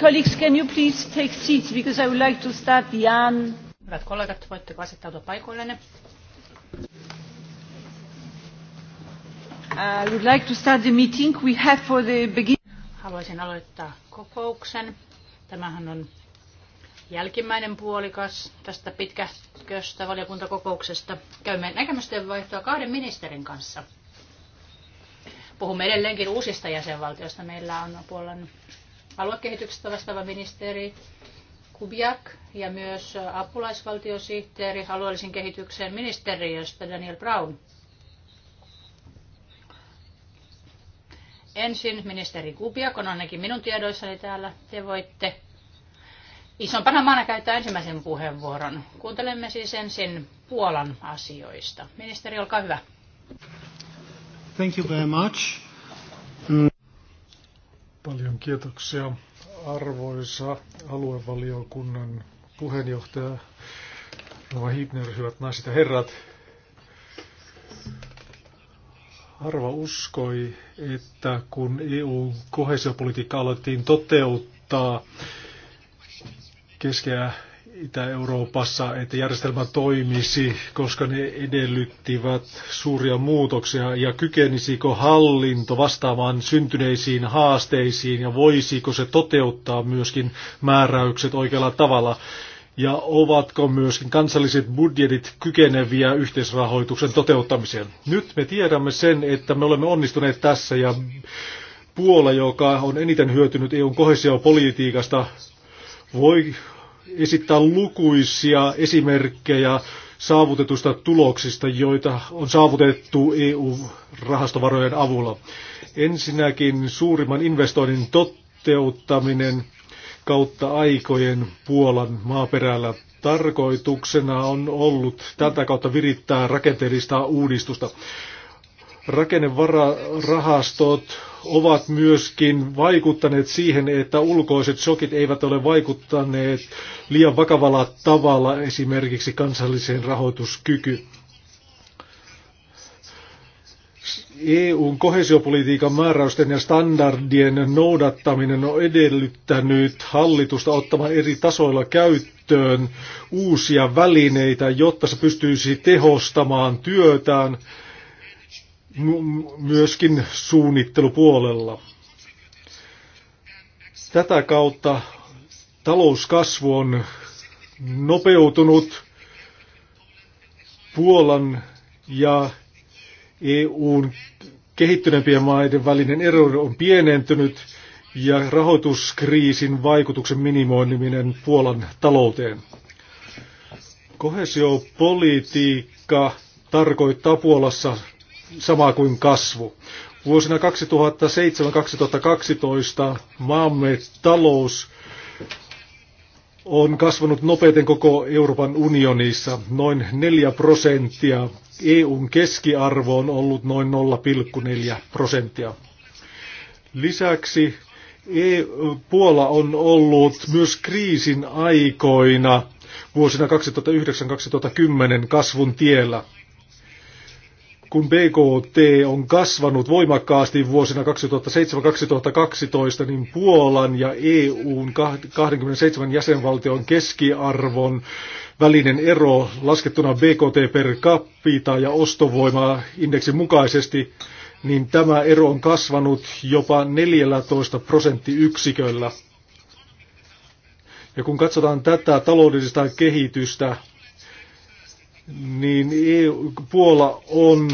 Colleagues, can you please take seats because I would like to start Jan. Hyvät kollegat, voitteko asettautua paikoillenne? I would like to start the meeting we have for the beginning. Haluaisin aloittaa kokouksen. Tämähän on jälkimmäinen puolikas tästä pitkäköstä valiokuntakokouksesta. Käymme näkemysten vaihtoa kahden ministerin kanssa. Puhumme edelleenkin uusista jäsenvaltioista. Meillä on Puolan aluekehityksestä vastaava ministeri Kubiak ja myös apulaisvaltiosihteeri alueellisen kehityksen ministeriöstä Daniel Brown. Ensin ministeri Kubiak on ainakin minun tiedoissani täällä. Te voitte isompana maana käyttää ensimmäisen puheenvuoron. Kuuntelemme siis ensin Puolan asioista. Ministeri, olkaa hyvä. Thank you very much. Mm. Paljon kiitoksia arvoisa aluevaliokunnan puheenjohtaja Rova Hibner, hyvät naiset ja herrat. Harva uskoi, että kun EU kohesiopolitiikka alettiin toteuttaa keskeä. Itä-Euroopassa, että järjestelmä toimisi, koska ne edellyttivät suuria muutoksia ja kykenisikö hallinto vastaamaan syntyneisiin haasteisiin ja voisiko se toteuttaa myöskin määräykset oikealla tavalla ja ovatko myöskin kansalliset budjetit kykeneviä yhteisrahoituksen toteuttamiseen. Nyt me tiedämme sen, että me olemme onnistuneet tässä ja Puola, joka on eniten hyötynyt EUn kohesiopolitiikasta, voi esittää lukuisia esimerkkejä saavutetusta tuloksista, joita on saavutettu EU-rahastovarojen avulla. Ensinnäkin suurimman investoinnin toteuttaminen kautta aikojen Puolan maaperällä. Tarkoituksena on ollut tätä kautta virittää rakenteellista uudistusta. Rakennevararahastot ovat myöskin vaikuttaneet siihen, että ulkoiset shokit eivät ole vaikuttaneet liian vakavalla tavalla esimerkiksi kansalliseen rahoituskykyyn. EUn kohesiopolitiikan määräysten ja standardien noudattaminen on edellyttänyt hallitusta ottamaan eri tasoilla käyttöön uusia välineitä, jotta se pystyisi tehostamaan työtään myöskin suunnittelupuolella. Tätä kautta talouskasvu on nopeutunut Puolan ja EUn kehittyneempien maiden välinen ero on pienentynyt ja rahoituskriisin vaikutuksen minimoiminen Puolan talouteen. Kohesiopolitiikka tarkoittaa Puolassa sama kuin kasvu. Vuosina 2007-2012 maamme talous on kasvanut nopeiten koko Euroopan unionissa, noin 4 prosenttia. EUn keskiarvo on ollut noin 0,4 prosenttia. Lisäksi e, Puola on ollut myös kriisin aikoina vuosina 2009-2010 kasvun tiellä kun BKT on kasvanut voimakkaasti vuosina 2007-2012, niin Puolan ja EUn 27 jäsenvaltion keskiarvon välinen ero laskettuna BKT per capita ja ostovoima indeksin mukaisesti, niin tämä ero on kasvanut jopa 14 prosenttiyksiköllä. Ja kun katsotaan tätä taloudellista kehitystä, niin EU, Puola on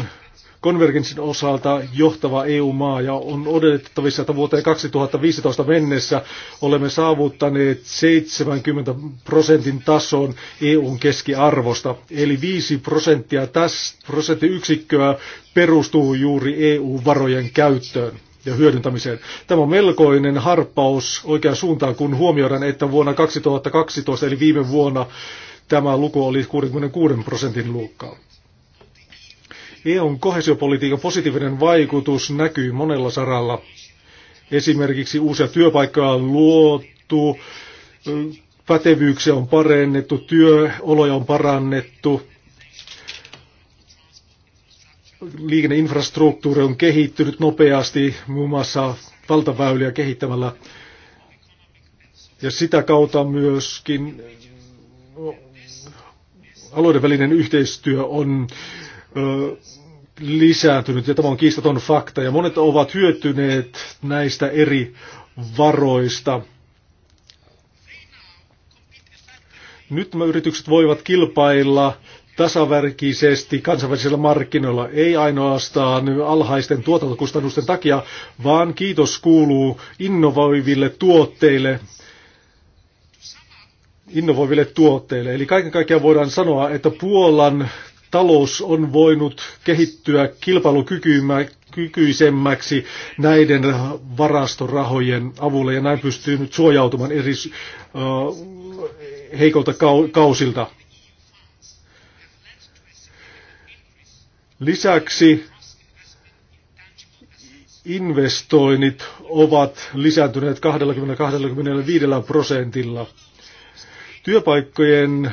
konvergenssin osalta johtava EU-maa ja on odotettavissa, että vuoteen 2015 mennessä olemme saavuttaneet 70 prosentin tason EUn keskiarvosta. Eli 5 prosenttia tästä prosenttiyksikköä perustuu juuri EU-varojen käyttöön ja hyödyntämiseen. Tämä on melkoinen harppaus oikeaan suuntaan, kun huomioidaan, että vuonna 2012, eli viime vuonna, tämä luku oli 66 prosentin luokkaa. EUn kohesiopolitiikan positiivinen vaikutus näkyy monella saralla. Esimerkiksi uusia työpaikkoja on luotu, pätevyyksiä on parannettu, työoloja on parannettu, liikenneinfrastruktuuri on kehittynyt nopeasti, muun muassa valtaväyliä kehittämällä. Ja sitä kautta myöskin no, alueiden välinen yhteistyö on lisääntynyt ja tämä on kiistaton fakta ja monet ovat hyötyneet näistä eri varoista. Nyt nämä yritykset voivat kilpailla tasaverkisesti kansainvälisillä markkinoilla, ei ainoastaan alhaisten tuotantokustannusten takia, vaan kiitos kuuluu innovoiville tuotteille, innovoiville tuotteille. Eli kaiken kaikkiaan voidaan sanoa, että Puolan talous on voinut kehittyä kilpailukykyisemmäksi näiden varastorahojen avulla ja näin pystyy nyt suojautumaan eri heikolta kausilta. Lisäksi investoinnit ovat lisääntyneet 20-25 prosentilla. Työpaikkojen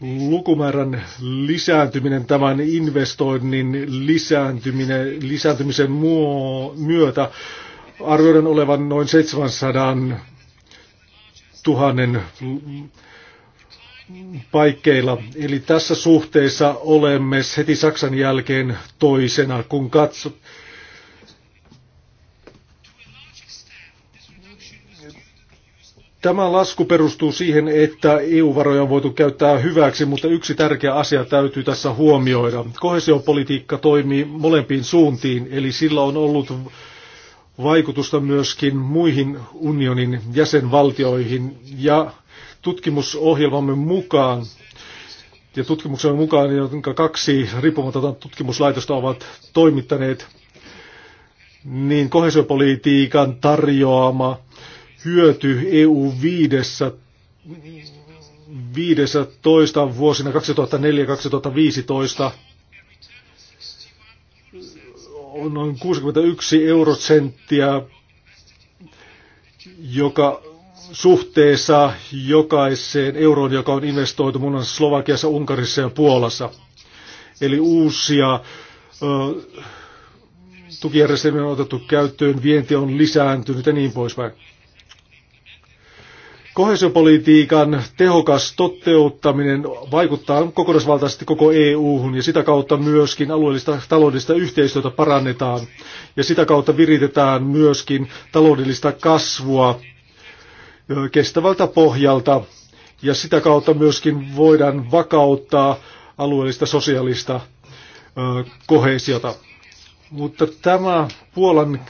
lukumäärän lisääntyminen, tämän investoinnin lisääntyminen, lisääntymisen muo, myötä arvioidaan olevan noin 700 000 paikkeilla. Eli tässä suhteessa olemme heti Saksan jälkeen toisena, kun katsot Tämä lasku perustuu siihen, että EU-varoja on voitu käyttää hyväksi, mutta yksi tärkeä asia täytyy tässä huomioida. Kohesiopolitiikka toimii molempiin suuntiin, eli sillä on ollut vaikutusta myöskin muihin unionin jäsenvaltioihin ja tutkimusohjelmamme mukaan ja tutkimuksen mukaan, jonka kaksi riippumatonta tutkimuslaitosta ovat toimittaneet, niin kohesiopolitiikan tarjoama hyöty EU 5 15 vuosina 2004-2015 on noin 61 eurosenttiä, joka suhteessa jokaiseen euroon, joka on investoitu muun muassa Slovakiassa, Unkarissa ja Puolassa. Eli uusia ö, tukijärjestelmiä on otettu käyttöön, vienti on lisääntynyt ja niin poispäin. Kohesiopolitiikan tehokas toteuttaminen vaikuttaa kokonaisvaltaisesti koko EU-hun ja sitä kautta myöskin alueellista taloudellista yhteistyötä parannetaan ja sitä kautta viritetään myöskin taloudellista kasvua kestävältä pohjalta ja sitä kautta myöskin voidaan vakauttaa alueellista sosiaalista kohesiota. Mutta tämä Puolan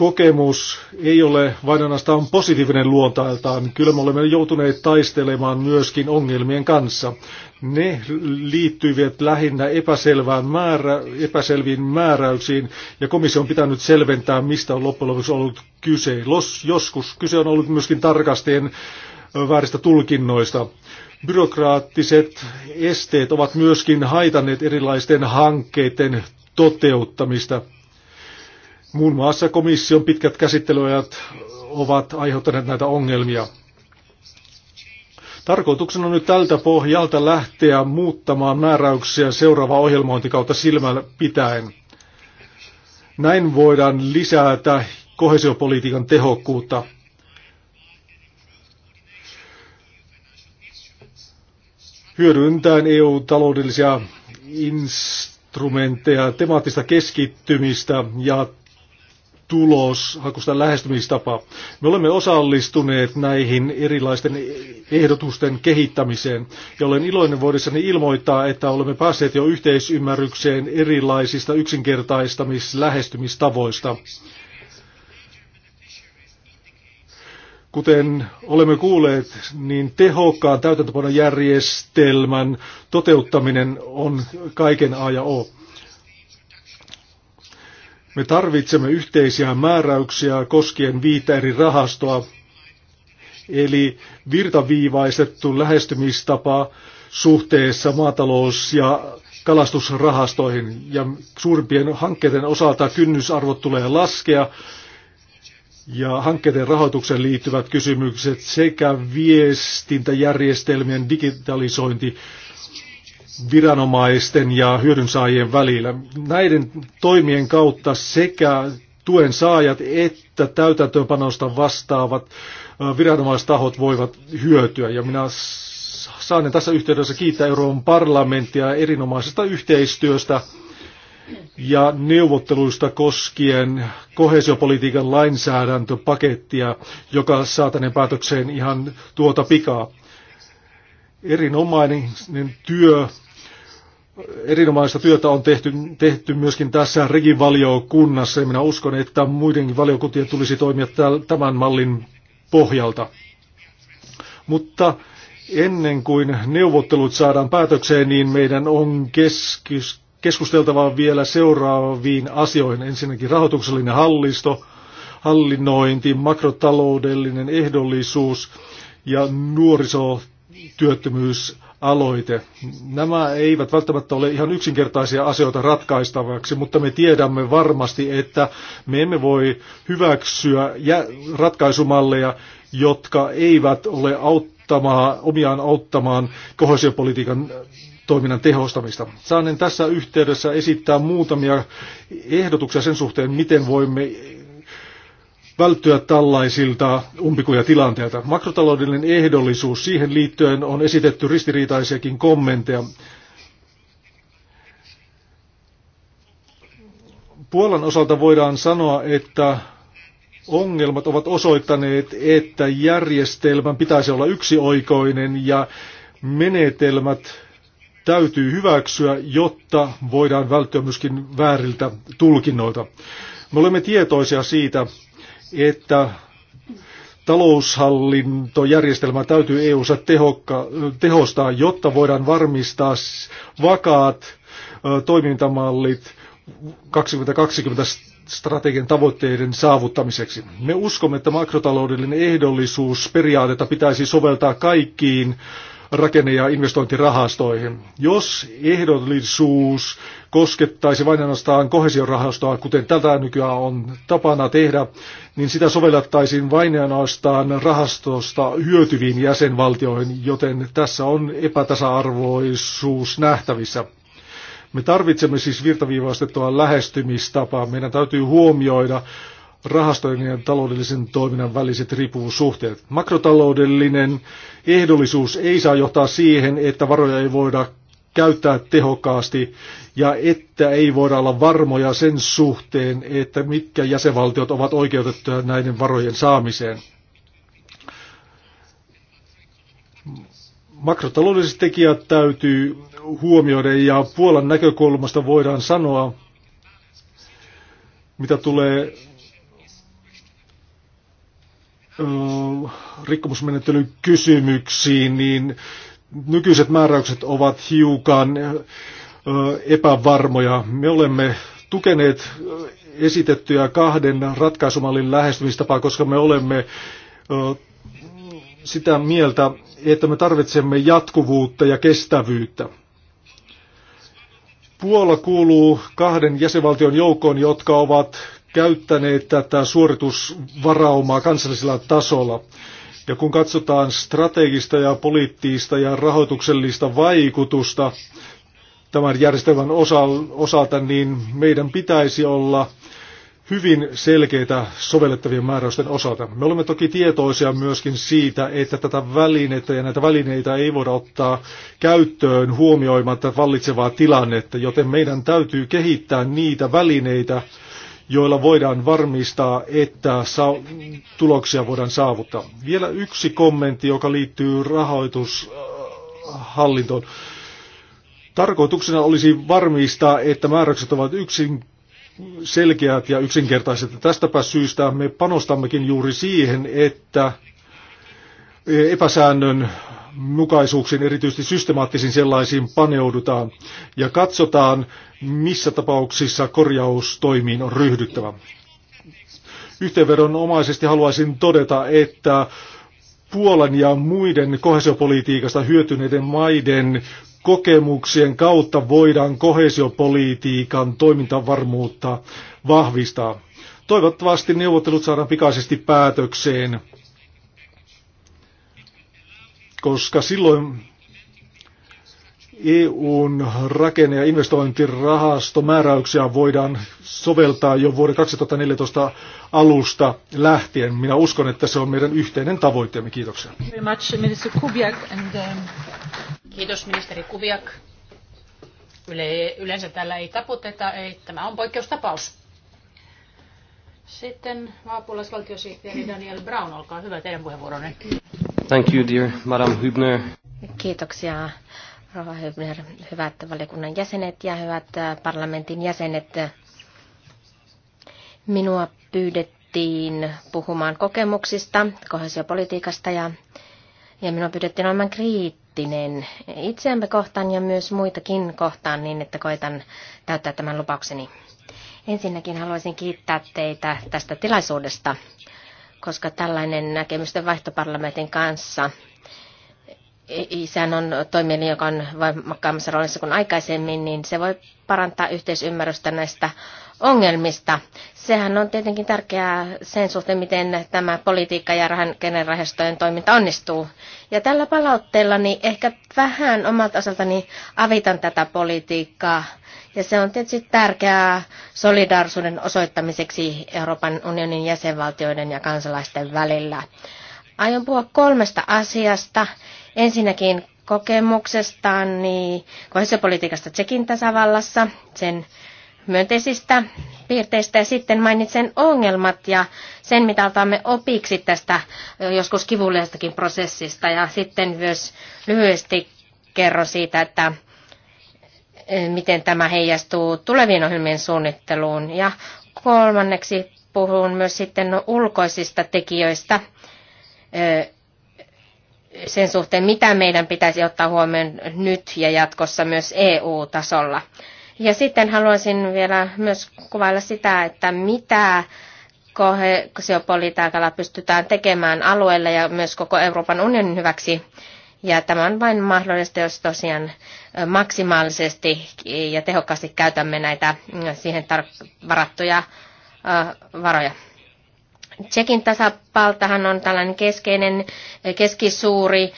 kokemus ei ole vain ainoastaan positiivinen luontailtaan. Kyllä me olemme joutuneet taistelemaan myöskin ongelmien kanssa. Ne liittyvät lähinnä epäselvään määrä, epäselviin määräyksiin, ja komissio on pitänyt selventää, mistä on loppujen lopuksi ollut kyse. Los, joskus kyse on ollut myöskin tarkastajien vääristä tulkinnoista. Byrokraattiset esteet ovat myöskin haitanneet erilaisten hankkeiden toteuttamista. Muun muassa komission pitkät käsittelyajat ovat aiheuttaneet näitä ongelmia. Tarkoituksena on nyt tältä pohjalta lähteä muuttamaan määräyksiä seuraava kautta silmällä pitäen. Näin voidaan lisätä kohesiopolitiikan tehokkuutta. Hyödyntäen EU-taloudellisia instrumentteja, temaattista keskittymistä ja tulos, hakusta lähestymistapa. Me olemme osallistuneet näihin erilaisten ehdotusten kehittämiseen ja olen iloinen voidessani ilmoittaa, että olemme päässeet jo yhteisymmärrykseen erilaisista yksinkertaistamislähestymistavoista. Kuten olemme kuulleet, niin tehokkaan täytäntöpanojärjestelmän toteuttaminen on kaiken A ja O. Me tarvitsemme yhteisiä määräyksiä koskien viitä eri rahastoa, eli virtaviivaistettu lähestymistapa suhteessa maatalous- ja kalastusrahastoihin. Ja suurimpien hankkeiden osalta kynnysarvot tulee laskea ja hankkeiden rahoituksen liittyvät kysymykset sekä viestintäjärjestelmien digitalisointi viranomaisten ja hyödynsaajien välillä. Näiden toimien kautta sekä tuen saajat että täytäntöönpanosta vastaavat viranomaistahot voivat hyötyä. Ja minä saan tässä yhteydessä kiittää Euroopan parlamenttia erinomaisesta yhteistyöstä ja neuvotteluista koskien kohesiopolitiikan lainsäädäntöpakettia, joka tänne päätökseen ihan tuota pikaa. Erinomainen työ erinomaista työtä on tehty, tehty myöskin tässä regivaliokunnassa ja minä uskon, että muidenkin valiokuntien tulisi toimia tämän mallin pohjalta. Mutta ennen kuin neuvottelut saadaan päätökseen, niin meidän on keskys, keskusteltava vielä seuraaviin asioihin. Ensinnäkin rahoituksellinen hallisto, hallinnointi, makrotaloudellinen ehdollisuus ja nuorisotyöttömyys aloite. Nämä eivät välttämättä ole ihan yksinkertaisia asioita ratkaistavaksi, mutta me tiedämme varmasti, että me emme voi hyväksyä ratkaisumalleja, jotka eivät ole auttamaan, omiaan auttamaan kohesiopolitiikan toiminnan tehostamista. Saanen tässä yhteydessä esittää muutamia ehdotuksia sen suhteen, miten voimme välttyä tällaisilta tilanteilta. Makrotaloudellinen ehdollisuus, siihen liittyen on esitetty ristiriitaisiakin kommentteja. Puolan osalta voidaan sanoa, että ongelmat ovat osoittaneet, että järjestelmän pitäisi olla yksioikoinen ja menetelmät täytyy hyväksyä, jotta voidaan välttyä myöskin vääriltä tulkinnoilta. Me olemme tietoisia siitä, että taloushallintojärjestelmä täytyy EU-ssa tehostaa, jotta voidaan varmistaa vakaat toimintamallit 2020 strategian tavoitteiden saavuttamiseksi. Me uskomme, että makrotaloudellinen ehdollisuusperiaatetta pitäisi soveltaa kaikkiin rakenne- ja investointirahastoihin. Jos ehdollisuus koskettaisi vain ainoastaan kohesiorahastoa, kuten tätä nykyään on tapana tehdä, niin sitä sovellettaisiin vain ainoastaan rahastosta hyötyviin jäsenvaltioihin, joten tässä on epätasa-arvoisuus nähtävissä. Me tarvitsemme siis virtaviivaistettua lähestymistapaa. Meidän täytyy huomioida rahastojen ja taloudellisen toiminnan väliset riippuvuussuhteet. Makrotaloudellinen ehdollisuus ei saa johtaa siihen, että varoja ei voida käyttää tehokkaasti ja että ei voida olla varmoja sen suhteen, että mitkä jäsenvaltiot ovat oikeutettuja näiden varojen saamiseen. Makrotaloudelliset tekijät täytyy huomioida ja Puolan näkökulmasta voidaan sanoa, mitä tulee rikkomusmenettelykysymyksiin, niin nykyiset määräykset ovat hiukan epävarmoja. Me olemme tukeneet esitettyjä kahden ratkaisumallin lähestymistapaa, koska me olemme sitä mieltä, että me tarvitsemme jatkuvuutta ja kestävyyttä. Puola kuuluu kahden jäsenvaltion joukkoon, jotka ovat käyttäneet tätä suoritusvaraumaa kansallisella tasolla. Ja kun katsotaan strategista ja poliittista ja rahoituksellista vaikutusta tämän järjestelmän osalta, niin meidän pitäisi olla hyvin selkeitä sovellettavien määräysten osalta. Me olemme toki tietoisia myöskin siitä, että tätä välinettä ja näitä välineitä ei voida ottaa käyttöön huomioimatta vallitsevaa tilannetta, joten meidän täytyy kehittää niitä välineitä, joilla voidaan varmistaa, että tuloksia voidaan saavuttaa. Vielä yksi kommentti, joka liittyy rahoitushallintoon. Tarkoituksena olisi varmistaa, että määräykset ovat yksin selkeät ja yksinkertaiset. Tästäpä syystä me panostammekin juuri siihen, että e- epäsäännön mukaisuuksiin, erityisesti systemaattisiin sellaisiin, paneudutaan ja katsotaan, missä tapauksissa korjaustoimiin on ryhdyttävä. Yhteenvedonomaisesti haluaisin todeta, että Puolan ja muiden kohesiopolitiikasta hyötyneiden maiden kokemuksien kautta voidaan kohesiopolitiikan toimintavarmuutta vahvistaa. Toivottavasti neuvottelut saadaan pikaisesti päätökseen koska silloin EUn rakenne- ja investointirahastomääräyksiä voidaan soveltaa jo vuoden 2014 alusta lähtien. Minä uskon, että se on meidän yhteinen tavoitteemme. Kiitoksia. Um, Kiitos ministeri Kuviak. Yle, yleensä täällä ei taputeta, ei. tämä on poikkeustapaus. Sitten vaapulaisvaltiosihteeri Daniel Brown, olkaa hyvä teidän puheenvuoronne. Thank you, dear Madam Hübner. Kiitoksia, Rova Hübner. Hyvät valiokunnan jäsenet ja hyvät äh, parlamentin jäsenet. Minua pyydettiin puhumaan kokemuksista, kohesiopolitiikasta ja, ja minua pyydettiin olemaan kriittinen itseämme kohtaan ja myös muitakin kohtaan niin, että koitan täyttää tämän lupaukseni. Ensinnäkin haluaisin kiittää teitä tästä tilaisuudesta koska tällainen näkemysten vaihtoparlamentin kanssa isän on toimielin, joka on voimakkaammassa roolissa kuin aikaisemmin, niin se voi parantaa yhteisymmärrystä näistä ongelmista. Sehän on tietenkin tärkeää sen suhteen, miten tämä politiikka ja rahan, kenen toiminta onnistuu. Ja tällä palautteella niin ehkä vähän omalta osaltani avitan tätä politiikkaa ja se on tietysti tärkeää solidaarisuuden osoittamiseksi Euroopan unionin jäsenvaltioiden ja kansalaisten välillä. Aion puhua kolmesta asiasta. Ensinnäkin kokemuksestaan niin kohdistopolitiikasta Tsekin tasavallassa, sen myönteisistä piirteistä ja sitten mainitsen ongelmat ja sen, mitä otamme opiksi tästä joskus kivuliastakin prosessista ja sitten myös lyhyesti kerron siitä, että Eh, miten tämä heijastuu tulevien ohjelmien suunnitteluun. Ja kolmanneksi puhun myös sitten no ulkoisista tekijöistä eh, sen suhteen, mitä meidän pitäisi ottaa huomioon nyt ja jatkossa myös EU-tasolla. Ja sitten haluaisin vielä myös kuvailla sitä, että mitä kohesiopolitiikalla pystytään tekemään alueelle ja myös koko Euroopan unionin hyväksi ja tämä on vain mahdollista, jos tosiaan maksimaalisesti ja tehokkaasti käytämme näitä mm, siihen varattuja varoja. Tsekin tasapaltahan on tällainen keskeinen, keskisuuri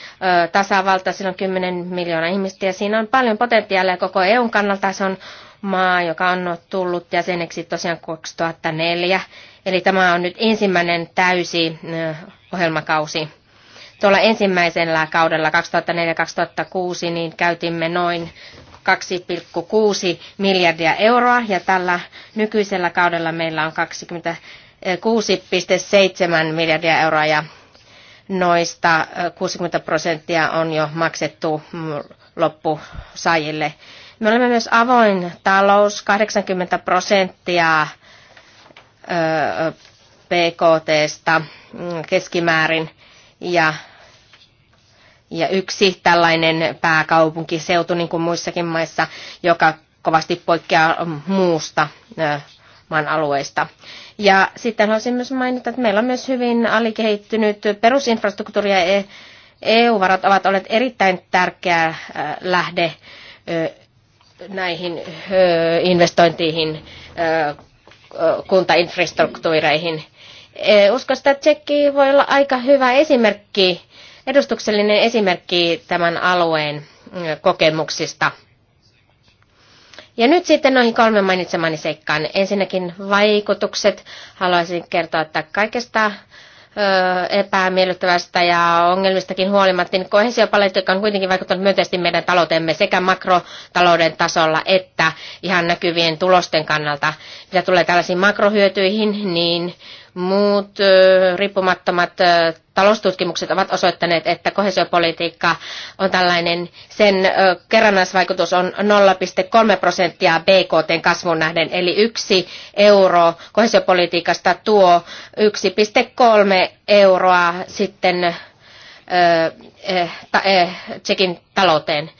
tasavalta, sillä on 10 miljoonaa ihmistä ja siinä on paljon potentiaalia koko EUn kannalta. Se on maa, joka on tullut jäseneksi tosiaan 2004. Eli tämä on nyt ensimmäinen täysi ohjelmakausi Tuolla ensimmäisellä kaudella 2004-2006 niin käytimme noin 2,6 miljardia euroa ja tällä nykyisellä kaudella meillä on 26,7 miljardia euroa ja noista 60 prosenttia on jo maksettu loppusaajille. Me olemme myös avoin talous, 80 prosenttia PKTstä keskimäärin ja ja yksi tällainen pääkaupunkiseutu, niin kuin muissakin maissa, joka kovasti poikkeaa mm, muusta maan alueesta. Ja sitten haluaisin myös mainita, että meillä on myös hyvin alikehittynyt perusinfrastruktuuri ja e- EU-varat ovat olleet erittäin tärkeä lähde näihin investointiihin kuntainfrastruktuureihin. E- uskon, että Tsekki voi olla aika hyvä esimerkki edustuksellinen esimerkki tämän alueen kokemuksista. Ja nyt sitten noihin kolme mainitsemani seikkaan. Ensinnäkin vaikutukset. Haluaisin kertoa, että kaikesta epämiellyttävästä ja ongelmistakin huolimatta, niin kohesiopolitiikka on kuitenkin vaikuttanut myönteisesti meidän taloutemme sekä makrotalouden tasolla että ihan näkyvien tulosten kannalta. Mitä tulee tällaisiin makrohyötyihin, niin Muut riippumattomat taloustutkimukset ovat osoittaneet, että kohesiopolitiikka on tällainen, sen kerrannaisvaikutus on 0,3 prosenttia BKT kasvun nähden, eli yksi euro kohesiopolitiikasta tuo 1,3 euroa sitten eh, eh, Tsekin talouteen.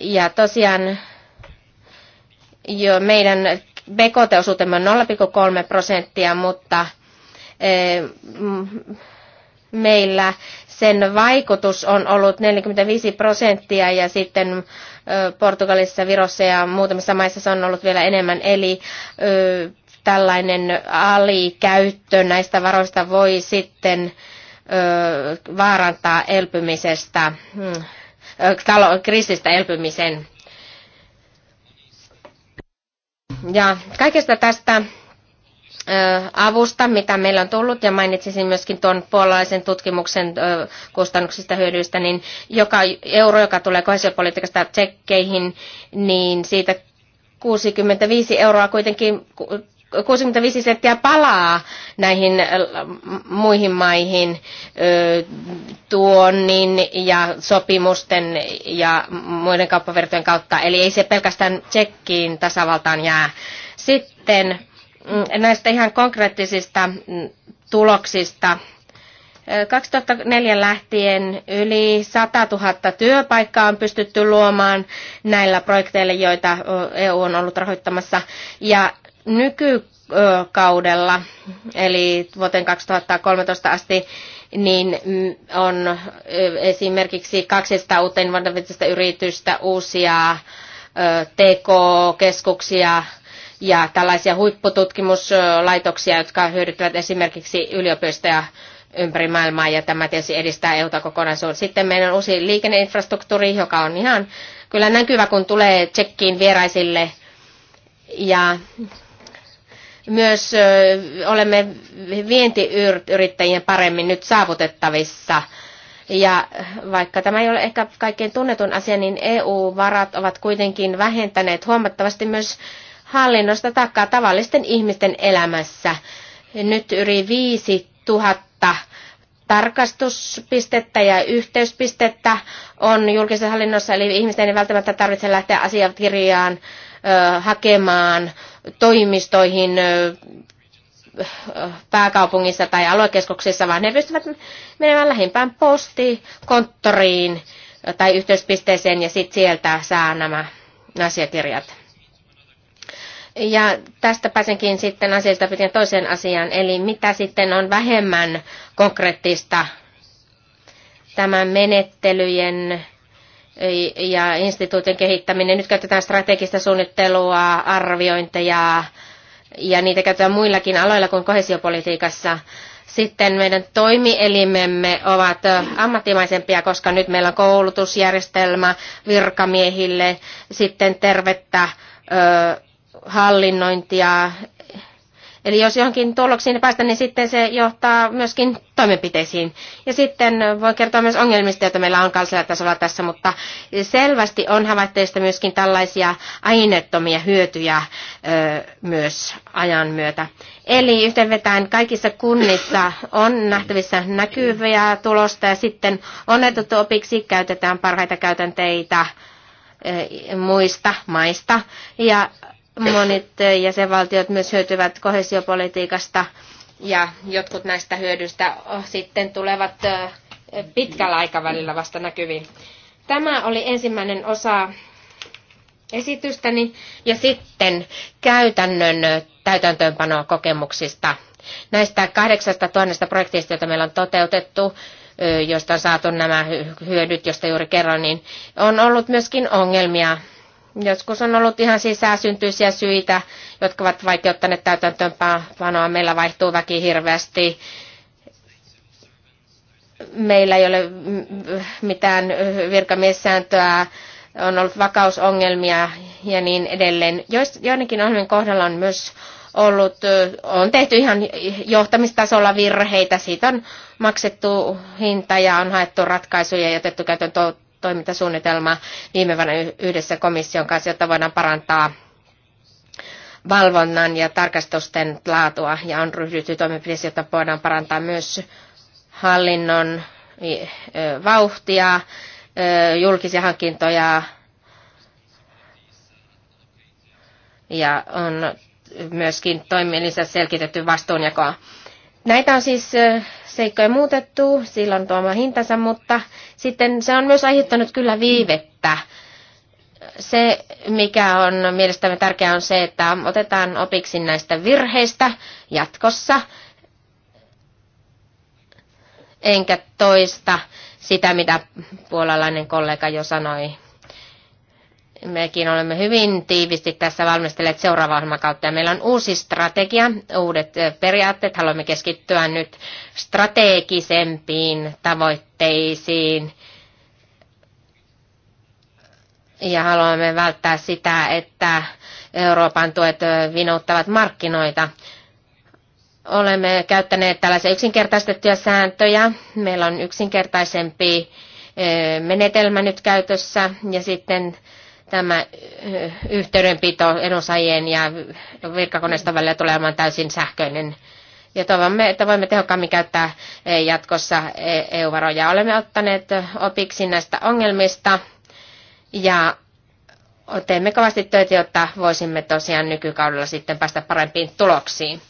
Ja tosiaan jo meidän BKT-osuutemme on 0,3 prosenttia, mutta Eh, meillä sen vaikutus on ollut 45 prosenttia ja sitten Portugalissa, Virossa ja muutamissa maissa se on ollut vielä enemmän. Eli tällainen alikäyttö näistä varoista voi sitten vaarantaa elpymisestä, hmm, kriisistä elpymisen. Ja kaikesta tästä avusta, mitä meillä on tullut, ja mainitsisin myöskin tuon puolalaisen tutkimuksen kustannuksista hyödyistä, niin joka euro, joka tulee kohesiopolitiikasta tsekkeihin, niin siitä 65 euroa kuitenkin 65 senttiä palaa näihin muihin maihin tuonnin ja sopimusten ja muiden kauppavertojen kautta. Eli ei se pelkästään tsekkiin tasavaltaan jää. Sitten Mm, näistä ihan konkreettisista mm, tuloksista. 2004 lähtien yli 100 000 työpaikkaa on pystytty luomaan näillä projekteilla, joita EU on ollut rahoittamassa. Ja nykykaudella, eli vuoteen 2013 asti, niin mm, on esimerkiksi 200 uutta innovatiivista yritystä, uusia TK-keskuksia, ja tällaisia huippututkimuslaitoksia, jotka hyödyttävät esimerkiksi yliopistoja ympäri maailmaa ja tämä tietysti edistää EUta kokonaisuutta. Sitten meillä on uusi liikenneinfrastruktuuri, joka on ihan kyllä näkyvä, kun tulee tsekkiin vieraisille ja myös olemme vientiyrittäjien paremmin nyt saavutettavissa. Ja vaikka tämä ei ole ehkä kaikkein tunnetun asia, niin EU-varat ovat kuitenkin vähentäneet huomattavasti myös hallinnosta takaa tavallisten ihmisten elämässä. Nyt yli 5000 tarkastuspistettä ja yhteyspistettä on julkisessa hallinnossa, eli ihmisten ei välttämättä tarvitse lähteä asiakirjaan ö, hakemaan toimistoihin ö, pääkaupungissa tai aluekeskuksissa, vaan ne pystyvät menemään lähimpään postiin, konttoriin tai yhteyspisteeseen ja sitten sieltä saa nämä asiakirjat. Ja tästä pääsenkin sitten asiasta pitää toiseen asiaan, eli mitä sitten on vähemmän konkreettista tämän menettelyjen ja instituutin kehittäminen. Nyt käytetään strategista suunnittelua, arviointeja ja niitä käytetään muillakin aloilla kuin kohesiopolitiikassa. Sitten meidän toimielimemme ovat ammattimaisempia, koska nyt meillä on koulutusjärjestelmä virkamiehille, sitten tervettä hallinnointia. Eli jos johonkin tuloksiin päästään, niin sitten se johtaa myöskin toimenpiteisiin. Ja sitten voi kertoa myös ongelmista, joita meillä on kansallisella tasolla tässä, mutta selvästi on havaitteista myöskin tällaisia aineettomia hyötyjä ö, myös ajan myötä. Eli yhteenvetään kaikissa kunnissa on nähtävissä näkyviä tulosta ja sitten on etuttu opiksi, käytetään parhaita käytänteitä muista maista. Ja Monit jäsenvaltiot myös hyötyvät kohesiopolitiikasta ja jotkut näistä hyödyistä sitten tulevat pitkällä aikavälillä vasta näkyviin. Tämä oli ensimmäinen osa esitystäni ja sitten käytännön täytäntöönpanoa kokemuksista. Näistä 8000 projekteista, joita meillä on toteutettu, joista on saatu nämä hyödyt, joista juuri kerron, niin on ollut myöskin ongelmia Joskus on ollut ihan sisäsyntyisiä syitä, jotka ovat vaikeuttaneet täytäntöönpanoa. Meillä vaihtuu väki hirveästi. Meillä ei ole mitään virkamiessääntöä, on ollut vakausongelmia ja niin edelleen. Joidenkin ohjelmien kohdalla on myös ollut, on tehty ihan johtamistasolla virheitä, siitä on maksettu hinta ja on haettu ratkaisuja ja otettu käytön to- toimintasuunnitelma viime vuonna yhdessä komission kanssa, jotta voidaan parantaa valvonnan ja tarkastusten laatua ja on ryhdytty toimenpiteisiin, jotta voidaan parantaa myös hallinnon vauhtia, julkisia hankintoja ja on myöskin toimielisissä selkitetty vastuunjakoa. Näitä on siis seikkoja muutettu, sillä on tuoma hintansa, mutta sitten se on myös aiheuttanut kyllä viivettä. Se, mikä on mielestäni tärkeää, on se, että otetaan opiksi näistä virheistä jatkossa, enkä toista sitä, mitä puolalainen kollega jo sanoi mekin olemme hyvin tiivisti tässä valmistelleet seuraavaa ohjelmakautta ja meillä on uusi strategia, uudet periaatteet. Haluamme keskittyä nyt strategisempiin tavoitteisiin ja haluamme välttää sitä, että Euroopan tuet vinouttavat markkinoita. Olemme käyttäneet tällaisia yksinkertaistettuja sääntöjä. Meillä on yksinkertaisempi menetelmä nyt käytössä ja sitten tämä eh, yhteydenpito edunsaajien ja virkakoneista välillä tulee olemaan täysin sähköinen. Ja toivomme, että voimme tehokkaammin käyttää eh, jatkossa eh, EU-varoja. Olemme ottaneet opiksi näistä ongelmista ja teemme kovasti töitä, jotta voisimme tosiaan nykykaudella sitten päästä parempiin tuloksiin.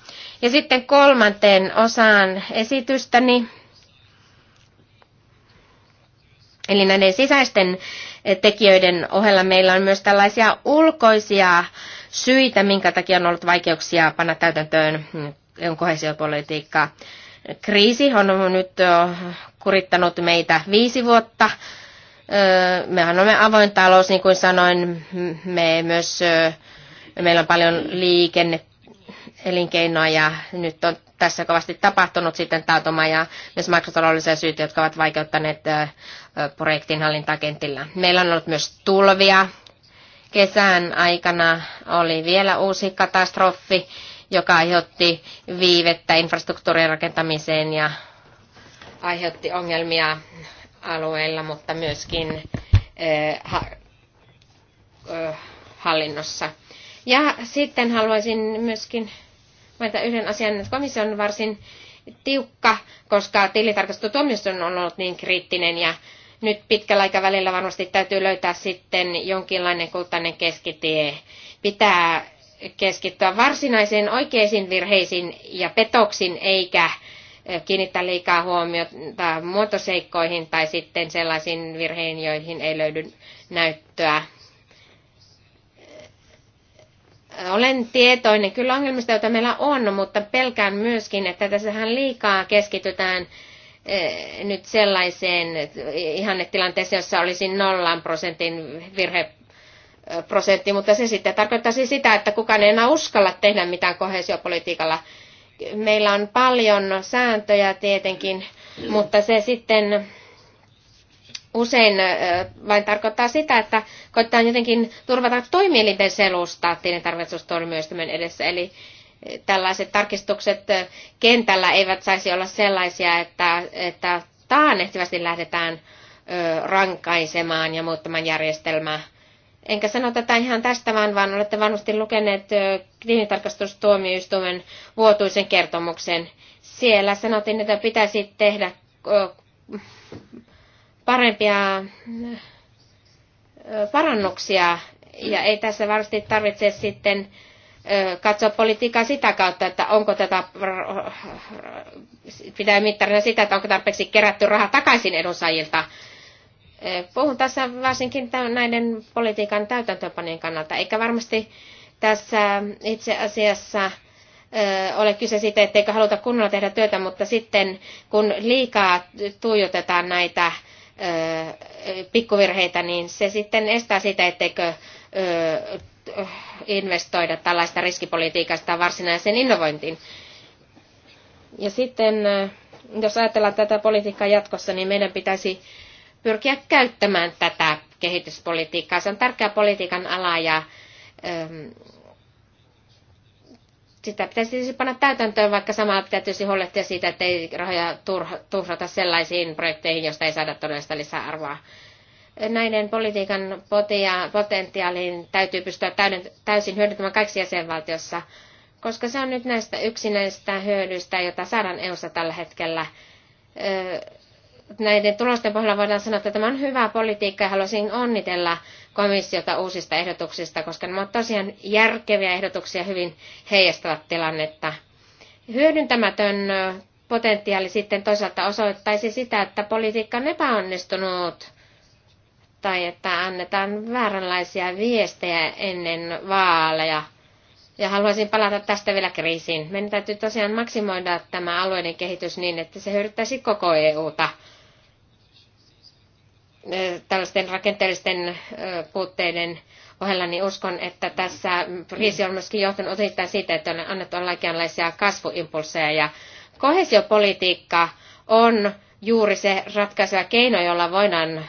Ja sitten kolmanteen osaan esitystäni, eli näiden sisäisten tekijöiden ohella meillä on myös tällaisia ulkoisia syitä, minkä takia on ollut vaikeuksia panna täytäntöön kohesiopolitiikkaa. Kriisi on nyt kurittanut meitä viisi vuotta. Mehän olemme avoin talous, niin kuin sanoin. Me myös, meillä on paljon liikenne, elinkeinoa ja nyt on tässä kovasti tapahtunut sitten tautuma ja myös makrotaloudellisia syitä, jotka ovat vaikeuttaneet projektin hallintakentillä. Meillä on ollut myös tulvia. Kesän aikana oli vielä uusi katastrofi, joka aiheutti viivettä infrastruktuurin rakentamiseen ja aiheutti ongelmia alueella, mutta myöskin hallinnossa. Ja sitten haluaisin myöskin mainita yhden asian, että komissio on varsin tiukka, koska tilintarkastustuomioistuin on ollut niin kriittinen ja nyt pitkällä aikavälillä varmasti täytyy löytää sitten jonkinlainen kultainen keskitie. Pitää keskittyä varsinaisiin oikeisiin virheisiin ja petoksiin eikä eh, kiinnittää liikaa huomiota muotoseikkoihin tai sitten sellaisiin virheihin, joihin ei löydy näyttöä olen tietoinen kyllä ongelmista, joita meillä on, mutta pelkään myöskin, että tässähän liikaa keskitytään eh, nyt sellaiseen ihannetilanteeseen, jossa olisi nollan prosentin virheprosentti, mutta se sitten tarkoittaisi sitä, että kukaan ei enää uskalla tehdä mitään kohesiopolitiikalla. Meillä on paljon sääntöjä tietenkin, mutta se sitten usein vain tarkoittaa sitä, että koittaa jotenkin turvata toimielinten selustaattinen tilintarkastustoimijoistumen edessä. Eli tällaiset tarkistukset kentällä eivät saisi olla sellaisia, että, että taannehtivasti lähdetään rankaisemaan ja muuttamaan järjestelmää. Enkä sano tätä ihan tästä, vaan, vaan olette varmasti lukeneet tilintarkastustuomioistuimen vuotuisen kertomuksen. Siellä sanottiin, että pitäisi tehdä parempia parannuksia. Ja ei tässä varmasti tarvitse sitten katsoa politiikkaa sitä kautta, että onko tätä, pitää mittarina sitä, että onko tarpeeksi kerätty raha takaisin edunsaajilta. Puhun tässä varsinkin näiden politiikan täytäntöönpanien kannalta, eikä varmasti tässä itse asiassa ole kyse siitä, etteikö haluta kunnolla tehdä työtä, mutta sitten kun liikaa tuijotetaan näitä pikkuvirheitä, niin se sitten estää sitä, etteikö investoida tällaista riskipolitiikasta varsinaiseen innovointiin. Ja sitten, jos ajatellaan tätä politiikkaa jatkossa, niin meidän pitäisi pyrkiä käyttämään tätä kehityspolitiikkaa. Se on tärkeä politiikan ala ja sitä pitäisi panna täytäntöön, vaikka samalla pitäisi huolehtia siitä, että ei rahoja tuhrata sellaisiin projekteihin, joista ei saada todellista lisäarvoa. Näiden politiikan potia, potentiaaliin täytyy pystyä täysin hyödyntämään kaikissa jäsenvaltiossa, koska se on nyt näistä yksinäistä hyödyistä, jota saadaan EU-ssa tällä hetkellä näiden tulosten pohjalta voidaan sanoa, että tämä on hyvää politiikkaa ja haluaisin onnitella komissiota uusista ehdotuksista, koska nämä ovat tosiaan järkeviä ehdotuksia, hyvin heijastavat tilannetta. Hyödyntämätön potentiaali sitten toisaalta osoittaisi sitä, että politiikka on epäonnistunut tai että annetaan vääränlaisia viestejä ennen vaaleja. Ja haluaisin palata tästä vielä kriisiin. Meidän täytyy tosiaan maksimoida tämä alueiden kehitys niin, että se hyödyttäisi koko EUta tällaisten rakenteellisten puutteiden ohella, niin uskon, että tässä kriisi on myöskin johtunut osittain siitä, että on annettu oikeanlaisia kasvuimpulseja ja kohesiopolitiikka on juuri se ratkaiseva keino, jolla voidaan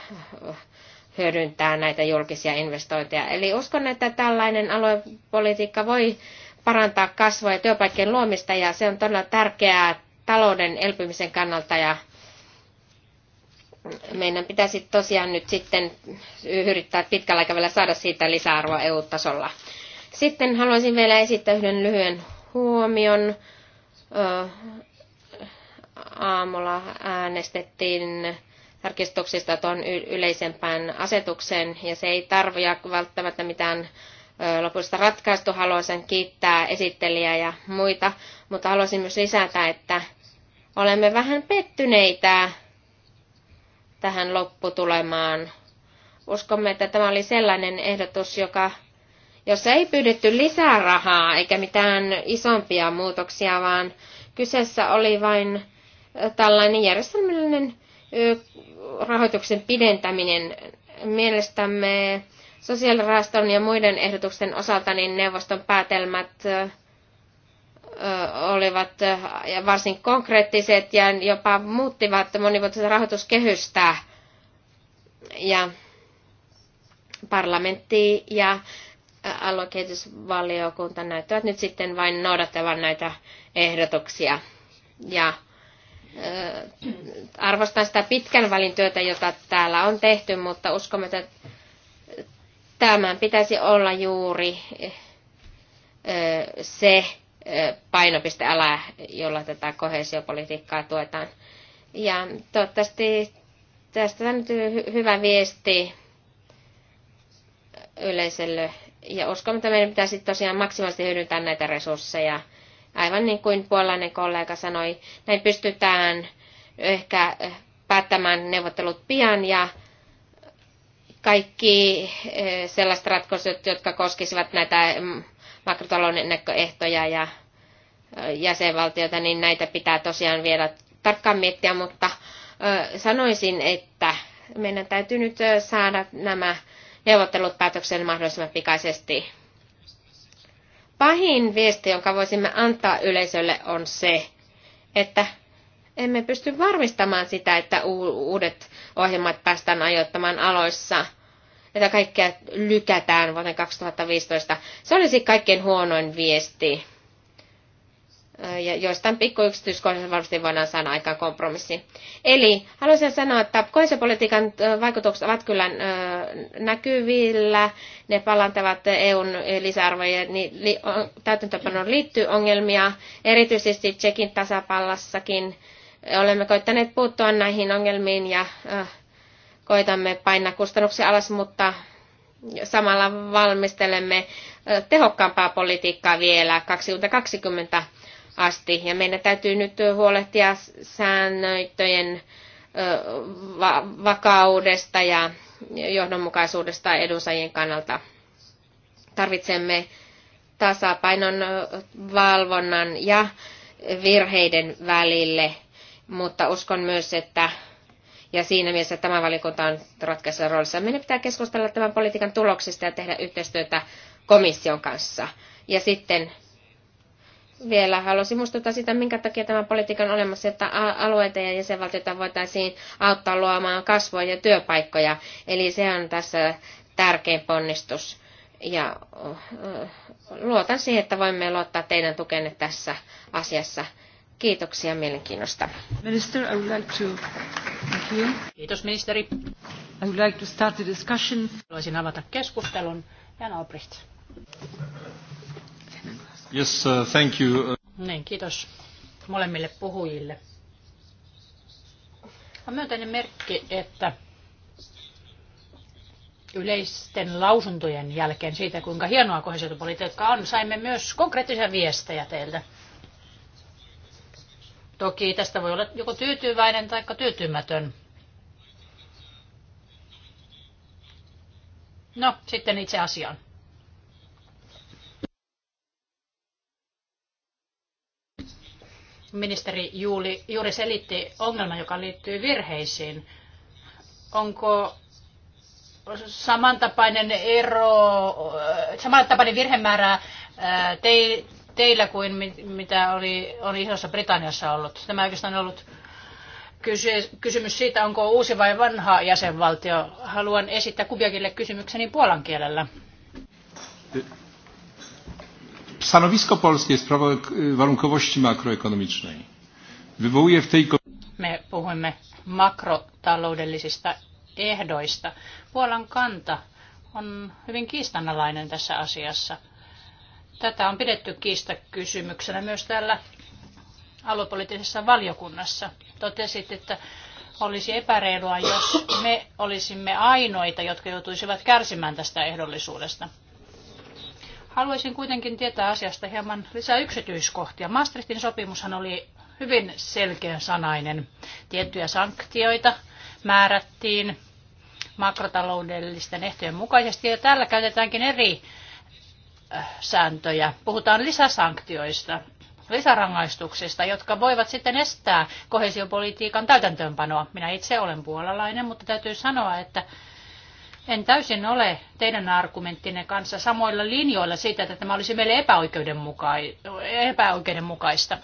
hyödyntää näitä julkisia investointeja. Eli uskon, että tällainen aluepolitiikka voi parantaa kasvua ja työpaikkojen luomista ja se on todella tärkeää talouden elpymisen kannalta ja meidän pitäisi tosiaan nyt sitten yrittää pitkällä aikavälillä saada siitä lisäarvoa EU-tasolla. Sitten haluaisin vielä esittää yhden lyhyen huomion. Aamulla äänestettiin tarkistuksista tuon yleisempään asetukseen, ja se ei tarvitse välttämättä mitään lopullista ratkaistu. Haluan sen kiittää esittelijää ja muita, mutta haluaisin myös lisätä, että olemme vähän pettyneitä tähän lopputulemaan. Uskomme, että tämä oli sellainen ehdotus, joka, jossa ei pyydetty lisää rahaa eikä mitään isompia muutoksia, vaan kyseessä oli vain tällainen järjestelmällinen rahoituksen pidentäminen. Mielestämme sosiaalirahaston ja muiden ehdotusten osalta niin neuvoston päätelmät olivat varsin konkreettiset ja jopa muuttivat monivuotista rahoituskehystä. Ja parlamentti ja aluekehitysvaliokunta näyttävät nyt sitten vain noudattavan näitä ehdotuksia. Ja arvostan sitä pitkän välin työtä, jota täällä on tehty, mutta uskomme, että tämän pitäisi olla juuri se painopisteala, jolla tätä kohesiopolitiikkaa tuetaan. Ja toivottavasti tästä on nyt hyvä viesti yleisölle. Ja uskon, että meidän pitäisi tosiaan maksimaalisesti hyödyntää näitä resursseja. Aivan niin kuin puolalainen kollega sanoi, näin pystytään ehkä päättämään neuvottelut pian ja kaikki sellaiset ratkaisut, jotka koskisivat näitä mm, makrotalouden ennakkoehtoja ja jäsenvaltioita, niin näitä pitää tosiaan vielä tarkkaan miettiä, mutta sanoisin, että meidän täytyy nyt saada nämä neuvottelut päätöksen mahdollisimman pikaisesti. Pahin viesti, jonka voisimme antaa yleisölle, on se, että emme pysty varmistamaan sitä, että uudet ohjelmat päästään ajoittamaan aloissa – näitä kaikkea lykätään vuoteen 2015. Se olisi kaikkein huonoin viesti. Ja joistain pikkuyksityiskohdista varmasti voidaan saada aikaan kompromissi. Eli haluaisin sanoa, että kohesiopolitiikan vaikutukset ovat kyllä näkyvillä. Ne palantavat EUn lisäarvoja, niin täytäntöpanoon liittyy ongelmia, erityisesti Tsekin tasapallassakin. Olemme koittaneet puuttua näihin ongelmiin ja koitamme painaa kustannuksia alas, mutta samalla valmistelemme tehokkaampaa politiikkaa vielä 2020 asti. Ja meidän täytyy nyt huolehtia säännöitöjen vakaudesta ja johdonmukaisuudesta edunsaajien kannalta. Tarvitsemme tasapainon valvonnan ja virheiden välille, mutta uskon myös, että ja siinä mielessä tämä valiokunta on ratkaisessa roolissa. Meidän pitää keskustella tämän politiikan tuloksista ja tehdä yhteistyötä komission kanssa. Ja sitten vielä haluaisin muistuttaa sitä, minkä takia tämä politiikan olemassa, että alueita ja jäsenvaltioita voitaisiin auttaa luomaan kasvua ja työpaikkoja. Eli se on tässä tärkein ponnistus. Ja luotan siihen, että voimme luottaa teidän tukenne tässä asiassa. Kiitoksia mielenkiinnosta. Minister, I would like to... Thank you. Kiitos ministeri. I would like to start the discussion. Haluaisin avata keskustelun. Jan Albrecht. Yes, uh, thank you. Niin, kiitos molemmille puhujille. On myönteinen merkki, että yleisten lausuntojen jälkeen siitä, kuinka hienoa kohesiotupolitiikka on, saimme myös konkreettisia viestejä teiltä. Toki tästä voi olla joko tyytyväinen tai tyytymätön. No, sitten itse asiaan. Ministeri Juuli, juuri selitti ongelman, joka liittyy virheisiin. Onko samantapainen ero, äh, samantapainen virhemäärä äh, te, teillä kuin mitä oli, on Isossa Britanniassa ollut. Tämä oikeastaan on ollut kysymys siitä, onko uusi vai vanha jäsenvaltio. Haluan esittää Kubiakille kysymykseni puolan kielellä. Stanowisko polskie w sprawach warunkowości makroekonomicznej wywołuje w tej... Me puhuimme makrotaloudellisista ehdoista. Puolan kanta on hyvin kiistanalainen tässä asiassa. Tätä on pidetty kiistakysymyksenä myös täällä aluepoliittisessa valiokunnassa. Totesit, että olisi epäreilua, jos me olisimme ainoita, jotka joutuisivat kärsimään tästä ehdollisuudesta. Haluaisin kuitenkin tietää asiasta hieman lisää yksityiskohtia. Maastrichtin sopimushan oli hyvin selkeän sanainen. Tiettyjä sanktioita määrättiin makrotaloudellisten ehtojen mukaisesti ja täällä käytetäänkin eri sääntöjä. Puhutaan lisäsanktioista, lisärangaistuksista, jotka voivat sitten estää kohesiopolitiikan täytäntöönpanoa. Minä itse olen puolalainen, mutta täytyy sanoa, että en täysin ole teidän argumenttinne kanssa samoilla linjoilla siitä, että tämä olisi meille epäoikeudenmukaista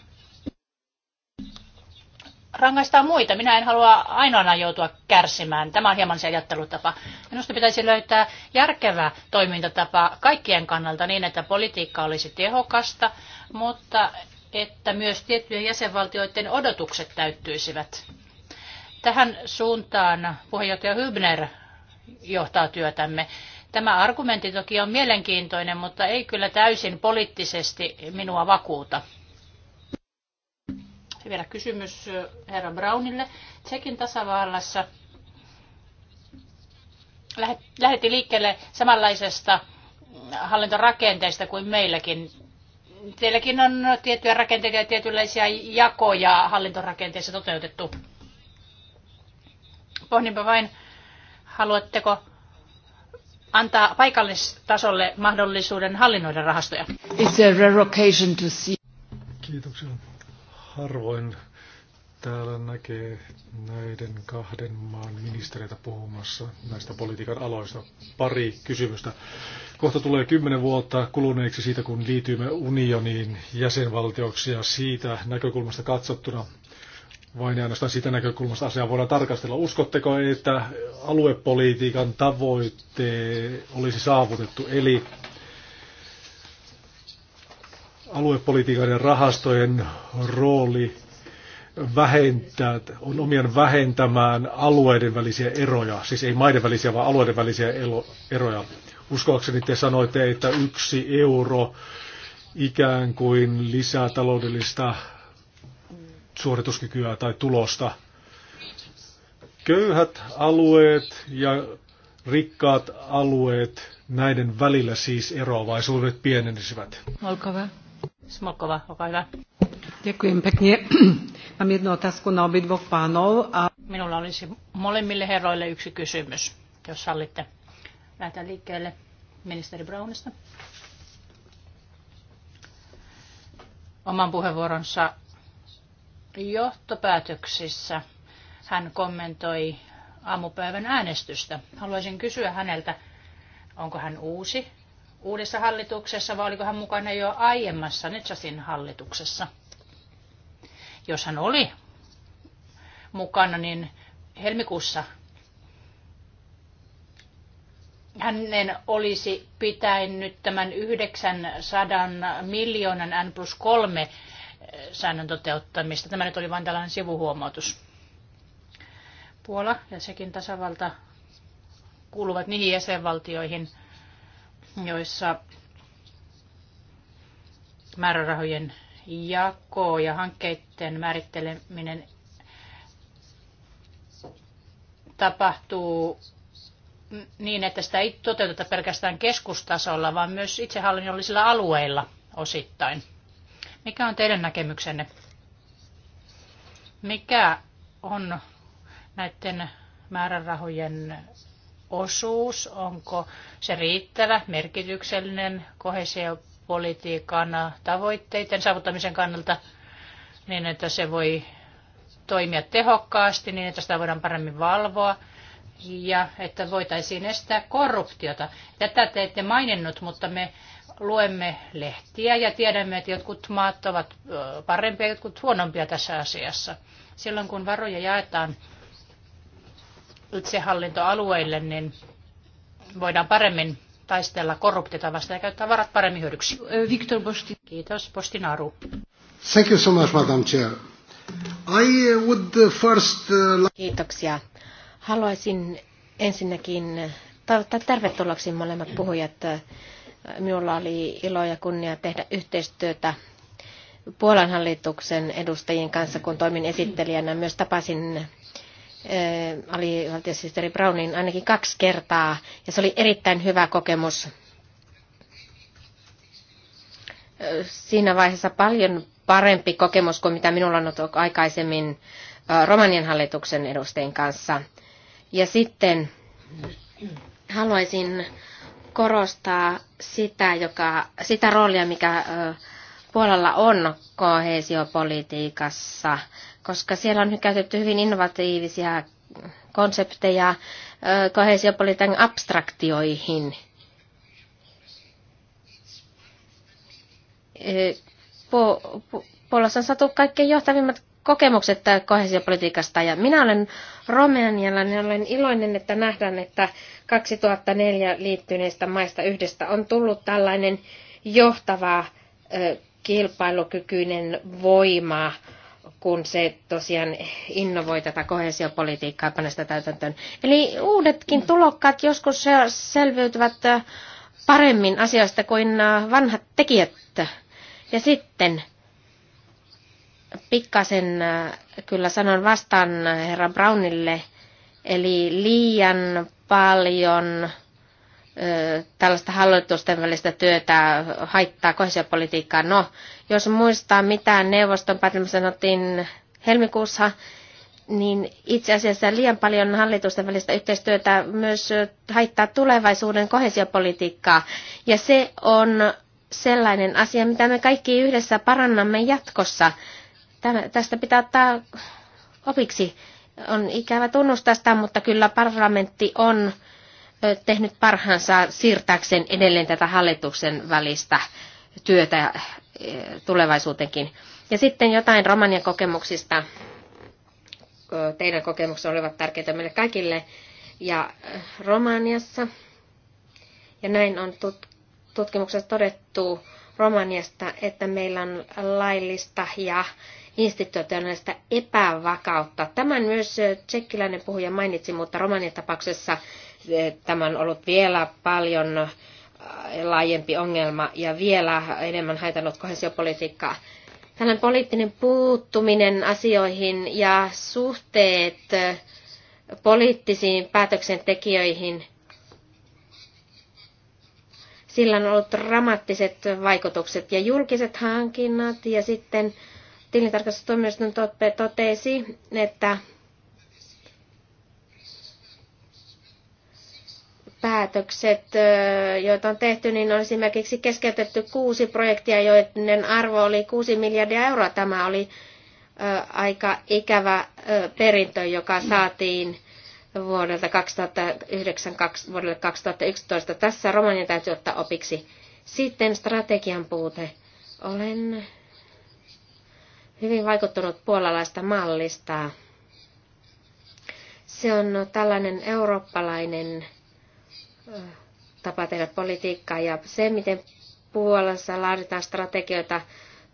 rangaistaan muita. Minä en halua ainoana joutua kärsimään. Tämä on hieman se ajattelutapa. Minusta pitäisi löytää järkevä toimintatapa kaikkien kannalta niin, että politiikka olisi tehokasta, mutta että myös tiettyjen jäsenvaltioiden odotukset täyttyisivät. Tähän suuntaan puheenjohtaja Hybner johtaa työtämme. Tämä argumentti toki on mielenkiintoinen, mutta ei kyllä täysin poliittisesti minua vakuuta. Vielä kysymys herra Brownille. Tsekin tasavallassa lähti liikkeelle samanlaisesta hallintorakenteesta kuin meilläkin. Teilläkin on tiettyjä rakenteita ja tietynlaisia jakoja hallintorakenteessa toteutettu. Pohdinpa vain, haluatteko antaa paikallistasolle mahdollisuuden hallinnoida rahastoja? It's a to see. Kiitoksia harvoin täällä näkee näiden kahden maan ministereitä puhumassa näistä politiikan aloista. Pari kysymystä. Kohta tulee kymmenen vuotta kuluneeksi siitä, kun liityimme unioniin jäsenvaltioksi ja siitä näkökulmasta katsottuna vain ainoastaan sitä näkökulmasta asiaa voidaan tarkastella. Uskotteko, että aluepolitiikan tavoitte olisi saavutettu, eli aluepolitiikan ja rahastojen rooli vähentää, on omien vähentämään alueiden välisiä eroja, siis ei maiden välisiä, vaan alueiden välisiä eroja. Uskoakseni te sanoitte, että yksi euro ikään kuin lisää taloudellista suorituskykyä tai tulosta. Köyhät alueet ja rikkaat alueet, näiden välillä siis eroavaisuudet pienenisivät. Olkaa Smolkova, olkaa Ďakujem pekne. Mám jednu otázku na obidvoch pánov. A... Minulla olisi molemmille herroille yksi kysymys, jos sallitte. Lähdetään liikkeelle ministeri Brownista. Oman puheenvuoronsa johtopäätöksissä hän kommentoi aamupäivän äänestystä. Haluaisin kysyä häneltä, onko hän uusi uudessa hallituksessa vai oliko hän mukana jo aiemmassa Netsasin hallituksessa? Jos hän oli mukana, niin helmikuussa hänen olisi pitänyt tämän 900 miljoonan N plus 3 eh, säännön toteuttamista. Tämä nyt oli vain tällainen sivuhuomautus. Puola ja sekin tasavalta kuuluvat niihin jäsenvaltioihin – joissa määrärahojen jako ja hankkeiden määritteleminen tapahtuu niin, että sitä ei toteuteta pelkästään keskustasolla, vaan myös itsehallinnollisilla alueilla osittain. Mikä on teidän näkemyksenne? Mikä on näiden määrärahojen osuus, onko se riittävä, merkityksellinen kohesiopolitiikan tavoitteiden saavuttamisen kannalta niin, että se voi toimia tehokkaasti, niin että sitä voidaan paremmin valvoa ja että voitaisiin estää korruptiota. Tätä te ette maininnut, mutta me luemme lehtiä ja tiedämme, että jotkut maat ovat parempia, jotkut huonompia tässä asiassa. Silloin kun varoja jaetaan itsehallintoalueille, niin voidaan paremmin taistella korruptiota vastaan ja käyttää varat paremmin hyödyksi. Viktor Bosti. Kiitos, Postinaru. Thank you so much, Madam Chair. I would first... Uh, Kiitoksia. Haluaisin ensinnäkin toivottaa tervetulleeksi molemmat puhujat. Minulla oli ilo ja kunnia tehdä yhteistyötä Puolan hallituksen edustajien kanssa, kun toimin esittelijänä. Myös tapasin alivaltiosihteeri äh, Brownin ainakin kaksi kertaa, ja se oli erittäin hyvä kokemus. Äh, siinä vaiheessa paljon parempi kokemus kuin mitä minulla on ollut aikaisemmin äh, Romanian hallituksen edustajien kanssa. Ja sitten haluaisin korostaa sitä, joka, sitä roolia, mikä Puolalla on koheesiopolitiikassa, koska siellä on käytetty hyvin innovatiivisia konsepteja kohesiopolitiikan abstraktioihin. Puolassa on saatu kaikkein johtavimmat kokemukset kohesiopolitiikasta ja minä olen romanialainen niin ja olen iloinen, että nähdään, että 2004 liittyneistä maista yhdestä on tullut tällainen johtava kilpailukykyinen voima kun se tosiaan innovoi tätä kohesiopolitiikkaa, panee sitä täytäntöön. Eli uudetkin tulokkaat joskus selviytyvät äh, paremmin asioista kuin äh, vanhat tekijät. Ja sitten pikkasen äh, kyllä sanon vastaan herra Brownille, eli liian paljon tällaista hallitusten välistä työtä haittaa kohesiopolitiikkaa. No, jos muistaa mitään neuvoston päätelmässä sanottiin helmikuussa, niin itse asiassa liian paljon hallitusten välistä yhteistyötä myös haittaa tulevaisuuden kohesiopolitiikkaa. Ja se on sellainen asia, mitä me kaikki yhdessä parannamme jatkossa. Tästä pitää ottaa opiksi. On ikävä tunnustaa sitä, mutta kyllä parlamentti on tehnyt parhaansa siirtääkseen edelleen tätä hallituksen välistä työtä tulevaisuutenkin. Ja sitten jotain Romanian kokemuksista. Teidän kokemukset olivat tärkeitä meille kaikille. Ja Romaniassa, ja näin on tutkimuksessa todettu Romaniasta, että meillä on laillista ja institutionaalista epävakautta. Tämän myös tsekkiläinen puhuja mainitsi, mutta Romanian tapauksessa Tämä on ollut vielä paljon äh, laajempi ongelma ja vielä enemmän haitannut kohesiopolitiikkaa. Tällainen poliittinen puuttuminen asioihin ja suhteet äh, poliittisiin päätöksentekijöihin, sillä on ollut dramaattiset vaikutukset ja julkiset hankinnat ja sitten tilintarkastustoimiston totesi, että päätökset, joita on tehty, niin on esimerkiksi keskeytetty kuusi projektia, joiden arvo oli kuusi miljardia euroa. Tämä oli aika ikävä perintö, joka saatiin vuodelta 2009 vuodelle 2011. Tässä Romania täytyy ottaa opiksi. Sitten strategian puute. Olen hyvin vaikuttunut puolalaista mallista. Se on tällainen eurooppalainen tapa tehdä politiikkaa ja se, miten Puolassa laaditaan strategioita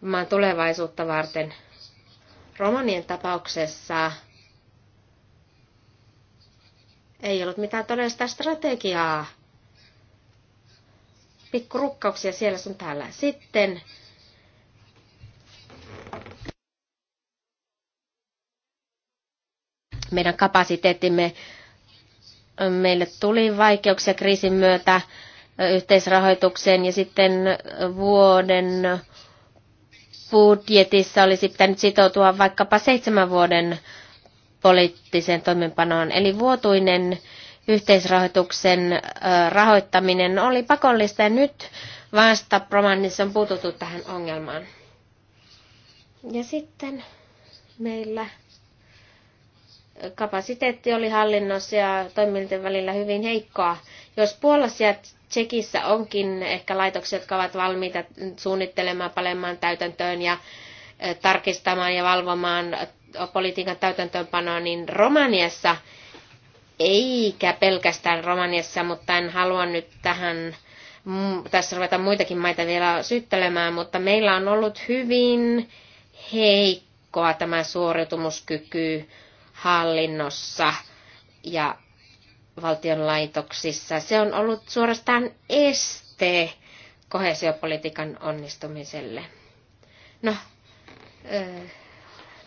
maan tulevaisuutta varten. Romanien tapauksessa ei ollut mitään todellista strategiaa. Pikkurukkauksia siellä sun täällä. Sitten meidän kapasiteettimme meille tuli vaikeuksia kriisin myötä yhteisrahoitukseen ja sitten vuoden budjetissa olisi pitänyt sitoutua vaikkapa seitsemän vuoden poliittiseen toimenpanoon. Eli vuotuinen yhteisrahoituksen rahoittaminen oli pakollista ja nyt vasta Promannissa on puututtu tähän ongelmaan. Ja sitten meillä kapasiteetti oli hallinnossa ja toimintojen välillä hyvin heikkoa. Jos Puolassa ja Tsekissä onkin ehkä laitoksia, jotka ovat valmiita suunnittelemaan, palemaan täytäntöön ja e, tarkistamaan ja valvomaan politiikan täytäntöönpanoa, niin Romaniassa, eikä pelkästään Romaniassa, mutta en halua nyt tähän mm, tässä ruveta muitakin maita vielä syttelemään, mutta meillä on ollut hyvin heikkoa tämä suoriutumuskyky hallinnossa ja valtion laitoksissa. Se on ollut suorastaan este kohesiopolitiikan onnistumiselle. No,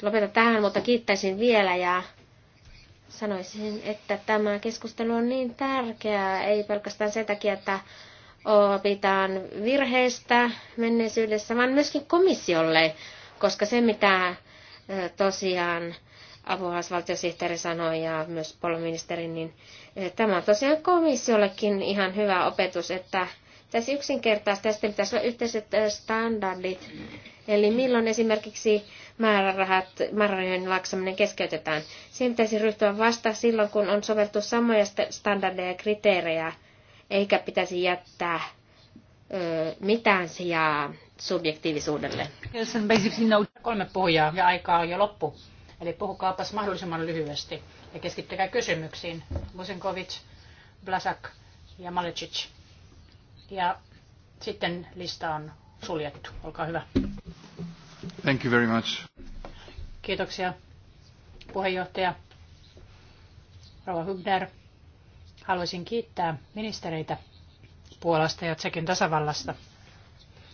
lopetan tähän, mutta kiittäisin vielä ja sanoisin, että tämä keskustelu on niin tärkeää, ei pelkästään sen takia, että opitaan virheistä menneisyydessä, vaan myöskin komissiolle, koska se mitä tosiaan apulaisvaltiosihteeri sanoi ja myös poloministeri, niin eh, tämä on tosiaan komissiollekin ihan hyvä opetus, että tässä yksinkertaista ja sitten pitäisi olla yhteiset eh, standardit. Eli milloin esimerkiksi määrärahat, määrärahojen laksaminen keskeytetään. Siihen pitäisi ryhtyä vasta silloin, kun on soveltu samoja standardeja ja kriteerejä, eikä pitäisi jättää ö, eh, mitään sijaa subjektiivisuudelle. Kolme pohjaa ja aika on jo loppu. Eli puhukaapas mahdollisimman lyhyesti ja keskittykää kysymyksiin. Musenkovic, Blasak ja Malecic. Ja sitten lista on suljettu. Olkaa hyvä. Thank you very much. Kiitoksia puheenjohtaja Rova Hübner. Haluaisin kiittää ministereitä Puolasta ja Tsekin tasavallasta.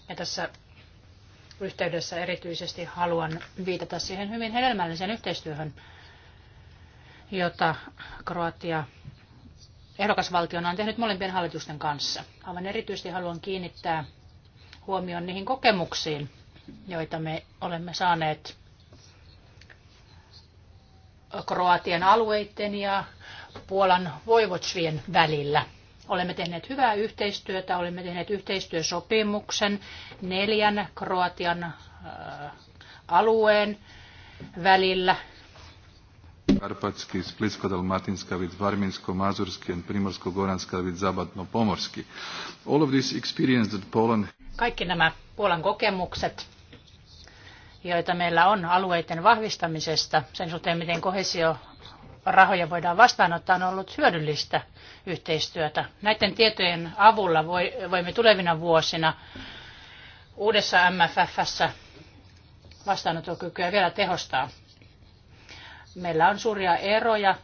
Ja tässä yhteydessä erityisesti haluan viitata siihen hyvin hedelmälliseen yhteistyöhön, jota Kroatia ehdokasvaltiona on tehnyt molempien hallitusten kanssa. Aivan erityisesti haluan kiinnittää huomioon niihin kokemuksiin, joita me olemme saaneet Kroatian alueiden ja Puolan voivotsvien välillä – Olemme tehneet hyvää yhteistyötä, olemme tehneet yhteistyösopimuksen neljän Kroatian äh, alueen välillä. Karpatski, Splitsko-Dalmatinska, vid Varminsko-Mazurski Primorsko-Goranska, vid Zabatno-Pomorski. All of this experience that Poland... Kaikki nämä Puolan kokemukset, joita meillä on alueiden vahvistamisesta sen suhteen, miten kohesio rahoja voidaan vastaanottaa, on ollut hyödyllistä yhteistyötä. Näiden tietojen avulla voimme tulevina vuosina uudessa MFFssä vastaanottokykyä vielä tehostaa. Meillä on suuria eroja,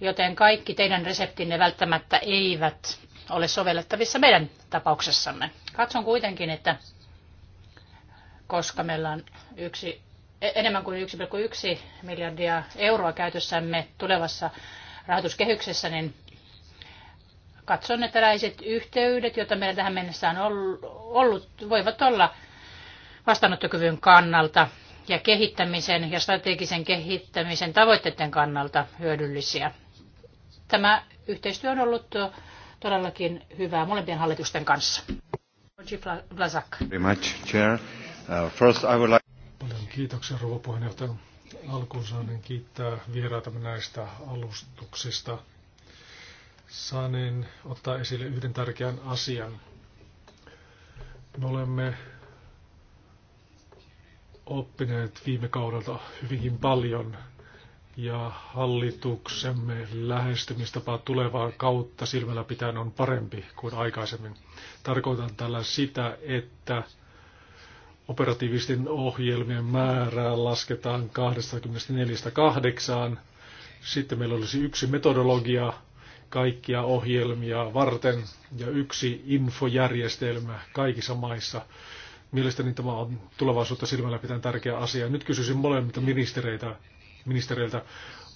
joten kaikki teidän reseptinne välttämättä eivät ole sovellettavissa meidän tapauksessamme. Katson kuitenkin, että koska meillä on yksi E- enemmän kuin 1,1 miljardia euroa käytössämme tulevassa rahoituskehyksessä, niin katson, että tällaiset yhteydet, joita meillä tähän mennessä on ollut, voivat olla vastaanottokyvyn kannalta ja kehittämisen ja strategisen kehittämisen tavoitteiden kannalta hyödyllisiä. Tämä yhteistyö on ollut todellakin hyvää molempien hallitusten kanssa. Very much, Chair. Uh, first I would like... Kiitoksia rouva puheenjohtaja. Alkuun saanen niin kiittää vieraitamme näistä alustuksista. Saanen ottaa esille yhden tärkeän asian. Me olemme oppineet viime kaudelta hyvinkin paljon ja hallituksemme lähestymistapa tulevaa kautta silmällä pitäen on parempi kuin aikaisemmin. Tarkoitan tällä sitä, että operatiivisten ohjelmien määrää lasketaan 24-8. Sitten meillä olisi yksi metodologia kaikkia ohjelmia varten ja yksi infojärjestelmä kaikissa maissa. Mielestäni tämä on tulevaisuutta silmällä pitäen tärkeä asia. Nyt kysyisin molemmilta ministereiltä, ministereiltä,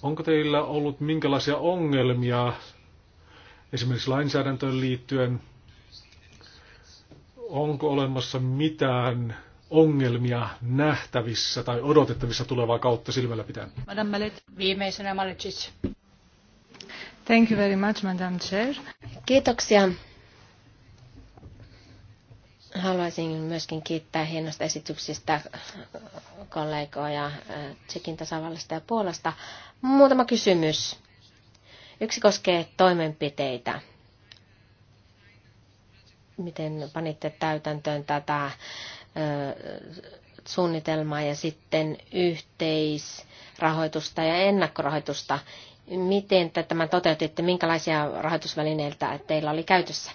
onko teillä ollut minkälaisia ongelmia esimerkiksi lainsäädäntöön liittyen? Onko olemassa mitään ongelmia nähtävissä tai odotettavissa tulevaa kautta silmällä pitäen? Madame Malet, viimeisenä Maletic. Thank you very much, Madame Chair. Kiitoksia. Haluaisin myöskin kiittää hienosta esityksistä kollegoja äh, Tsekin tasavallasta ja Puolasta. Muutama kysymys. Yksi koskee toimenpiteitä. Miten panitte täytäntöön tätä suunnitelmaa ja sitten yhteisrahoitusta ja ennakkorahoitusta. Miten te tämän toteutitte, minkälaisia rahoitusvälineitä teillä oli käytössä?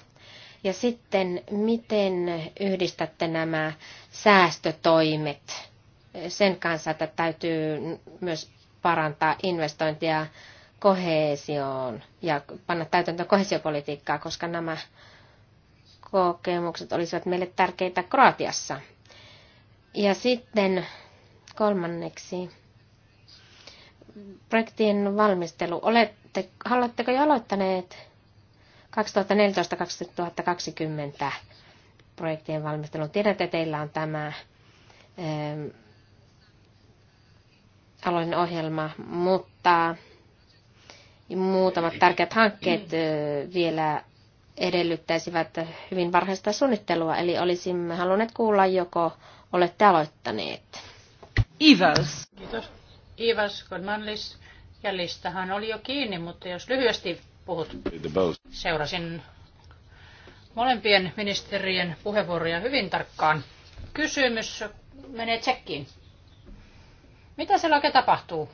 Ja sitten, miten yhdistätte nämä säästötoimet sen kanssa, että täytyy myös parantaa investointia kohesioon ja panna täytäntöön kohesiopolitiikkaa, koska nämä kokemukset olisivat meille tärkeitä Kroatiassa – ja sitten kolmanneksi projektien valmistelu. Olette, haluatteko jo aloittaneet 2014-2020 projektien valmistelun? Tiedätte, että teillä on tämä ähm, aloinen ohjelma, mutta muutamat tärkeät hankkeet äh, vielä edellyttäisivät hyvin varhaista suunnittelua, eli olisimme halunneet kuulla joko olette aloittaneet. Ivas. Kiitos. Ivas Godmanlis. Ja listahan oli jo kiinni, mutta jos lyhyesti puhut. Seurasin molempien ministerien puheenvuoroja hyvin tarkkaan. Kysymys menee tsekkiin. Mitä siellä oikein tapahtuu?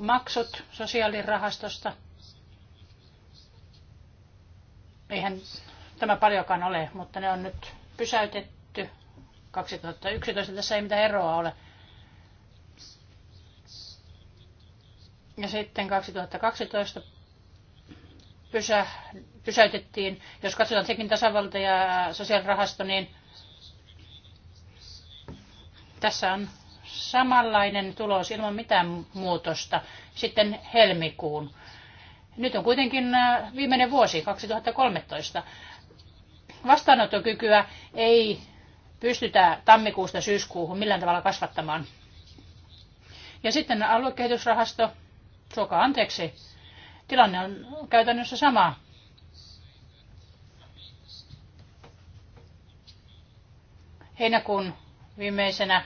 Maksut sosiaalirahastosta. Eihän tämä paljonkaan ole, mutta ne on nyt pysäytetty 2011. Tässä ei mitään eroa ole. Ja sitten 2012 pysä, pysäytettiin. Jos katsotaan sekin tasavalta ja sosiaalirahasto, niin tässä on samanlainen tulos ilman mitään muutosta sitten helmikuun. Nyt on kuitenkin äh, viimeinen vuosi, 2013 vastaanottokykyä ei pystytä tammikuusta syyskuuhun millään tavalla kasvattamaan. Ja sitten aluekehitysrahasto, suokaa anteeksi, tilanne on käytännössä sama. Heinäkuun viimeisenä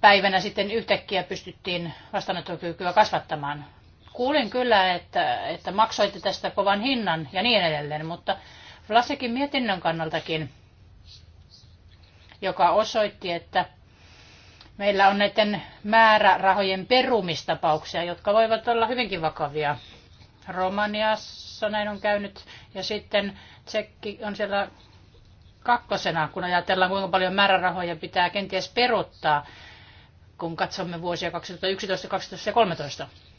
päivänä sitten yhtäkkiä pystyttiin vastaanottokykyä kasvattamaan. Kuulin kyllä, että, että maksoitte tästä kovan hinnan ja niin edelleen, mutta Vlasekin mietinnön kannaltakin, joka osoitti, että meillä on näiden määrärahojen perumistapauksia, jotka voivat olla hyvinkin vakavia. Romaniassa näin on käynyt ja sitten Tsekki on siellä kakkosena, kun ajatellaan kuinka paljon määrärahoja pitää kenties peruttaa, kun katsomme vuosia 2011, 2012 ja 2013.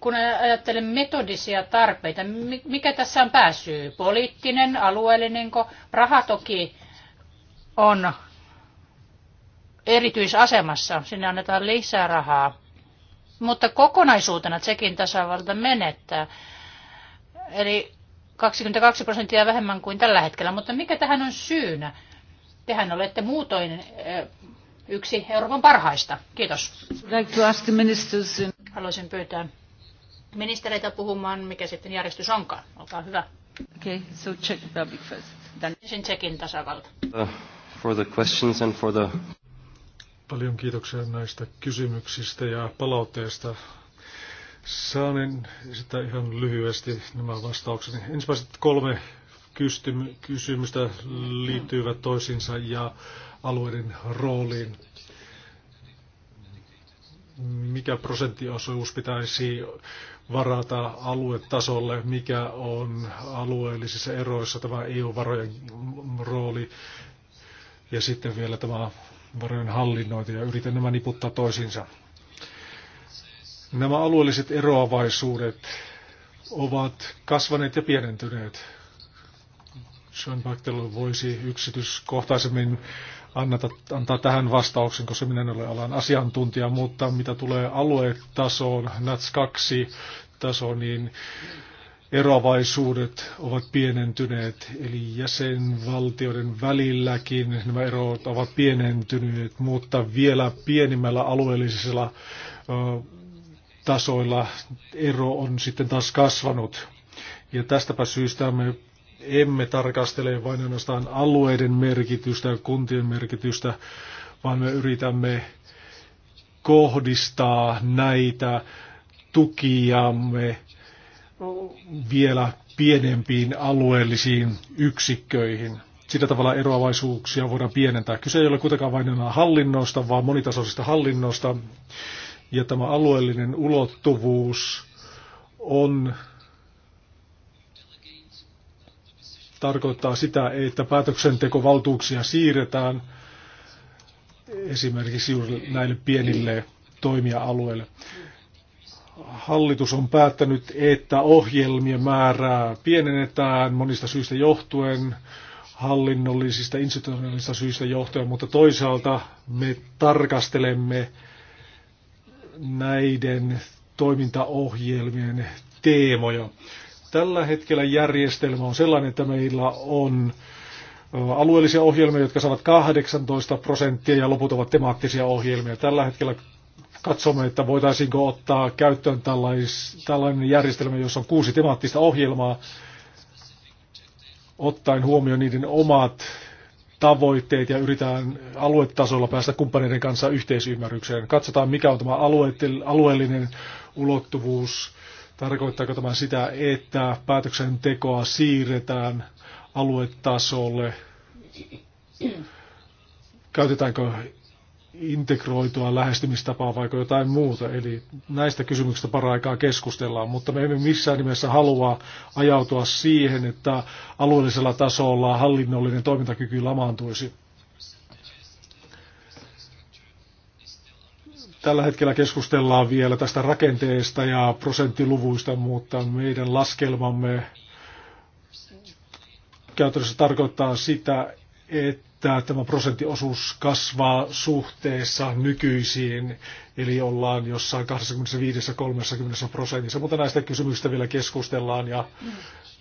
kun ajattelen metodisia tarpeita, mikä tässä on pääsyy? Poliittinen, alueellinenko? Raha toki on erityisasemassa, sinne annetaan lisää rahaa. Mutta kokonaisuutena sekin tasavalta menettää. Eli 22 prosenttia vähemmän kuin tällä hetkellä. Mutta mikä tähän on syynä? Tehän olette muutoin eh, yksi Euroopan parhaista. Kiitos. Haluaisin pyytää ministereitä puhumaan, mikä sitten järjestys onkaan. Olkaa hyvä. Okay, so Czech Republic first. Then... Ensin Tsekin tasavalta. Uh, for the questions and for the... Paljon kiitoksia näistä kysymyksistä ja palautteesta. Saanen sitä ihan lyhyesti nämä vastaukseni. Ensimmäiset kolme kysymystä liittyvät toisiinsa ja alueiden rooliin. Mikä prosenttiosuus pitäisi varata aluetasolle, mikä on alueellisissa eroissa tämä EU-varojen rooli ja sitten vielä tämä varojen hallinnointi ja yritän nämä niputtaa toisiinsa. Nämä alueelliset eroavaisuudet ovat kasvaneet ja pienentyneet. Sean Bachtel voisi yksityiskohtaisemmin anneta, antaa tähän vastauksen, koska minä en ole alan asiantuntija, mutta mitä tulee aluetasoon, NATS 2 taso, niin eroavaisuudet ovat pienentyneet, eli jäsenvaltioiden välilläkin nämä erot ovat pienentyneet, mutta vielä pienimmällä alueellisella ö, tasoilla ero on sitten taas kasvanut. Ja tästäpä syystä me emme tarkastele vain ainoastaan alueiden merkitystä ja kuntien merkitystä, vaan me yritämme kohdistaa näitä tukiamme vielä pienempiin alueellisiin yksikköihin. Sitä tavalla eroavaisuuksia voidaan pienentää. Kyse ei ole kuitenkaan vain enää hallinnosta, vaan monitasoisesta hallinnosta. Ja tämä alueellinen ulottuvuus on tarkoittaa sitä, että päätöksentekovaltuuksia siirretään esimerkiksi juuri näille pienille toimija-alueille. Hallitus on päättänyt, että ohjelmien määrää pienennetään monista syistä johtuen, hallinnollisista, institutionaalisista syistä johtuen, mutta toisaalta me tarkastelemme näiden toimintaohjelmien teemoja. Tällä hetkellä järjestelmä on sellainen, että meillä on alueellisia ohjelmia, jotka saavat 18 prosenttia ja loput ovat temaattisia ohjelmia. Tällä hetkellä katsomme, että voitaisiinko ottaa käyttöön tällais, tällainen järjestelmä, jossa on kuusi temaattista ohjelmaa, ottaen huomioon niiden omat tavoitteet ja yritetään aluetasolla päästä kumppaneiden kanssa yhteisymmärrykseen. Katsotaan, mikä on tämä alueellinen ulottuvuus, Tarkoittaako tämä sitä, että päätöksentekoa siirretään aluetasolle? Käytetäänkö integroitua lähestymistapaa vai jotain muuta. Eli näistä kysymyksistä paraikaa keskustellaan, mutta me emme missään nimessä halua ajautua siihen, että alueellisella tasolla hallinnollinen toimintakyky lamaantuisi. Tällä hetkellä keskustellaan vielä tästä rakenteesta ja prosenttiluvuista, mutta meidän laskelmamme käytännössä tarkoittaa sitä, että tämä prosenttiosuus kasvaa suhteessa nykyisiin, eli ollaan jossain 25-30 prosentissa, mutta näistä kysymyksistä vielä keskustellaan ja,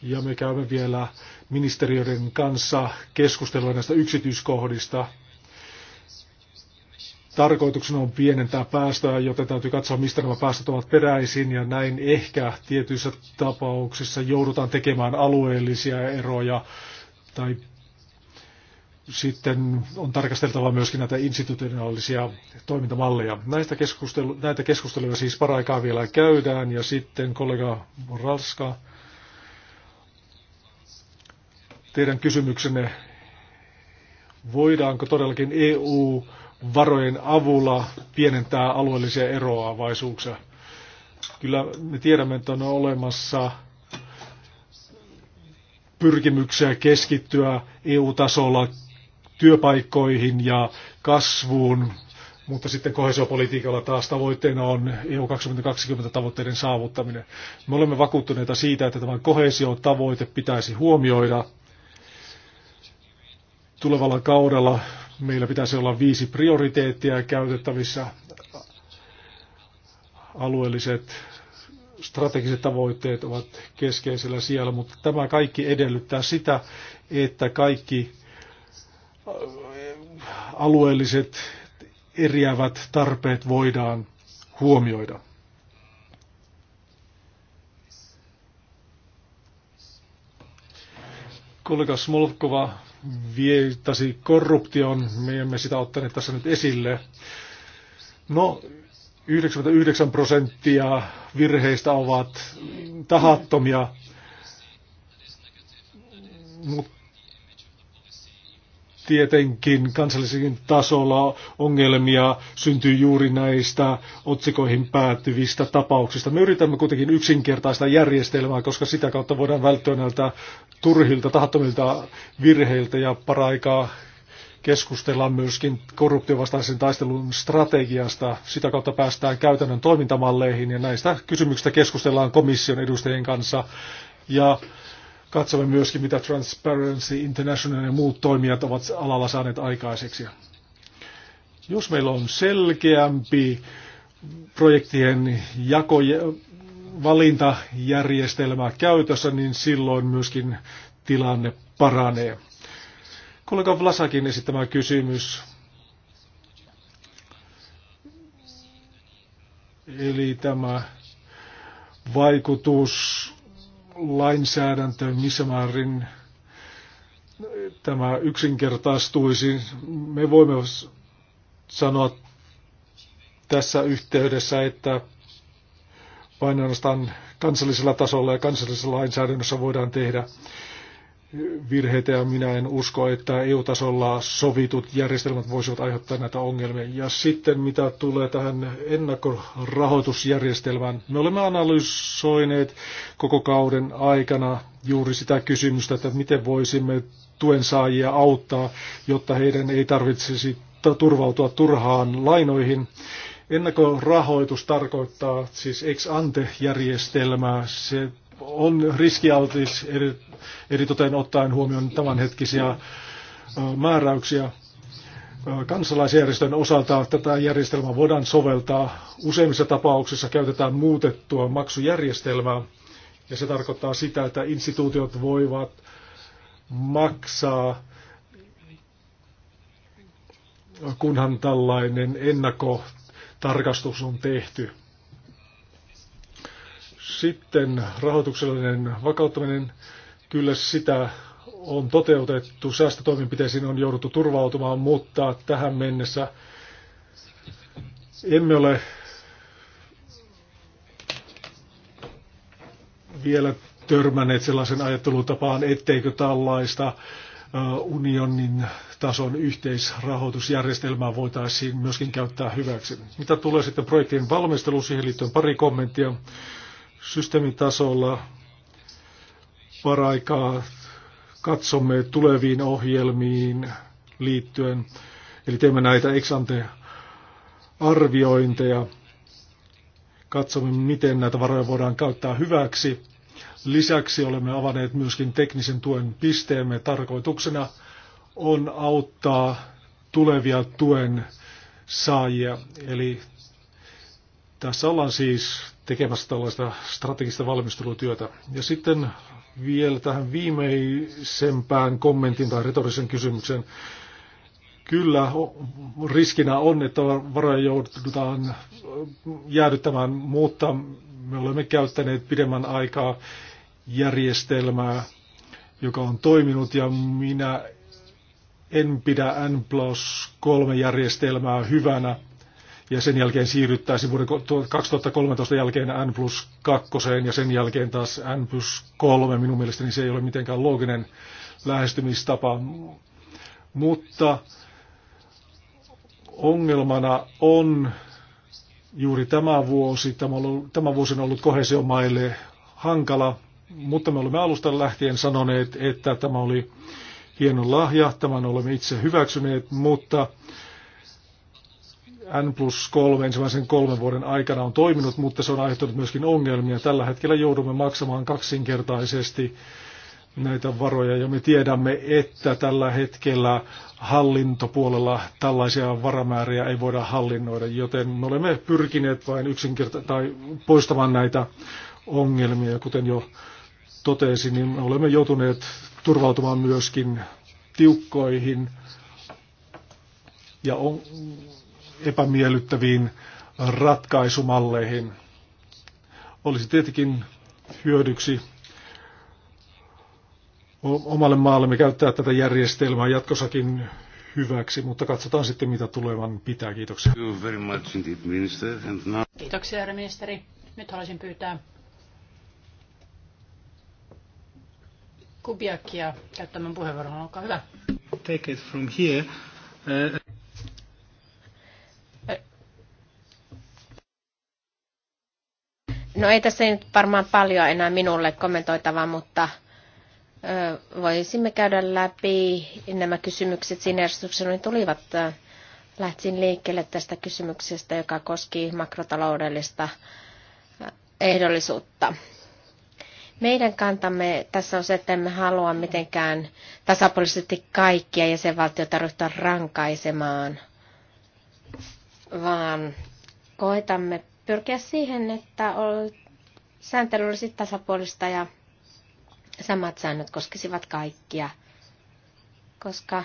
ja me käymme vielä ministeriöiden kanssa keskustelua näistä yksityiskohdista tarkoituksena on pienentää päästöä, joten täytyy katsoa, mistä nämä päästöt ovat peräisin, ja näin ehkä tietyissä tapauksissa joudutaan tekemään alueellisia eroja, tai sitten on tarkasteltava myöskin näitä institutionaalisia toimintamalleja. Näistä keskustelu, näitä keskusteluja siis paraikaa vielä käydään, ja sitten kollega Moralska, teidän kysymyksenne, voidaanko todellakin EU varojen avulla pienentää alueellisia eroavaisuuksia. Kyllä me tiedämme, että on olemassa pyrkimyksiä keskittyä EU-tasolla työpaikkoihin ja kasvuun, mutta sitten kohesiopolitiikalla taas tavoitteena on EU 2020 tavoitteiden saavuttaminen. Me olemme vakuuttuneita siitä, että tämän kohesiotavoite pitäisi huomioida tulevalla kaudella Meillä pitäisi olla viisi prioriteettia käytettävissä. Alueelliset strategiset tavoitteet ovat keskeisellä siellä, mutta tämä kaikki edellyttää sitä, että kaikki äh, alueelliset eriävät tarpeet voidaan huomioida. Kollega Smolkova vietasi korruption. Me emme sitä ottaneet tässä nyt esille. No, 99 prosenttia virheistä ovat tahattomia, mutta tietenkin kansallisen tasolla ongelmia syntyy juuri näistä otsikoihin päättyvistä tapauksista. Me yritämme kuitenkin yksinkertaista järjestelmää, koska sitä kautta voidaan välttyä näiltä turhilta, tahattomilta virheiltä ja paraikaa keskustellaan myöskin korruptiovastaisen taistelun strategiasta. Sitä kautta päästään käytännön toimintamalleihin ja näistä kysymyksistä keskustellaan komission edustajien kanssa. Ja Katsomme myöskin, mitä Transparency International ja muut toimijat ovat alalla saaneet aikaiseksi. Jos meillä on selkeämpi projektien jako, valintajärjestelmä käytössä, niin silloin myöskin tilanne paranee. Kollega Vlasakin esittämä kysymys. Eli tämä vaikutus lainsäädäntö, missä määrin tämä yksinkertaistuisi. Me voimme sanoa tässä yhteydessä, että vain ainoastaan kansallisella tasolla ja kansallisessa lainsäädännössä voidaan tehdä virheitä ja minä en usko, että EU-tasolla sovitut järjestelmät voisivat aiheuttaa näitä ongelmia. Ja sitten mitä tulee tähän ennakkorahoitusjärjestelmään, me olemme analysoineet koko kauden aikana juuri sitä kysymystä, että miten voisimme tuen saajia auttaa, jotta heidän ei tarvitsisi turvautua turhaan lainoihin. Ennakkorahoitus tarkoittaa siis ex ante järjestelmää. Se on riskialtis eri, eritoten ottaen huomioon tämänhetkisiä määräyksiä. Kansalaisjärjestön osalta tätä järjestelmää voidaan soveltaa. Useimmissa tapauksissa käytetään muutettua maksujärjestelmää, ja se tarkoittaa sitä, että instituutiot voivat maksaa, kunhan tällainen ennakkotarkastus on tehty. Sitten rahoituksellinen vakauttaminen, kyllä sitä on toteutettu, säästötoimenpiteisiin on jouduttu turvautumaan, mutta tähän mennessä emme ole vielä törmänneet sellaisen ajattelutapaan, etteikö tällaista unionin tason yhteisrahoitusjärjestelmää voitaisiin myöskin käyttää hyväksi. Mitä tulee sitten projektien valmisteluun, siihen liittyen pari kommenttia tasolla paraikaa katsomme tuleviin ohjelmiin liittyen. Eli teemme näitä ex ante arviointeja. Katsomme, miten näitä varoja voidaan käyttää hyväksi. Lisäksi olemme avanneet myöskin teknisen tuen pisteemme. Tarkoituksena on auttaa tulevia tuen saajia. Eli tässä ollaan siis tekemässä tällaista strategista valmistelutyötä. Ja sitten vielä tähän viimeisempään kommentin tai retorisen kysymyksen. Kyllä riskinä on, että varoja joudutaan jäädyttämään, mutta me olemme käyttäneet pidemmän aikaa järjestelmää, joka on toiminut ja minä en pidä N plus 3 järjestelmää hyvänä ja sen jälkeen siirryttäisiin vuoden 2013 jälkeen N plus 2 ja sen jälkeen taas N plus 3. Minun mielestäni se ei ole mitenkään looginen lähestymistapa, mutta ongelmana on juuri tämä vuosi. Tämä, ollut, tämä vuosi on ollut kohesiomaille hankala, mutta me olemme alusta lähtien sanoneet, että tämä oli hieno lahja, tämän olemme itse hyväksyneet, mutta N plus 3 ensimmäisen kolmen vuoden aikana on toiminut, mutta se on aiheuttanut myöskin ongelmia. Tällä hetkellä joudumme maksamaan kaksinkertaisesti näitä varoja ja me tiedämme, että tällä hetkellä hallintopuolella tällaisia varamääriä ei voida hallinnoida, joten me olemme pyrkineet vain yksinkerta- tai poistamaan näitä ongelmia, ja kuten jo totesin, niin me olemme joutuneet turvautumaan myöskin tiukkoihin ja on, epämiellyttäviin ratkaisumalleihin. Olisi tietenkin hyödyksi omalle maallemme käyttää tätä järjestelmää jatkossakin hyväksi, mutta katsotaan sitten mitä tulevan pitää. Kiitoksia. Kiitoksia, herra ministeri. Nyt haluaisin pyytää Kubiakia käyttämään puheenvuoron. Olkaa hyvä. Take it from here. Uh... No ei tässä nyt varmaan paljon enää minulle kommentoitavaa, mutta voisimme käydä läpi nämä kysymykset siinä järjestyksessä, niin tulivat. lähtsin liikkeelle tästä kysymyksestä, joka koski makrotaloudellista ehdollisuutta. Meidän kantamme tässä on se, että emme halua mitenkään tasapuolisesti kaikkia jäsenvaltioita ryhtyä rankaisemaan, vaan koetamme pyrkiä siihen, että sääntely olisi tasapuolista ja samat säännöt koskisivat kaikkia, koska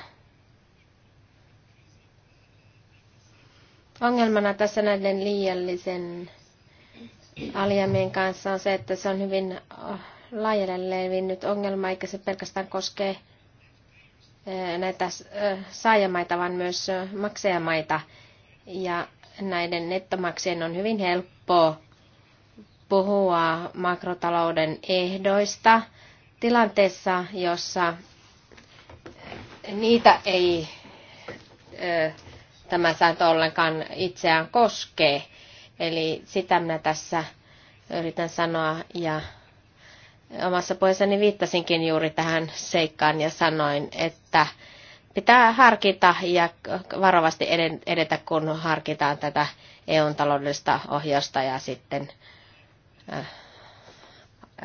ongelmana tässä näiden liiallisen alijäämien kanssa on se, että se on hyvin äh, laajalle levinnyt ongelma, eikä se pelkästään koskee äh, näitä äh, saajamaita, vaan myös maksajamaita. Ja näiden nettomaksien on hyvin helppoa puhua makrotalouden ehdoista tilanteessa, jossa eh, niitä ei eh, tämä sääntö ollenkaan itseään koskee. Eli sitä minä tässä yritän sanoa ja omassa puheessani viittasinkin juuri tähän seikkaan ja sanoin, että pitää harkita ja varovasti edetä, kun harkitaan tätä EUn taloudellista ohjausta ja sitten äh,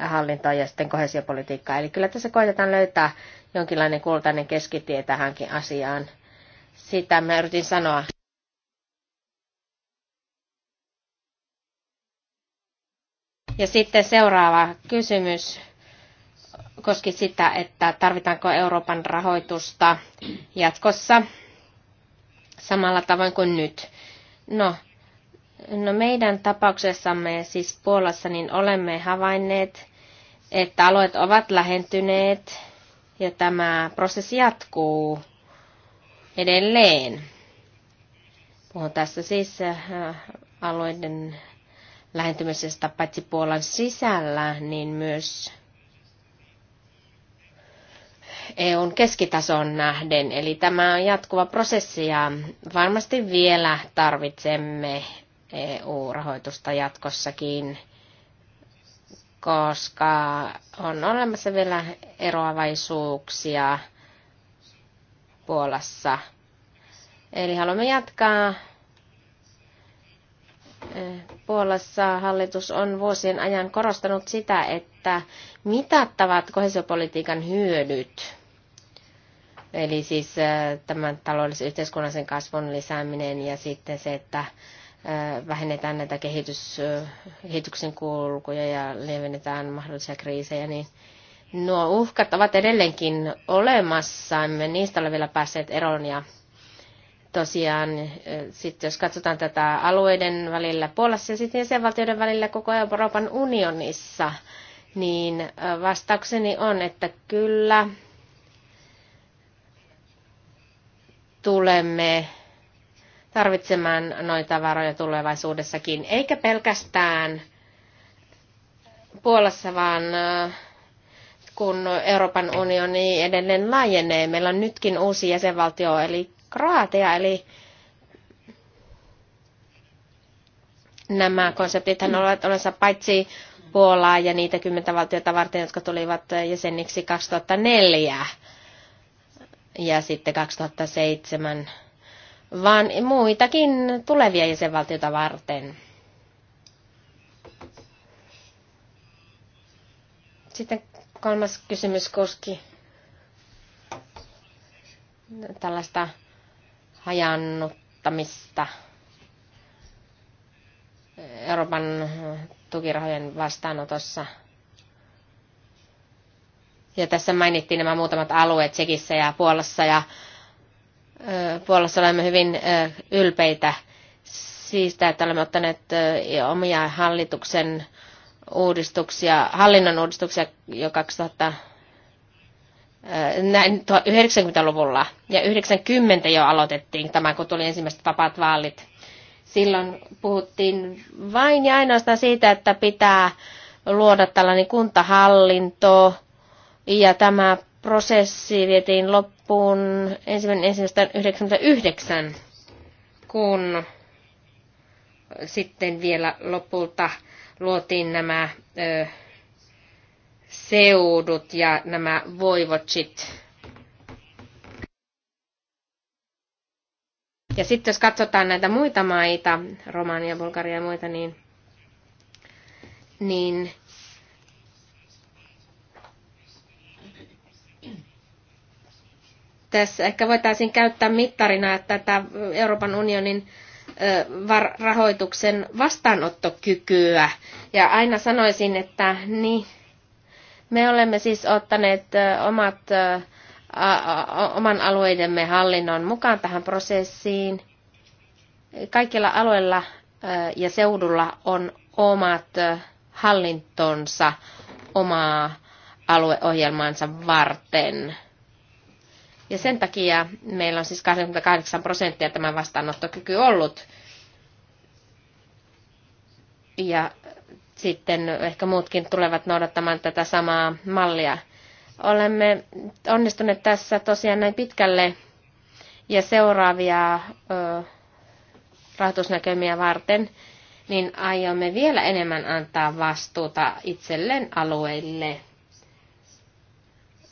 hallintoa ja sitten kohesiopolitiikkaa. Eli kyllä tässä koitetaan löytää jonkinlainen kultainen keskitie tähänkin asiaan. Sitä mä yritin sanoa. Ja sitten seuraava kysymys koski sitä, että tarvitaanko Euroopan rahoitusta jatkossa samalla tavoin kuin nyt. No, no meidän tapauksessamme siis Puolassa niin olemme havainneet, että alueet ovat lähentyneet ja tämä prosessi jatkuu edelleen. Puhun tässä siis äh, alueiden lähentymisestä paitsi Puolan sisällä, niin myös EUn keskitason nähden. Eli tämä on jatkuva prosessi ja varmasti vielä tarvitsemme EU-rahoitusta jatkossakin, koska on olemassa vielä eroavaisuuksia Puolassa. Eli haluamme jatkaa Puolassa hallitus on vuosien ajan korostanut sitä, että mitattavat kohesiopolitiikan hyödyt, eli siis äh, tämän taloudellisen yhteiskunnallisen kasvun lisääminen ja sitten se, että äh, vähennetään näitä kehitys, äh, kehityksen kulkuja ja lievennetään mahdollisia kriisejä, niin nuo uhkat ovat edelleenkin olemassa. Emme niistä ole vielä päässeet eroon ja tosiaan eh, sitten jos katsotaan tätä alueiden välillä Puolassa ja sitten jäsenvaltioiden välillä koko Euroopan unionissa, niin eh, vastaukseni on, että kyllä tulemme tarvitsemaan noita varoja tulevaisuudessakin, eikä pelkästään Puolassa, vaan eh, kun Euroopan unioni edelleen laajenee, meillä on nytkin uusi jäsenvaltio, eli kraateja, eli nämä konseptithan mm. ovat olemassa paitsi Puolaa ja niitä kymmentä valtiota varten, jotka tulivat eh, jäseniksi 2004 ja sitten 2007, vaan muitakin tulevia jäsenvaltioita varten. Sitten kolmas kysymys koski tällaista hajannuttamista Euroopan tukirahojen vastaanotossa. Ja tässä mainittiin nämä muutamat alueet Tsekissä ja Puolassa ja Puolassa olemme hyvin ylpeitä siitä, että olemme ottaneet omia hallituksen uudistuksia, hallinnon uudistuksia jo 2000 Äh, näin 90-luvulla ja 90 jo aloitettiin tämä, kun tuli ensimmäiset vapaat vaalit. Silloin puhuttiin vain ja ainoastaan siitä, että pitää luoda tällainen kuntahallinto ja tämä prosessi vietiin loppuun ensimmäinen ensimmäistä 99, kun sitten vielä lopulta luotiin nämä ö, seudut ja nämä voivotsit. Ja sitten jos katsotaan näitä muita maita, Romania, Bulgaria ja muita, niin, niin tässä ehkä voitaisiin käyttää mittarina tätä Euroopan unionin rahoituksen vastaanottokykyä. Ja aina sanoisin, että niin, me olemme siis ottaneet omat, oman alueidemme hallinnon mukaan tähän prosessiin. Kaikilla alueilla ja seudulla on omat hallintonsa omaa alueohjelmaansa varten. Ja sen takia meillä on siis 28 prosenttia tämä vastaanottokyky ollut. Ja sitten ehkä muutkin tulevat noudattamaan tätä samaa mallia. Olemme onnistuneet tässä tosiaan näin pitkälle ja seuraavia ö, rahoitusnäkömiä varten, niin aiomme vielä enemmän antaa vastuuta itselleen alueille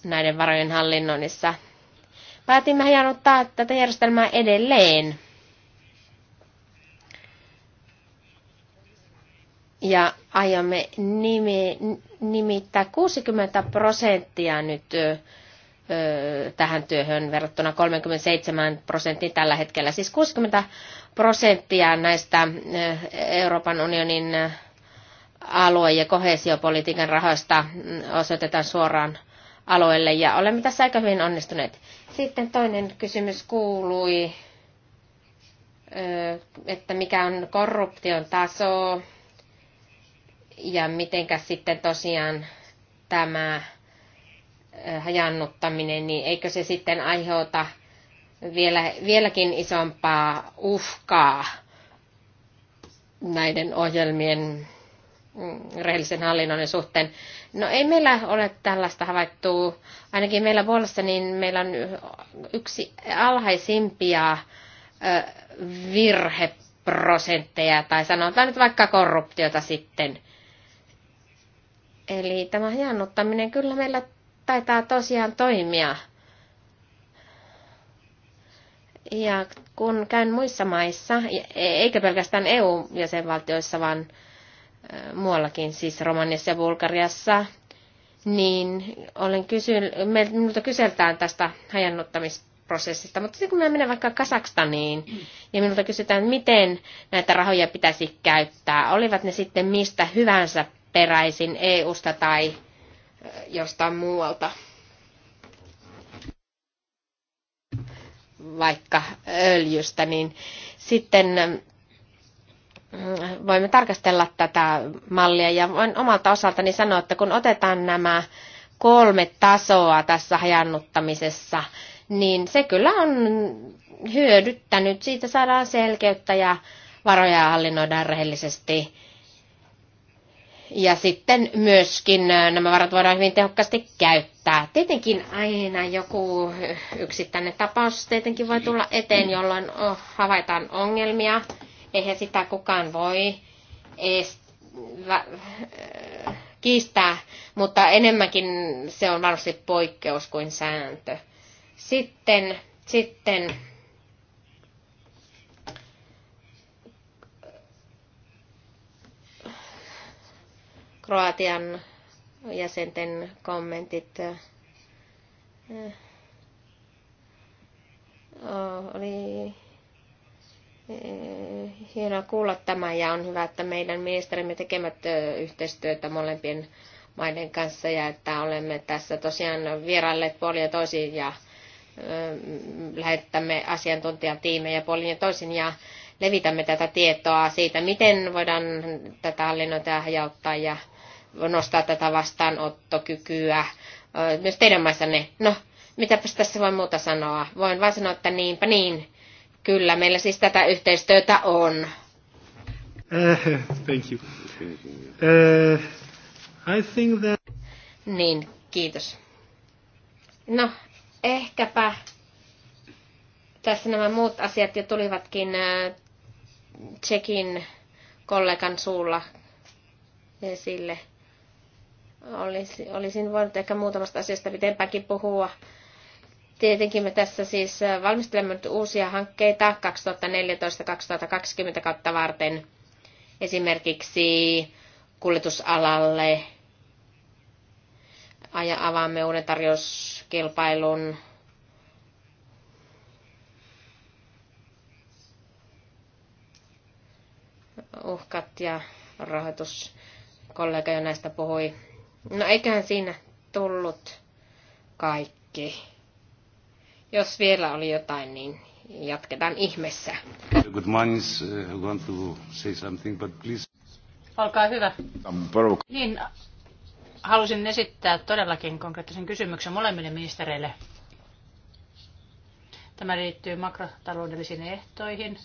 näiden varojen hallinnoinnissa. Päätimme hienottaa tätä järjestelmää edelleen ja aiomme nimi, nimittää 60 prosenttia nyt ö, tähän työhön verrattuna 37 prosenttiin tällä hetkellä. Siis 60 prosenttia näistä Euroopan unionin alue- ja kohesiopolitiikan rahoista mm, osoitetaan suoraan alueelle ja olemme tässä aika hyvin onnistuneet. Sitten toinen kysymys kuului, että mikä on korruption taso, ja mitenkä sitten tosiaan tämä hajannuttaminen, niin eikö se sitten aiheuta vielä, vieläkin isompaa uhkaa näiden ohjelmien mm, rehellisen hallinnon suhteen. No ei meillä ole tällaista havaittua. Ainakin meillä puolessa niin meillä on yksi alhaisimpia virheprosentteja, tai sanotaan nyt vaikka korruptiota sitten – Eli tämä jannuttaminen kyllä meillä taitaa tosiaan toimia. Ja kun käyn muissa maissa, e- e- eikä pelkästään EU-jäsenvaltioissa, vaan muuallakin, siis Romaniassa ja Bulgariassa, niin olen kysyn, minulta kyseltään tästä hajannuttamisprosessista, mutta sitten kun minä menen vaikka Kasakstaniin ja minulta kysytään, miten näitä rahoja pitäisi käyttää, olivat ne sitten mistä hyvänsä peräisin EU-sta tai jostain muualta. vaikka öljystä, niin sitten voimme tarkastella tätä mallia. Ja voin omalta osaltani sanoa, että kun otetaan nämä kolme tasoa tässä hajannuttamisessa, niin se kyllä on hyödyttänyt. Siitä saadaan selkeyttä ja varoja hallinnoidaan rehellisesti. Ja sitten myöskin äh, nämä varat voidaan hyvin tehokkaasti käyttää. Tietenkin aina joku yksittäinen tapaus tietenkin voi tulla eteen, jolloin oh, havaitaan ongelmia. Eihän sitä kukaan voi äh, kiistää, mutta enemmänkin se on varmasti poikkeus kuin sääntö. Sitten, sitten Kroatian jäsenten kommentit. Äh, oli äh, hienoa kuulla tämä ja on hyvä, että meidän ministerimme tekemät yhteistyötä molempien maiden kanssa ja että olemme tässä tosiaan vierailleet puolin ja toisin ja lähettämme asiantuntijatiimejä puolin ja toisin ja levitämme tätä tietoa siitä, miten voidaan tätä hallinnointia hajauttaa ja nostaa tätä vastaanottokykyä myös teidän maissanne. No, mitäpäs tässä voi muuta sanoa? Voin vain sanoa, että niinpä niin. Kyllä, meillä siis tätä yhteistyötä on. Uh, thank you. Uh, I think that... Niin, kiitos. No, ehkäpä tässä nämä muut asiat jo tulivatkin Tsekin kollegan suulla esille. Olisi, olisin voinut ehkä muutamasta asiasta pitempäänkin puhua. Tietenkin me tässä siis valmistelemme nyt uusia hankkeita 2014-2020 kautta varten esimerkiksi kuljetusalalle. Aja, avaamme uuden tarjouskilpailun uhkat ja rahoitus. Kollega jo näistä puhui. No eiköhän siinä tullut kaikki. Jos vielä oli jotain, niin jatketaan ihmeessä. Good morning, uh, want to say something, but please. Olkaa hyvä. Niin, halusin esittää todellakin konkreettisen kysymyksen molemmille ministereille. Tämä liittyy makrotaloudellisiin ehtoihin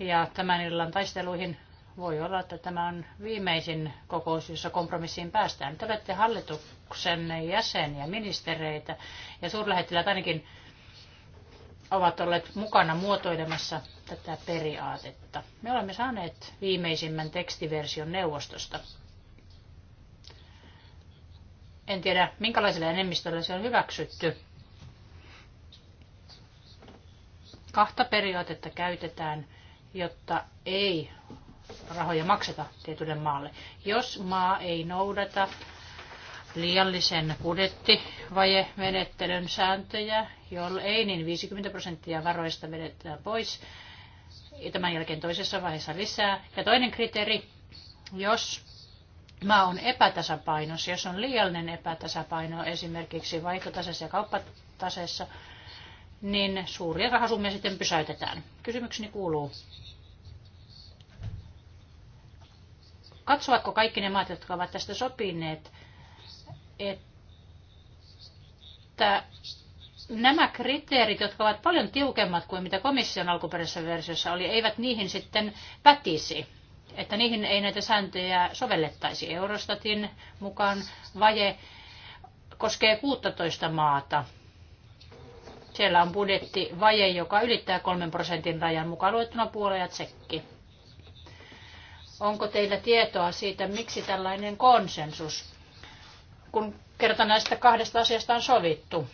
ja tämän illan taisteluihin voi olla, että tämä on viimeisin kokous, jossa kompromissiin päästään. Te olette hallituksen jäseniä, ministereitä ja suurlähettiläät ainakin ovat olleet mukana muotoilemassa tätä periaatetta. Me olemme saaneet viimeisimmän tekstiversion neuvostosta. En tiedä, minkälaisella enemmistöllä se on hyväksytty. Kahta periaatetta käytetään, jotta ei rahoja makseta tietylle maalle. Jos maa ei noudata liiallisen budjettivajemenettelyn sääntöjä, jolloin ei, niin 50 prosenttia varoista vedetään pois. Ja tämän jälkeen toisessa vaiheessa lisää. Ja toinen kriteeri, jos maa on epätasapainossa, jos on liiallinen epätasapaino esimerkiksi vaihtotasessa ja kauppatasessa, niin suuria rahasummia sitten pysäytetään. Kysymykseni kuuluu, katsovatko kaikki ne maat, jotka ovat tästä sopineet, että nämä kriteerit, jotka ovat paljon tiukemmat kuin mitä komission alkuperäisessä versiossa oli, eivät niihin sitten pätisi, että niihin ei näitä sääntöjä sovellettaisi. Eurostatin mukaan vaje koskee 16 maata. Siellä on budjettivaje, joka ylittää 3 prosentin rajan mukaan luettuna Puola ja Tsekki. Onko teillä tietoa siitä, miksi tällainen konsensus, kun kerta näistä kahdesta asiasta on sovittu?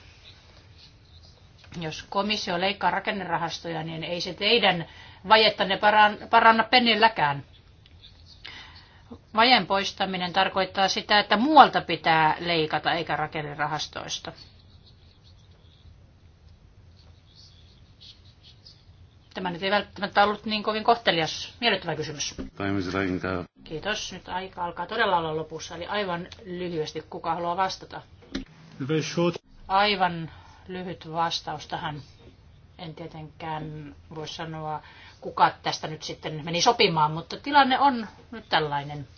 Jos komissio leikkaa rakennerahastoja, niin ei se teidän vajettanne paranna pennilläkään. Vajen poistaminen tarkoittaa sitä, että muualta pitää leikata eikä rakennerahastoista. Tämä nyt ei välttämättä ollut niin kovin kohtelias, miellyttävä kysymys. Kiitos. Nyt aika alkaa todella olla lopussa, eli aivan lyhyesti, kuka haluaa vastata? Aivan lyhyt vastaus tähän. En tietenkään voi sanoa, kuka tästä nyt sitten meni sopimaan, mutta tilanne on nyt tällainen.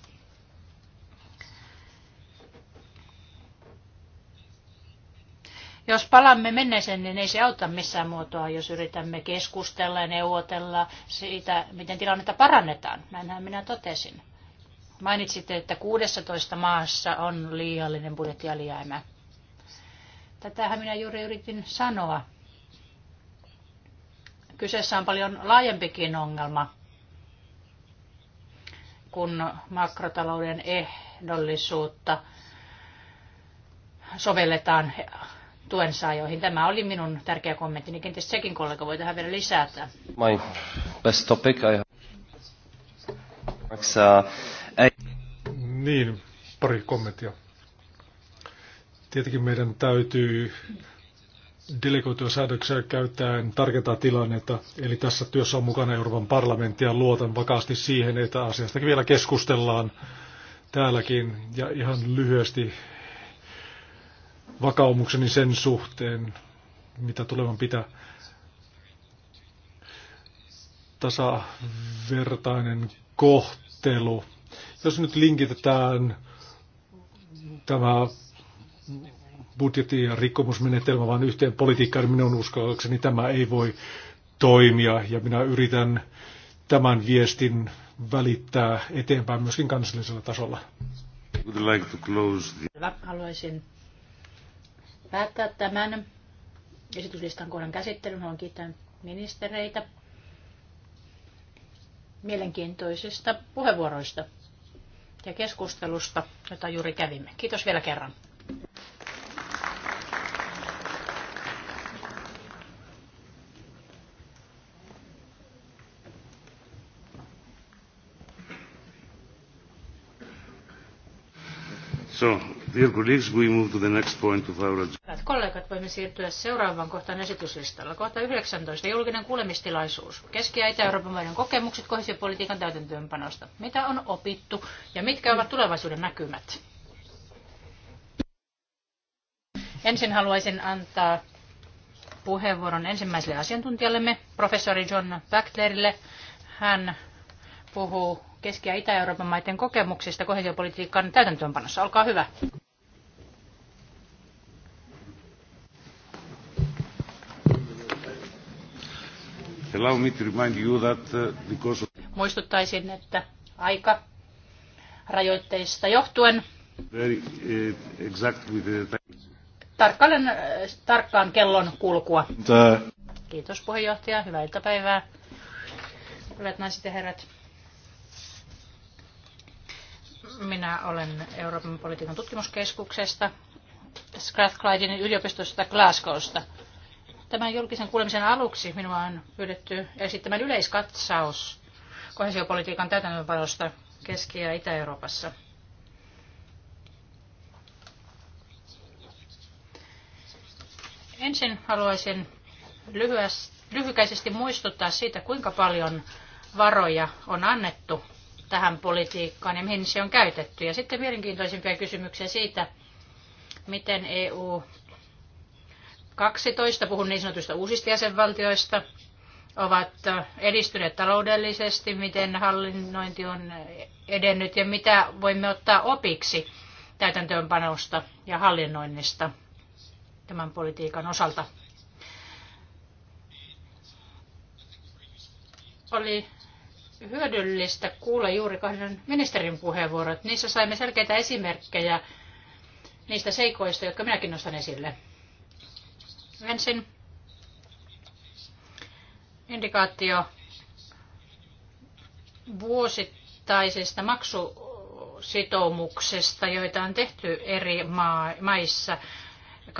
Jos palamme menneeseen, niin ei se auta missään muotoa, jos yritämme keskustella ja neuvotella siitä, miten tilannetta parannetaan. Näinhän minä totesin. Mainitsitte, että 16 maassa on liiallinen budjettialijäämä. Tätähän minä juuri yritin sanoa. Kyseessä on paljon laajempikin ongelma kuin makrotalouden ehdollisuutta sovelletaan tuen saajoihin. Tämä oli minun tärkeä kommentti, niin Kenties sekin kollega voi tähän vielä lisätä. My best topic I have... Uh, niin, pari kommenttia. Tietenkin meidän täytyy delegoitua säädöksiä käyttäen tarkentaa tilannetta. Eli tässä työssä on mukana Euroopan parlamentti ja luotan vakaasti siihen, että asiasta vielä keskustellaan täälläkin. Ja ihan lyhyesti vakaumukseni sen suhteen, mitä tulevan pitää. Tasavertainen kohtelu. Jos nyt linkitetään tämä budjetti- ja rikkomusmenetelmä vain yhteen politiikkaan, niin minun uskallakseni tämä ei voi toimia. Ja minä yritän tämän viestin välittää eteenpäin myöskin kansallisella tasolla. Haluaisin päättää tämän esityslistan kohdan käsittelyn. Haluan kiittää ministereitä mielenkiintoisista puheenvuoroista ja keskustelusta, jota juuri kävimme. Kiitos vielä kerran. So, Dear colleagues, we move to the next point of our agenda. Hyvät kollegat, voimme siirtyä seuraavaan kohtaan esityslistalla. Kohta 19. Julkinen kuulemistilaisuus. Keski- ja Itä-Euroopan maiden kokemukset kohesiopolitiikan täytäntöönpanosta. Mitä on opittu ja mitkä ovat tulevaisuuden näkymät? Ensin haluaisin antaa puheenvuoron ensimmäiselle asiantuntijallemme, professori John Backlerille. Hän puhuu Keski- ja Itä-Euroopan maiden kokemuksista kohesiopolitiikan täytäntöönpanossa. Olkaa hyvä. Uh, Muistuttaisin, että aika rajoitteista johtuen Very, uh, Tarkkailen uh, tarkkaan kellon kulkua. Kiitos puheenjohtaja, hyvää iltapäivää. Hyvät naiset ja herrat. Minä olen Euroopan politiikan tutkimuskeskuksesta Strathclyden yliopistosta Glasgowsta. Tämän julkisen kuulemisen aluksi minua on pyydetty esittämään yleiskatsaus kohesiopolitiikan täytäntöönpanosta Keski- ja Itä-Euroopassa. Ensin haluaisin lyhykäisesti muistuttaa siitä, kuinka paljon varoja on annettu tähän politiikkaan ja mihin se on käytetty. Ja sitten mielenkiintoisimpia kysymyksiä siitä, miten EU 12, puhun niin sanotuista uusista jäsenvaltioista, ovat edistyneet taloudellisesti, miten hallinnointi on edennyt ja mitä voimme ottaa opiksi täytäntöönpanosta ja hallinnoinnista tämän politiikan osalta. Oli hyödyllistä kuulla juuri kahden ministerin puheenvuorot. Niissä saimme selkeitä esimerkkejä niistä seikoista, jotka minäkin nostan esille. Ensin indikaatio vuosittaisesta maksusitoumuksesta, joita on tehty eri maissa 2004-2006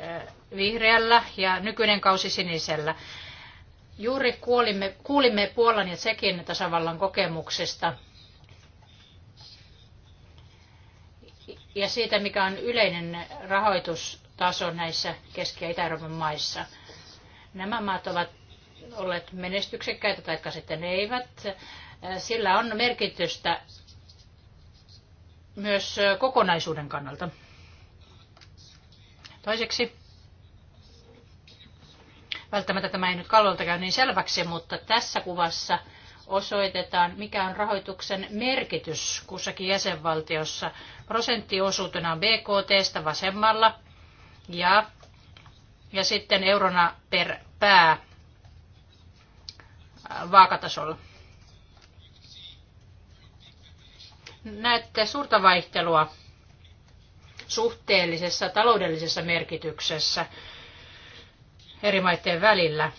eh, vihreällä ja nykyinen kausi sinisellä. Juuri kuulimme, kuulimme Puolan ja Tsekin tasavallan kokemuksesta ja siitä, mikä on yleinen rahoitustaso näissä Keski- ja Itä-Euroopan maissa. Nämä maat ovat olleet menestyksekkäitä tai sitten eivät. Sillä on merkitystä myös kokonaisuuden kannalta. Toiseksi Välttämättä tämä ei nyt kallolta käy niin selväksi, mutta tässä kuvassa osoitetaan, mikä on rahoituksen merkitys kussakin jäsenvaltiossa prosenttiosuutena BKTstä vasemmalla ja, ja sitten eurona per pää vaakatasolla. Näette suurta vaihtelua suhteellisessa taloudellisessa merkityksessä eri maiden välillä.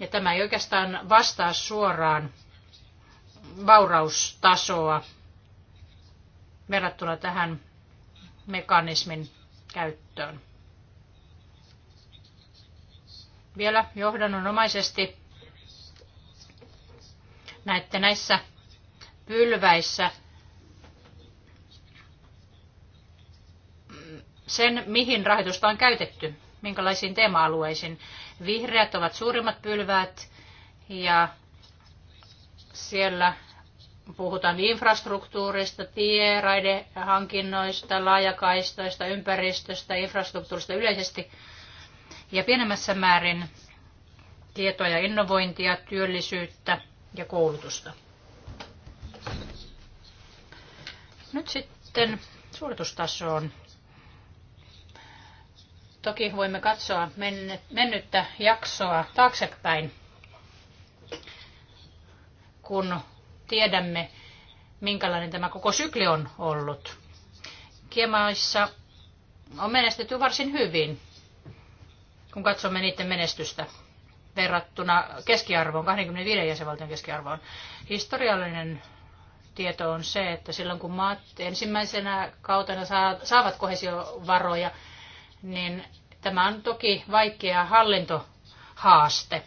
Ja tämä ei oikeastaan vastaa suoraan vauraustasoa verrattuna tähän mekanismin käyttöön. Vielä johdannonomaisesti näette näissä pylväissä sen, mihin rahoitusta on käytetty minkälaisiin teema-alueisiin. Vihreät ovat suurimmat pylväät ja siellä puhutaan infrastruktuurista, tie, raidehankinnoista, laajakaistoista, ympäristöstä, infrastruktuurista yleisesti ja pienemmässä määrin tietoa ja innovointia, työllisyyttä ja koulutusta. Nyt sitten suoritustasoon Toki voimme katsoa mennyttä jaksoa taaksepäin, kun tiedämme, minkälainen tämä koko sykli on ollut. Kiemaissa on menestetty varsin hyvin, kun katsomme niiden menestystä verrattuna keskiarvoon, 25 jäsenvaltion keskiarvoon. Historiallinen tieto on se, että silloin kun maat ensimmäisenä kautena saavat kohesiovaroja, niin tämä on toki vaikea hallintohaaste.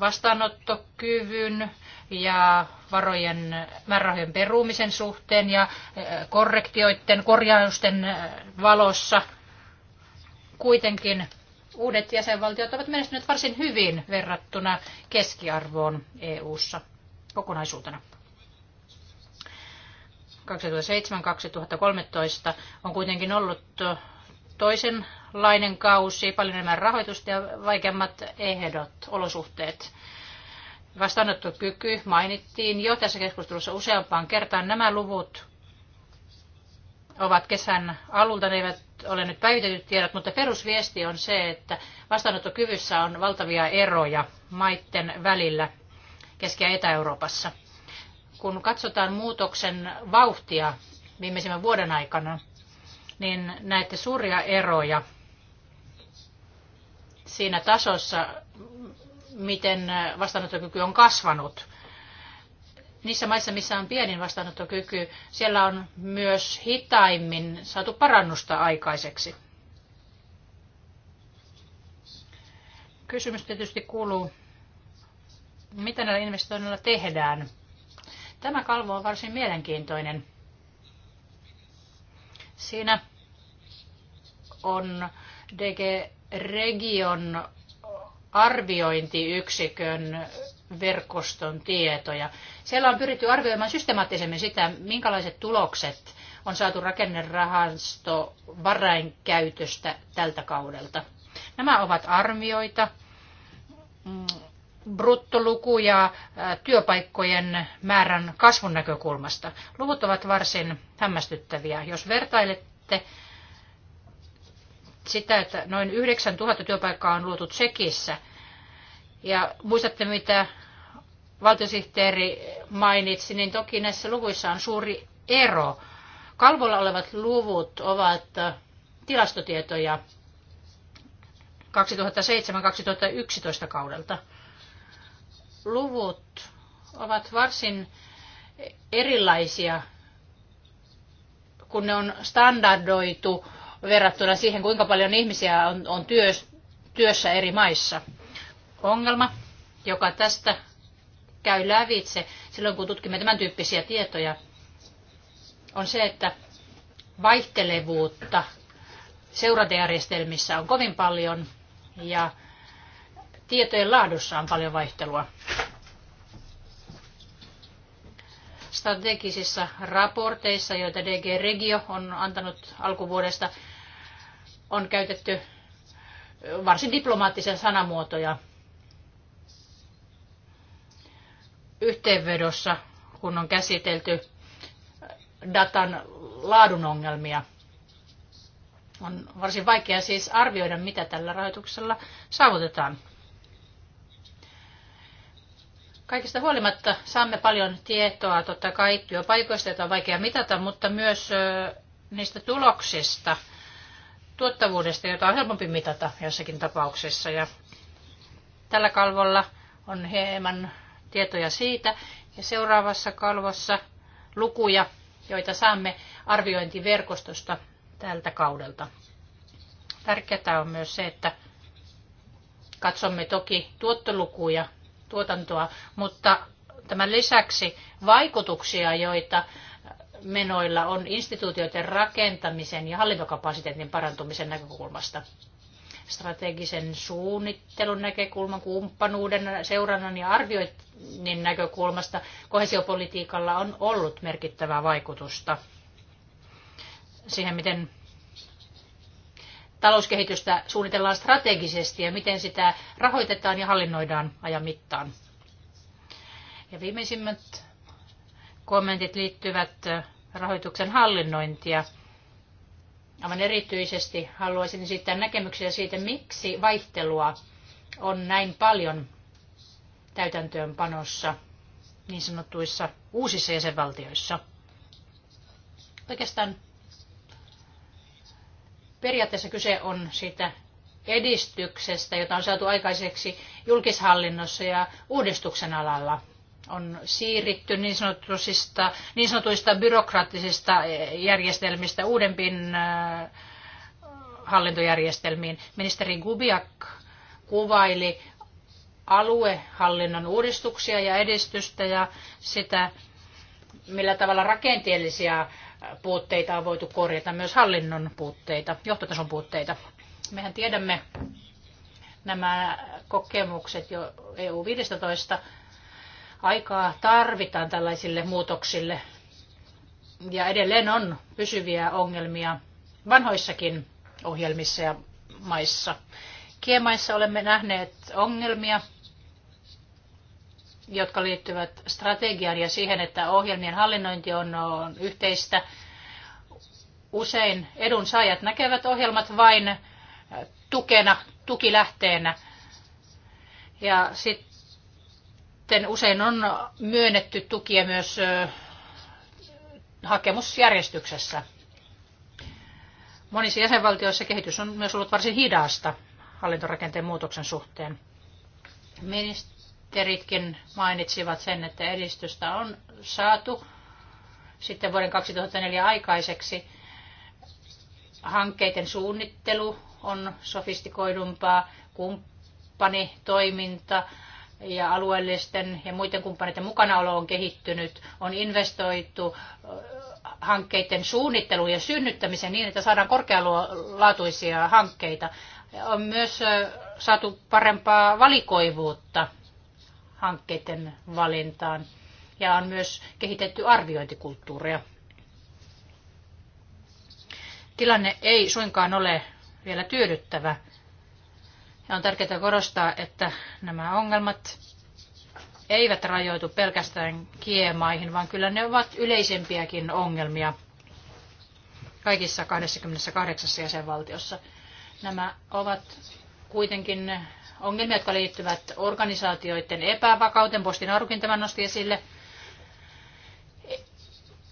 Vastaanottokyvyn ja varojen, määrärahojen peruumisen suhteen ja eh, korrektioiden, korjausten eh, valossa kuitenkin uudet jäsenvaltiot ovat menestyneet varsin hyvin verrattuna keskiarvoon EU-ssa kokonaisuutena. 2007-2013 on kuitenkin ollut toisen lainen kausi, paljon enemmän rahoitusta ja vaikeammat ehdot, olosuhteet. Vastaanottokyky mainittiin jo tässä keskustelussa useampaan kertaan. Nämä luvut ovat kesän alulta, ne eivät ole nyt päivitetyt tiedot, mutta perusviesti on se, että vastaanottokyvyssä on valtavia eroja maiden välillä Keski- ja Etä-Euroopassa. Kun katsotaan muutoksen vauhtia viimeisimmän vuoden aikana, niin näette suuria eroja siinä tasossa, miten vastaanottokyky on kasvanut. Niissä maissa, missä on pienin vastaanottokyky, siellä on myös hitaimmin saatu parannusta aikaiseksi. Kysymys tietysti kuuluu, mitä näillä investoinnilla tehdään. Tämä kalvo on varsin mielenkiintoinen. Siinä on DG region arviointiyksikön verkoston tietoja. Siellä on pyritty arvioimaan systemaattisemmin sitä, minkälaiset tulokset on saatu rakennerahasto varainkäytöstä tältä kaudelta. Nämä ovat arvioita, mm, bruttolukuja työpaikkojen määrän kasvun näkökulmasta. Luvut ovat varsin hämmästyttäviä. Jos vertailette sitä, että noin 9000 työpaikkaa on luotu Tsekissä. Ja muistatte, mitä valtiosihteeri mainitsi, niin toki näissä luvuissa on suuri ero. Kalvolla olevat luvut ovat äh, tilastotietoja 2007-2011 kaudelta. Luvut ovat varsin erilaisia, kun ne on standardoitu verrattuna siihen, kuinka paljon ihmisiä on, on työs, työssä eri maissa. Ongelma, joka tästä käy lävitse silloin, kun tutkimme tämän tyyppisiä tietoja, on se, että vaihtelevuutta seurantajärjestelmissä on kovin paljon ja tietojen laadussa on paljon vaihtelua. strategisissa raporteissa, joita DG Regio on antanut alkuvuodesta, on käytetty varsin diplomaattisia sanamuotoja yhteenvedossa, kun on käsitelty datan laadun ongelmia. On varsin vaikea siis arvioida, mitä tällä rahoituksella saavutetaan. Kaikista huolimatta saamme paljon tietoa totta kai työpaikoista, joita on vaikea mitata, mutta myös niistä tuloksista – tuottavuudesta, jota on helpompi mitata jossakin tapauksessa. Ja tällä kalvolla on hieman tietoja siitä. Ja seuraavassa kalvossa lukuja, joita saamme arviointiverkostosta tältä kaudelta. Tärkeää on myös se, että katsomme toki tuottolukuja, tuotantoa, mutta tämän lisäksi vaikutuksia, joita menoilla on instituutioiden rakentamisen ja hallintokapasiteetin parantumisen näkökulmasta. Strategisen suunnittelun näkökulman, kumppanuuden, seurannan ja arvioinnin näkökulmasta kohesiopolitiikalla on ollut merkittävää vaikutusta siihen, miten talouskehitystä suunnitellaan strategisesti ja miten sitä rahoitetaan ja hallinnoidaan ajan mittaan. Ja viimeisimmät kommentit liittyvät rahoituksen hallinnointia. Aivan erityisesti haluaisin esittää näkemyksiä siitä, miksi vaihtelua on näin paljon täytäntöönpanossa niin sanottuissa uusissa jäsenvaltioissa. Oikeastaan periaatteessa kyse on siitä edistyksestä, jota on saatu aikaiseksi julkishallinnossa ja uudistuksen alalla on siirrytty niin, sanotuista, niin sanotuista byrokraattisista eh, järjestelmistä uudempiin eh, hallintojärjestelmiin. Ministeri Gubiak kuvaili aluehallinnon uudistuksia ja edistystä ja sitä, millä tavalla rakenteellisia puutteita on voitu korjata, myös hallinnon puutteita, johtotason puutteita. Mehän tiedämme nämä kokemukset jo EU-15 Aikaa tarvitaan tällaisille muutoksille. Ja edelleen on pysyviä ongelmia vanhoissakin ohjelmissa ja maissa. Kiemaissa olemme nähneet ongelmia, jotka liittyvät strategiaan ja siihen, että ohjelmien hallinnointi on, yhteistä. Usein edunsaajat näkevät ohjelmat vain tukena, tukilähteenä. Ja sitten sitten usein on myönnetty tukia myös hakemusjärjestyksessä. Monissa jäsenvaltioissa kehitys on myös ollut varsin hidasta hallintorakenteen muutoksen suhteen. Ministeritkin mainitsivat sen, että edistystä on saatu sitten vuoden 2004 aikaiseksi. Hankkeiden suunnittelu on sofistikoidumpaa, kumppanitoiminta, toiminta ja alueellisten ja muiden kumppaneiden mukanaolo on kehittynyt, on investoitu äh, hankkeiden suunnitteluun ja synnyttämiseen niin, että saadaan korkealaatuisia hankkeita. On myös äh, saatu parempaa valikoivuutta hankkeiden valintaan ja on myös kehitetty arviointikulttuuria. Tilanne ei suinkaan ole vielä tyydyttävä ja on tärkeää korostaa, että nämä ongelmat eivät rajoitu pelkästään kiemaihin, vaan kyllä ne ovat yleisempiäkin ongelmia kaikissa 28 jäsenvaltiossa. Nämä ovat kuitenkin ongelmia, jotka liittyvät organisaatioiden epävakauteen. Postin Arukin tämän nosti esille.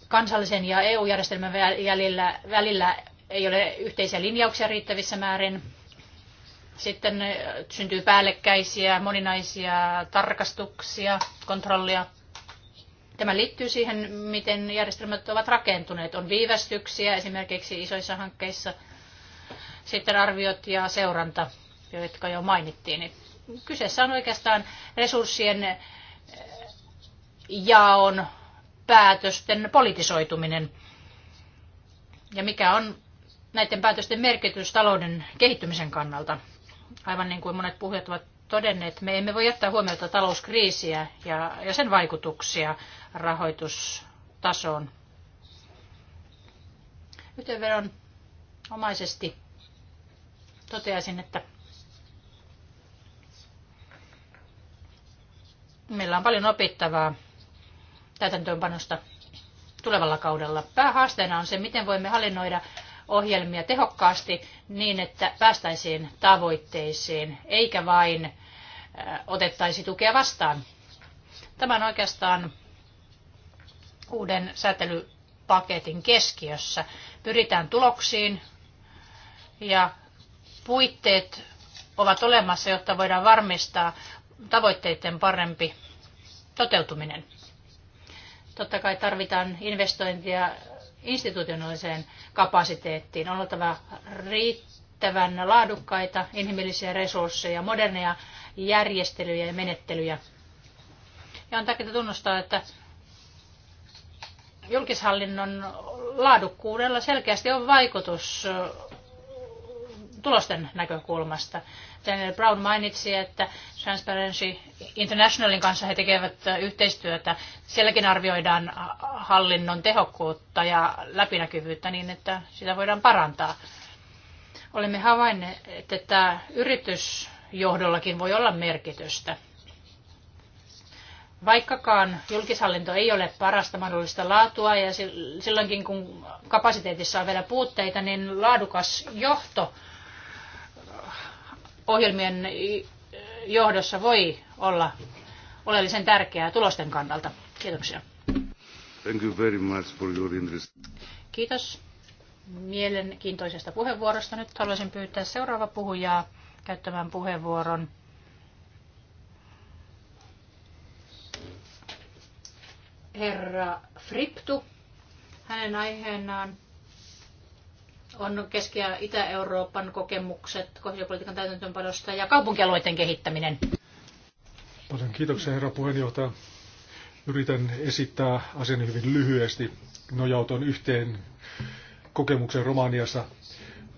Kansallisen ja EU-järjestelmän välillä, välillä ei ole yhteisiä linjauksia riittävissä määrin. Sitten syntyy päällekkäisiä, moninaisia tarkastuksia, kontrollia. Tämä liittyy siihen, miten järjestelmät ovat rakentuneet. On viivästyksiä esimerkiksi isoissa hankkeissa. Sitten arviot ja seuranta, jotka jo mainittiin. Niin kyseessä on oikeastaan resurssien eh, jaon päätösten politisoituminen. Ja mikä on näiden päätösten merkitys talouden kehittymisen kannalta? Aivan niin kuin monet puhujat ovat todenneet, me emme voi jättää huomiota talouskriisiä ja, ja sen vaikutuksia rahoitustasoon. Yhteenvedon omaisesti toteaisin, että meillä on paljon opittavaa täytäntöönpanosta tulevalla kaudella. Päähaasteena on se, miten voimme hallinnoida ohjelmia tehokkaasti niin, että päästäisiin tavoitteisiin, eikä vain otettaisi tukea vastaan. Tämä on oikeastaan uuden säätelypaketin keskiössä. Pyritään tuloksiin ja puitteet ovat olemassa, jotta voidaan varmistaa tavoitteiden parempi toteutuminen. Totta kai tarvitaan investointia institutionaaliseen kapasiteettiin. On oltava riittävän laadukkaita inhimillisiä resursseja, moderneja järjestelyjä ja menettelyjä. Ja on tärkeää tunnustaa, että julkishallinnon laadukkuudella selkeästi on vaikutus tulosten näkökulmasta. Daniel Brown mainitsi, että Transparency Internationalin kanssa he tekevät yhteistyötä. Sielläkin arvioidaan hallinnon tehokkuutta ja läpinäkyvyyttä niin, että sitä voidaan parantaa. Olemme havainneet, että yritysjohdollakin voi olla merkitystä. Vaikkakaan julkishallinto ei ole parasta mahdollista laatua ja silloinkin kun kapasiteetissa on vielä puutteita, niin laadukas johto ohjelmien johdossa voi olla oleellisen tärkeää tulosten kannalta. Kiitoksia. Thank you very much for your interest. Kiitos mielenkiintoisesta puheenvuorosta. Nyt haluaisin pyytää seuraava puhujaa käyttämään puheenvuoron. Herra Friptu, hänen aiheenaan on Keski- ja Itä-Euroopan kokemukset kohdallisuuspolitiikan täytäntöönpanosta ja kaupunkialueiden kehittäminen. Paljon kiitoksia herra puheenjohtaja. Yritän esittää asian hyvin lyhyesti nojautuen yhteen kokemuksen Romaniassa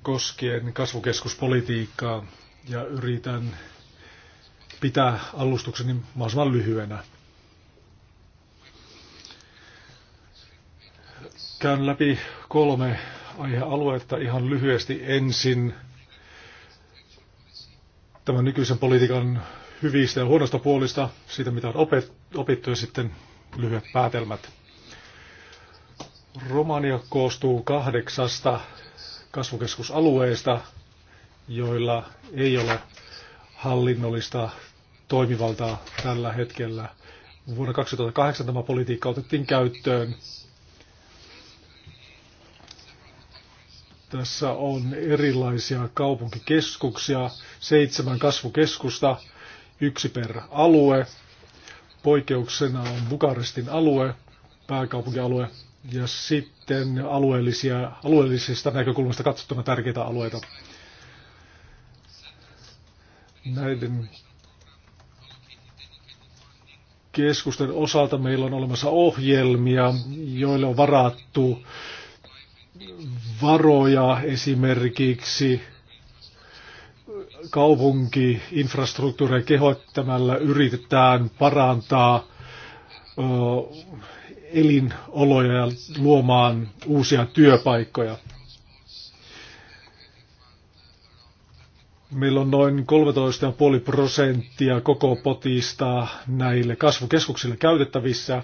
koskien kasvukeskuspolitiikkaa ja yritän pitää alustukseni mahdollisimman lyhyenä. Käyn läpi kolme aihealuetta ihan lyhyesti ensin tämän nykyisen politiikan hyvistä ja huonosta puolista, siitä mitä on opittu ja sitten lyhyet päätelmät. Romania koostuu kahdeksasta kasvukeskusalueesta, joilla ei ole hallinnollista toimivaltaa tällä hetkellä. Vuonna 2008 tämä politiikka otettiin käyttöön Tässä on erilaisia kaupunkikeskuksia, seitsemän kasvukeskusta, yksi per alue. Poikkeuksena on Bukarestin alue, pääkaupunkialue, ja sitten alueellisia, alueellisista näkökulmasta katsottuna tärkeitä alueita. Näiden keskusten osalta meillä on olemassa ohjelmia, joille on varattu varoja esimerkiksi kaupunkiinfrastruktuuria kehottamalla yritetään parantaa elinoloja ja luomaan uusia työpaikkoja. Meillä on noin 13,5 prosenttia koko potista näille kasvukeskuksille käytettävissä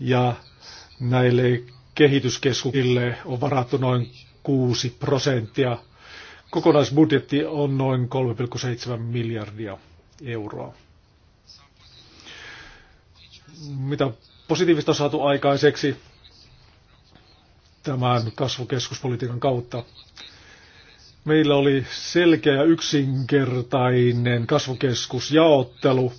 ja näille kehityskeskukille on varattu noin 6 prosenttia. Kokonaisbudjetti on noin 3,7 miljardia euroa. Mitä positiivista on saatu aikaiseksi tämän kasvukeskuspolitiikan kautta? Meillä oli selkeä ja yksinkertainen kasvukeskusjaottelu.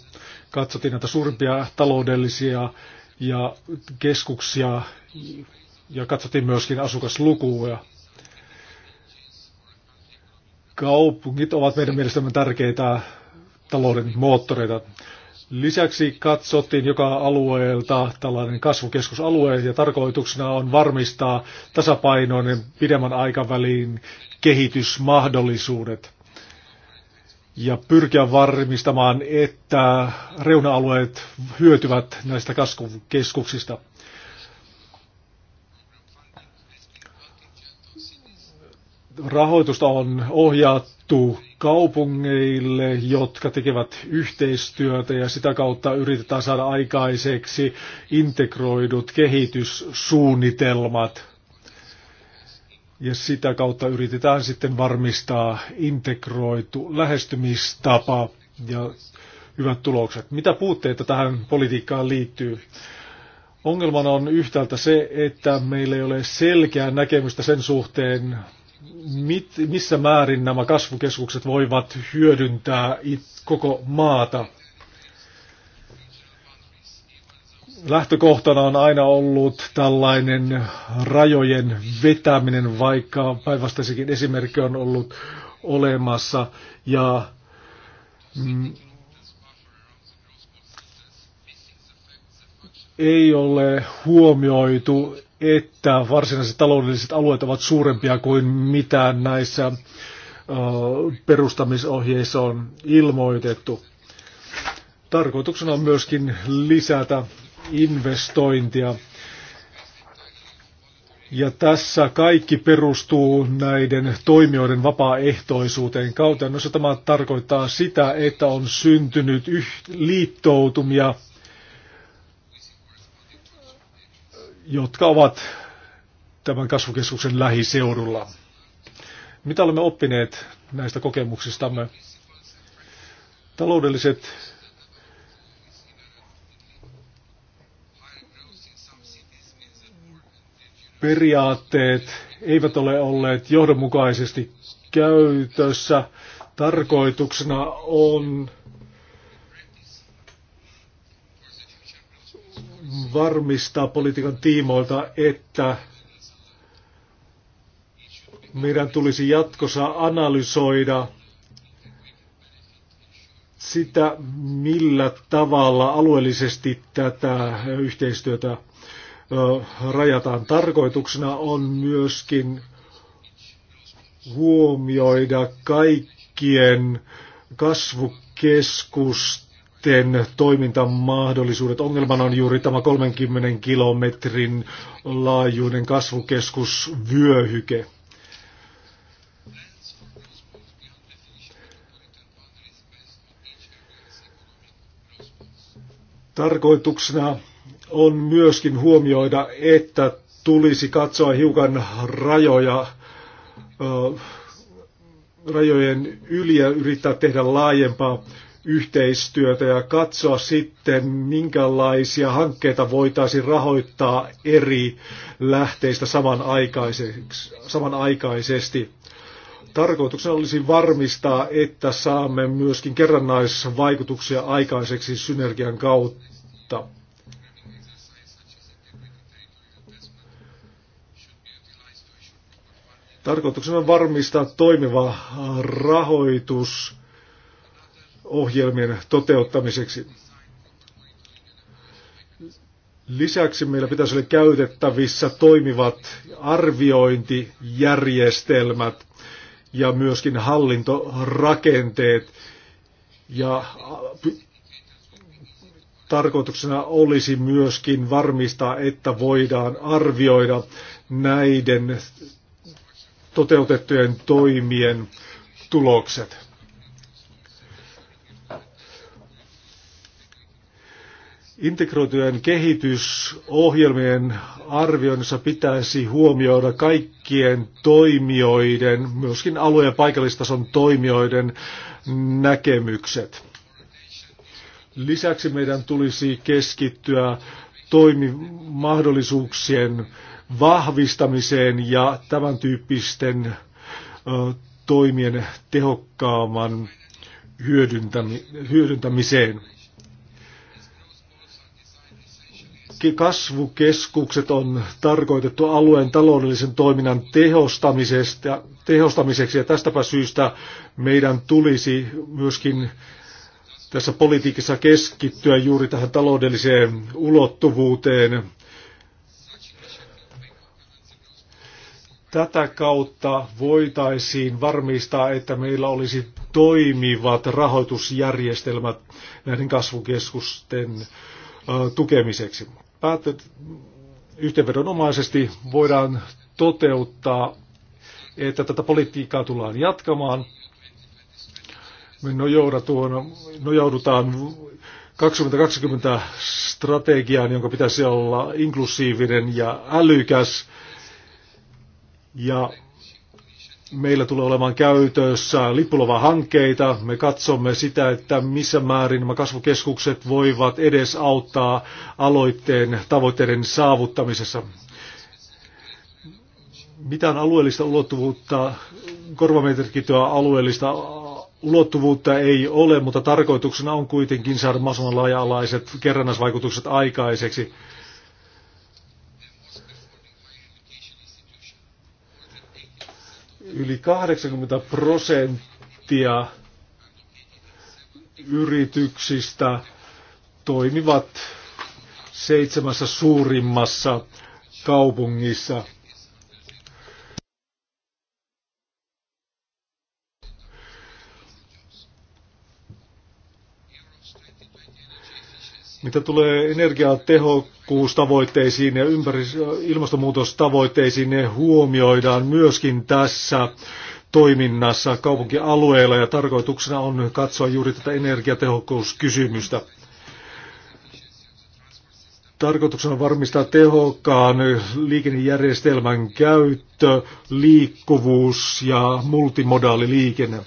Katsottiin näitä suurimpia taloudellisia ja keskuksia, ja katsottiin myöskin asukaslukua. Kaupungit ovat meidän mielestämme tärkeitä talouden moottoreita. Lisäksi katsottiin joka alueelta tällainen kasvukeskusalue ja tarkoituksena on varmistaa tasapainoinen pidemmän aikavälin kehitysmahdollisuudet ja pyrkiä varmistamaan, että reuna-alueet hyötyvät näistä kasvukeskuksista. rahoitusta on ohjattu kaupungeille, jotka tekevät yhteistyötä ja sitä kautta yritetään saada aikaiseksi integroidut kehityssuunnitelmat. Ja sitä kautta yritetään sitten varmistaa integroitu lähestymistapa ja hyvät tulokset. Mitä puutteita tähän politiikkaan liittyy? Ongelmana on yhtäältä se, että meillä ei ole selkeää näkemystä sen suhteen, mit, missä määrin nämä kasvukeskukset voivat hyödyntää it, koko maata. Lähtökohtana on aina ollut tällainen rajojen vetäminen, vaikka päinvastaisikin esimerkki on ollut olemassa. Ja mm, ei ole huomioitu että varsinaiset taloudelliset alueet ovat suurempia kuin mitä näissä perustamisohjeissa on ilmoitettu. Tarkoituksena on myöskin lisätä investointia. Ja tässä kaikki perustuu näiden toimijoiden vapaaehtoisuuteen. Käytännössä tämä tarkoittaa sitä, että on syntynyt liittoutumia – jotka ovat tämän kasvukeskuksen lähiseudulla. Mitä olemme oppineet näistä kokemuksistamme? Taloudelliset periaatteet eivät ole olleet johdonmukaisesti käytössä. Tarkoituksena on varmistaa politiikan tiimoilta, että meidän tulisi jatkossa analysoida sitä, millä tavalla alueellisesti tätä yhteistyötä rajataan. Tarkoituksena on myöskin huomioida kaikkien kasvukeskusten sitten toimintamahdollisuudet. Ongelmana on juuri tämä 30 kilometrin laajuinen kasvukeskusvyöhyke. Tarkoituksena on myöskin huomioida, että tulisi katsoa hiukan rajoja, rajojen yli ja yrittää tehdä laajempaa yhteistyötä ja katsoa sitten, minkälaisia hankkeita voitaisiin rahoittaa eri lähteistä samanaikaisesti. Tarkoituksena olisi varmistaa, että saamme myöskin kerrannaisvaikutuksia aikaiseksi synergian kautta. Tarkoituksena on varmistaa toimiva rahoitus ohjelmien toteuttamiseksi. Lisäksi meillä pitäisi olla käytettävissä toimivat arviointijärjestelmät ja myöskin hallintorakenteet. Ja tarkoituksena olisi myöskin varmistaa, että voidaan arvioida näiden toteutettujen toimien tulokset. Integroitujen kehitysohjelmien arvioinnissa pitäisi huomioida kaikkien toimijoiden, myöskin alue- ja paikallistason toimijoiden näkemykset. Lisäksi meidän tulisi keskittyä toimimahdollisuuksien vahvistamiseen ja tämän tyyppisten toimien tehokkaamman hyödyntämiseen. kasvukeskukset on tarkoitettu alueen taloudellisen toiminnan tehostamisesta, tehostamiseksi ja tästäpä syystä meidän tulisi myöskin tässä politiikassa keskittyä juuri tähän taloudelliseen ulottuvuuteen. Tätä kautta voitaisiin varmistaa, että meillä olisi toimivat rahoitusjärjestelmät näiden kasvukeskusten tukemiseksi päätet yhteenvedonomaisesti voidaan toteuttaa, että tätä politiikkaa tullaan jatkamaan. Me nojaudutaan, 2020 strategiaan, jonka pitäisi olla inklusiivinen ja älykäs. Ja Meillä tulee olemaan käytössä lippulova-hankkeita. Me katsomme sitä, että missä määrin nämä kasvukeskukset voivat edes auttaa aloitteen tavoitteiden saavuttamisessa. Mitään alueellista ulottuvuutta, korvamerkityä alueellista ulottuvuutta ei ole, mutta tarkoituksena on kuitenkin saada mahdollisimman laaja-alaiset kerrannasvaikutukset aikaiseksi. Yli 80 prosenttia yrityksistä toimivat seitsemässä suurimmassa kaupungissa – Mitä tulee energiatehokkuustavoitteisiin ja ympäristö- ilmastonmuutostavoitteisiin, ne huomioidaan myöskin tässä toiminnassa kaupunkialueella ja tarkoituksena on katsoa juuri tätä energiatehokkuuskysymystä. Tarkoituksena on varmistaa tehokkaan liikennejärjestelmän käyttö, liikkuvuus ja multimodaaliliikenne.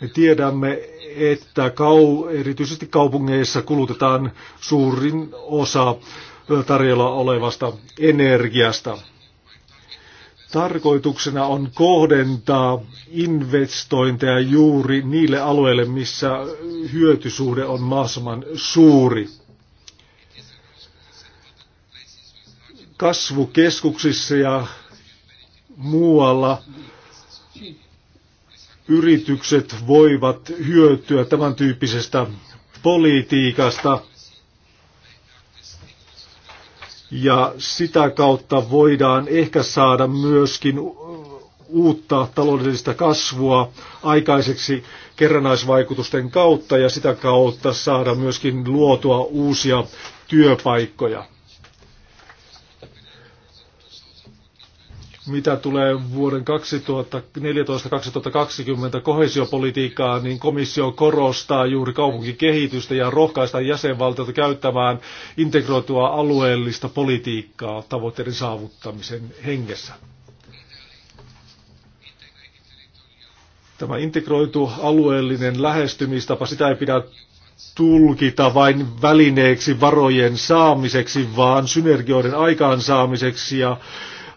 Me tiedämme, että kau, erityisesti kaupungeissa kulutetaan suurin osa tarjolla olevasta energiasta. Tarkoituksena on kohdentaa investointeja juuri niille alueille, missä hyötysuhde on mahdollisimman suuri. Kasvukeskuksissa ja muualla yritykset voivat hyötyä tämän tyyppisestä politiikasta. Ja sitä kautta voidaan ehkä saada myöskin uutta taloudellista kasvua aikaiseksi kerrannaisvaikutusten kautta ja sitä kautta saada myöskin luotua uusia työpaikkoja. mitä tulee vuoden 2014-2020 kohesiopolitiikkaan, niin komissio korostaa juuri kaupunkikehitystä ja rohkaista jäsenvaltioita käyttämään integroitua alueellista politiikkaa tavoitteiden saavuttamisen hengessä. Tämä integroitu alueellinen lähestymistapa, sitä ei pidä tulkita vain välineeksi varojen saamiseksi, vaan synergioiden aikaansaamiseksi ja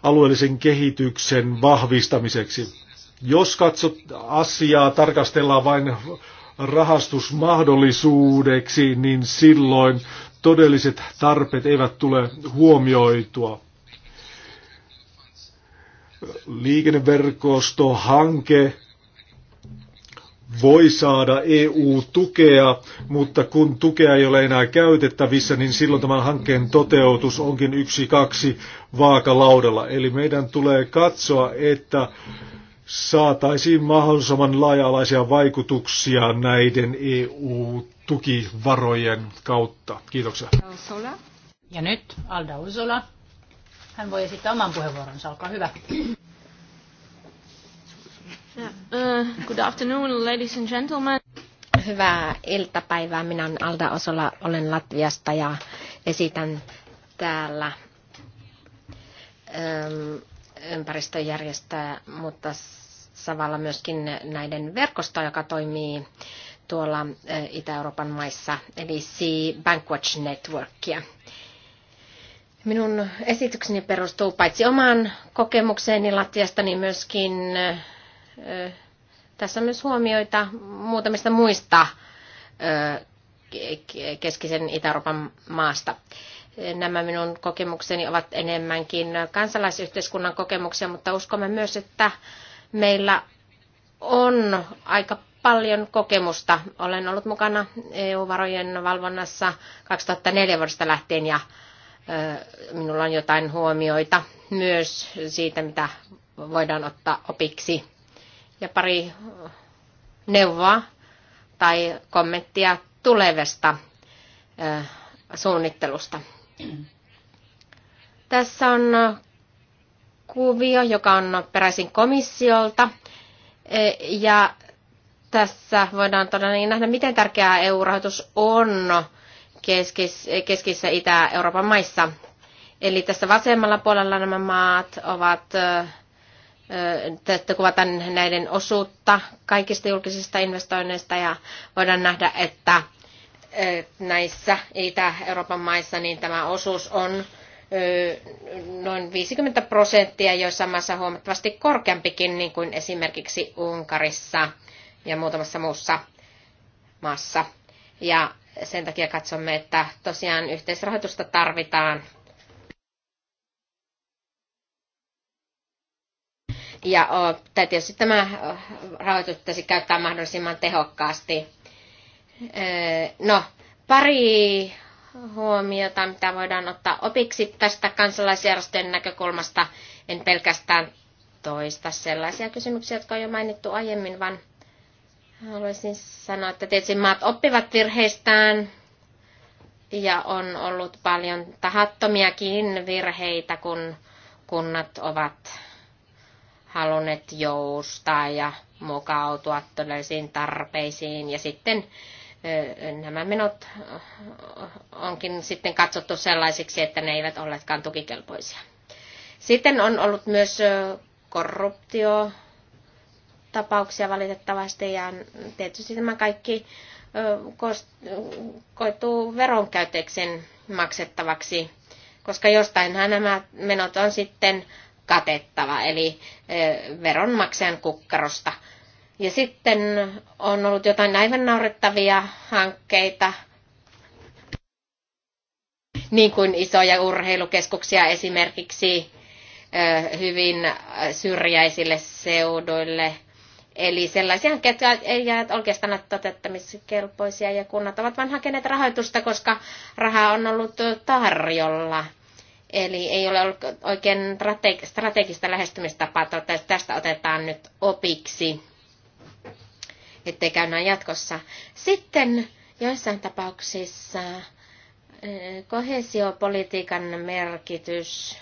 alueellisen kehityksen vahvistamiseksi. Jos katsot asiaa, tarkastellaan vain rahastusmahdollisuudeksi, niin silloin todelliset tarpeet eivät tule huomioitua. Liikenneverkostohanke voi saada EU-tukea, mutta kun tukea ei ole enää käytettävissä, niin silloin tämän hankkeen toteutus onkin yksi kaksi vaakalaudalla. Eli meidän tulee katsoa, että saataisiin mahdollisimman laaja-alaisia vaikutuksia näiden EU-tukivarojen kautta. Kiitoksia. Ja nyt Alda Ursula. Hän voi esittää oman puheenvuoronsa. Olkaa hyvä. Uh, good afternoon, ladies and gentlemen. Hyvää iltapäivää. Minä olen Alda Osola, olen Latviasta ja esitän täällä ähm, ympäristöjärjestöä, mutta samalla myöskin näiden verkostoa, joka toimii tuolla äh, Itä-Euroopan maissa, eli Sea Bankwatch Networkia. Minun esitykseni perustuu paitsi omaan kokemukseeni Latviasta, niin myöskin äh, tässä on myös huomioita muutamista muista keskisen Itä-Euroopan maasta. Nämä minun kokemukseni ovat enemmänkin kansalaisyhteiskunnan kokemuksia, mutta uskomme myös, että meillä on aika paljon kokemusta. Olen ollut mukana EU-varojen valvonnassa 2004 vuodesta lähtien ja minulla on jotain huomioita myös siitä, mitä voidaan ottaa opiksi ja pari neuvoa tai kommenttia tulevasta suunnittelusta. Tässä on kuvio, joka on peräisin komissiolta. E, ja tässä voidaan todella niin nähdä, miten tärkeää EU-rahoitus on keskissä Itä-Euroopan maissa. Eli tässä vasemmalla puolella nämä maat ovat te kuvataan näiden osuutta kaikista julkisista investoinneista ja voidaan nähdä, että näissä Itä-Euroopan maissa niin tämä osuus on noin 50 prosenttia, joissain maissa huomattavasti korkeampikin, niin kuin esimerkiksi Unkarissa ja muutamassa muussa maassa. Ja sen takia katsomme, että tosiaan yhteisrahoitusta tarvitaan Ja tietysti tämä rahoitus pitäisi käyttää mahdollisimman tehokkaasti. No, pari huomiota, mitä voidaan ottaa opiksi tästä kansalaisjärjestöjen näkökulmasta. En pelkästään toista sellaisia kysymyksiä, jotka on jo mainittu aiemmin, vaan haluaisin sanoa, että tietysti maat oppivat virheistään ja on ollut paljon tahattomiakin virheitä, kun kunnat ovat halunneet joustaa ja mukautua todellisiin tarpeisiin. Ja sitten nämä menot onkin sitten katsottu sellaisiksi, että ne eivät olleetkaan tukikelpoisia. Sitten on ollut myös korruptio tapauksia valitettavasti ja tietysti tämä kaikki koituu veronkäytöksen maksettavaksi, koska jostainhan nämä menot on sitten katettava, eli e, veronmaksajan kukkarosta. Ja sitten on ollut jotain aivan naurettavia hankkeita, niin kuin isoja urheilukeskuksia esimerkiksi e, hyvin syrjäisille seuduille. Eli sellaisia hankkeita ei jää oikeastaan toteuttamiskelpoisia ja kunnat ovat vain hakeneet rahoitusta, koska rahaa on ollut tarjolla – Eli ei ole ollut oikein strategista lähestymistapaa, että tästä otetaan nyt opiksi, ettei käy näin jatkossa. Sitten joissain tapauksissa eh, kohesiopolitiikan merkitys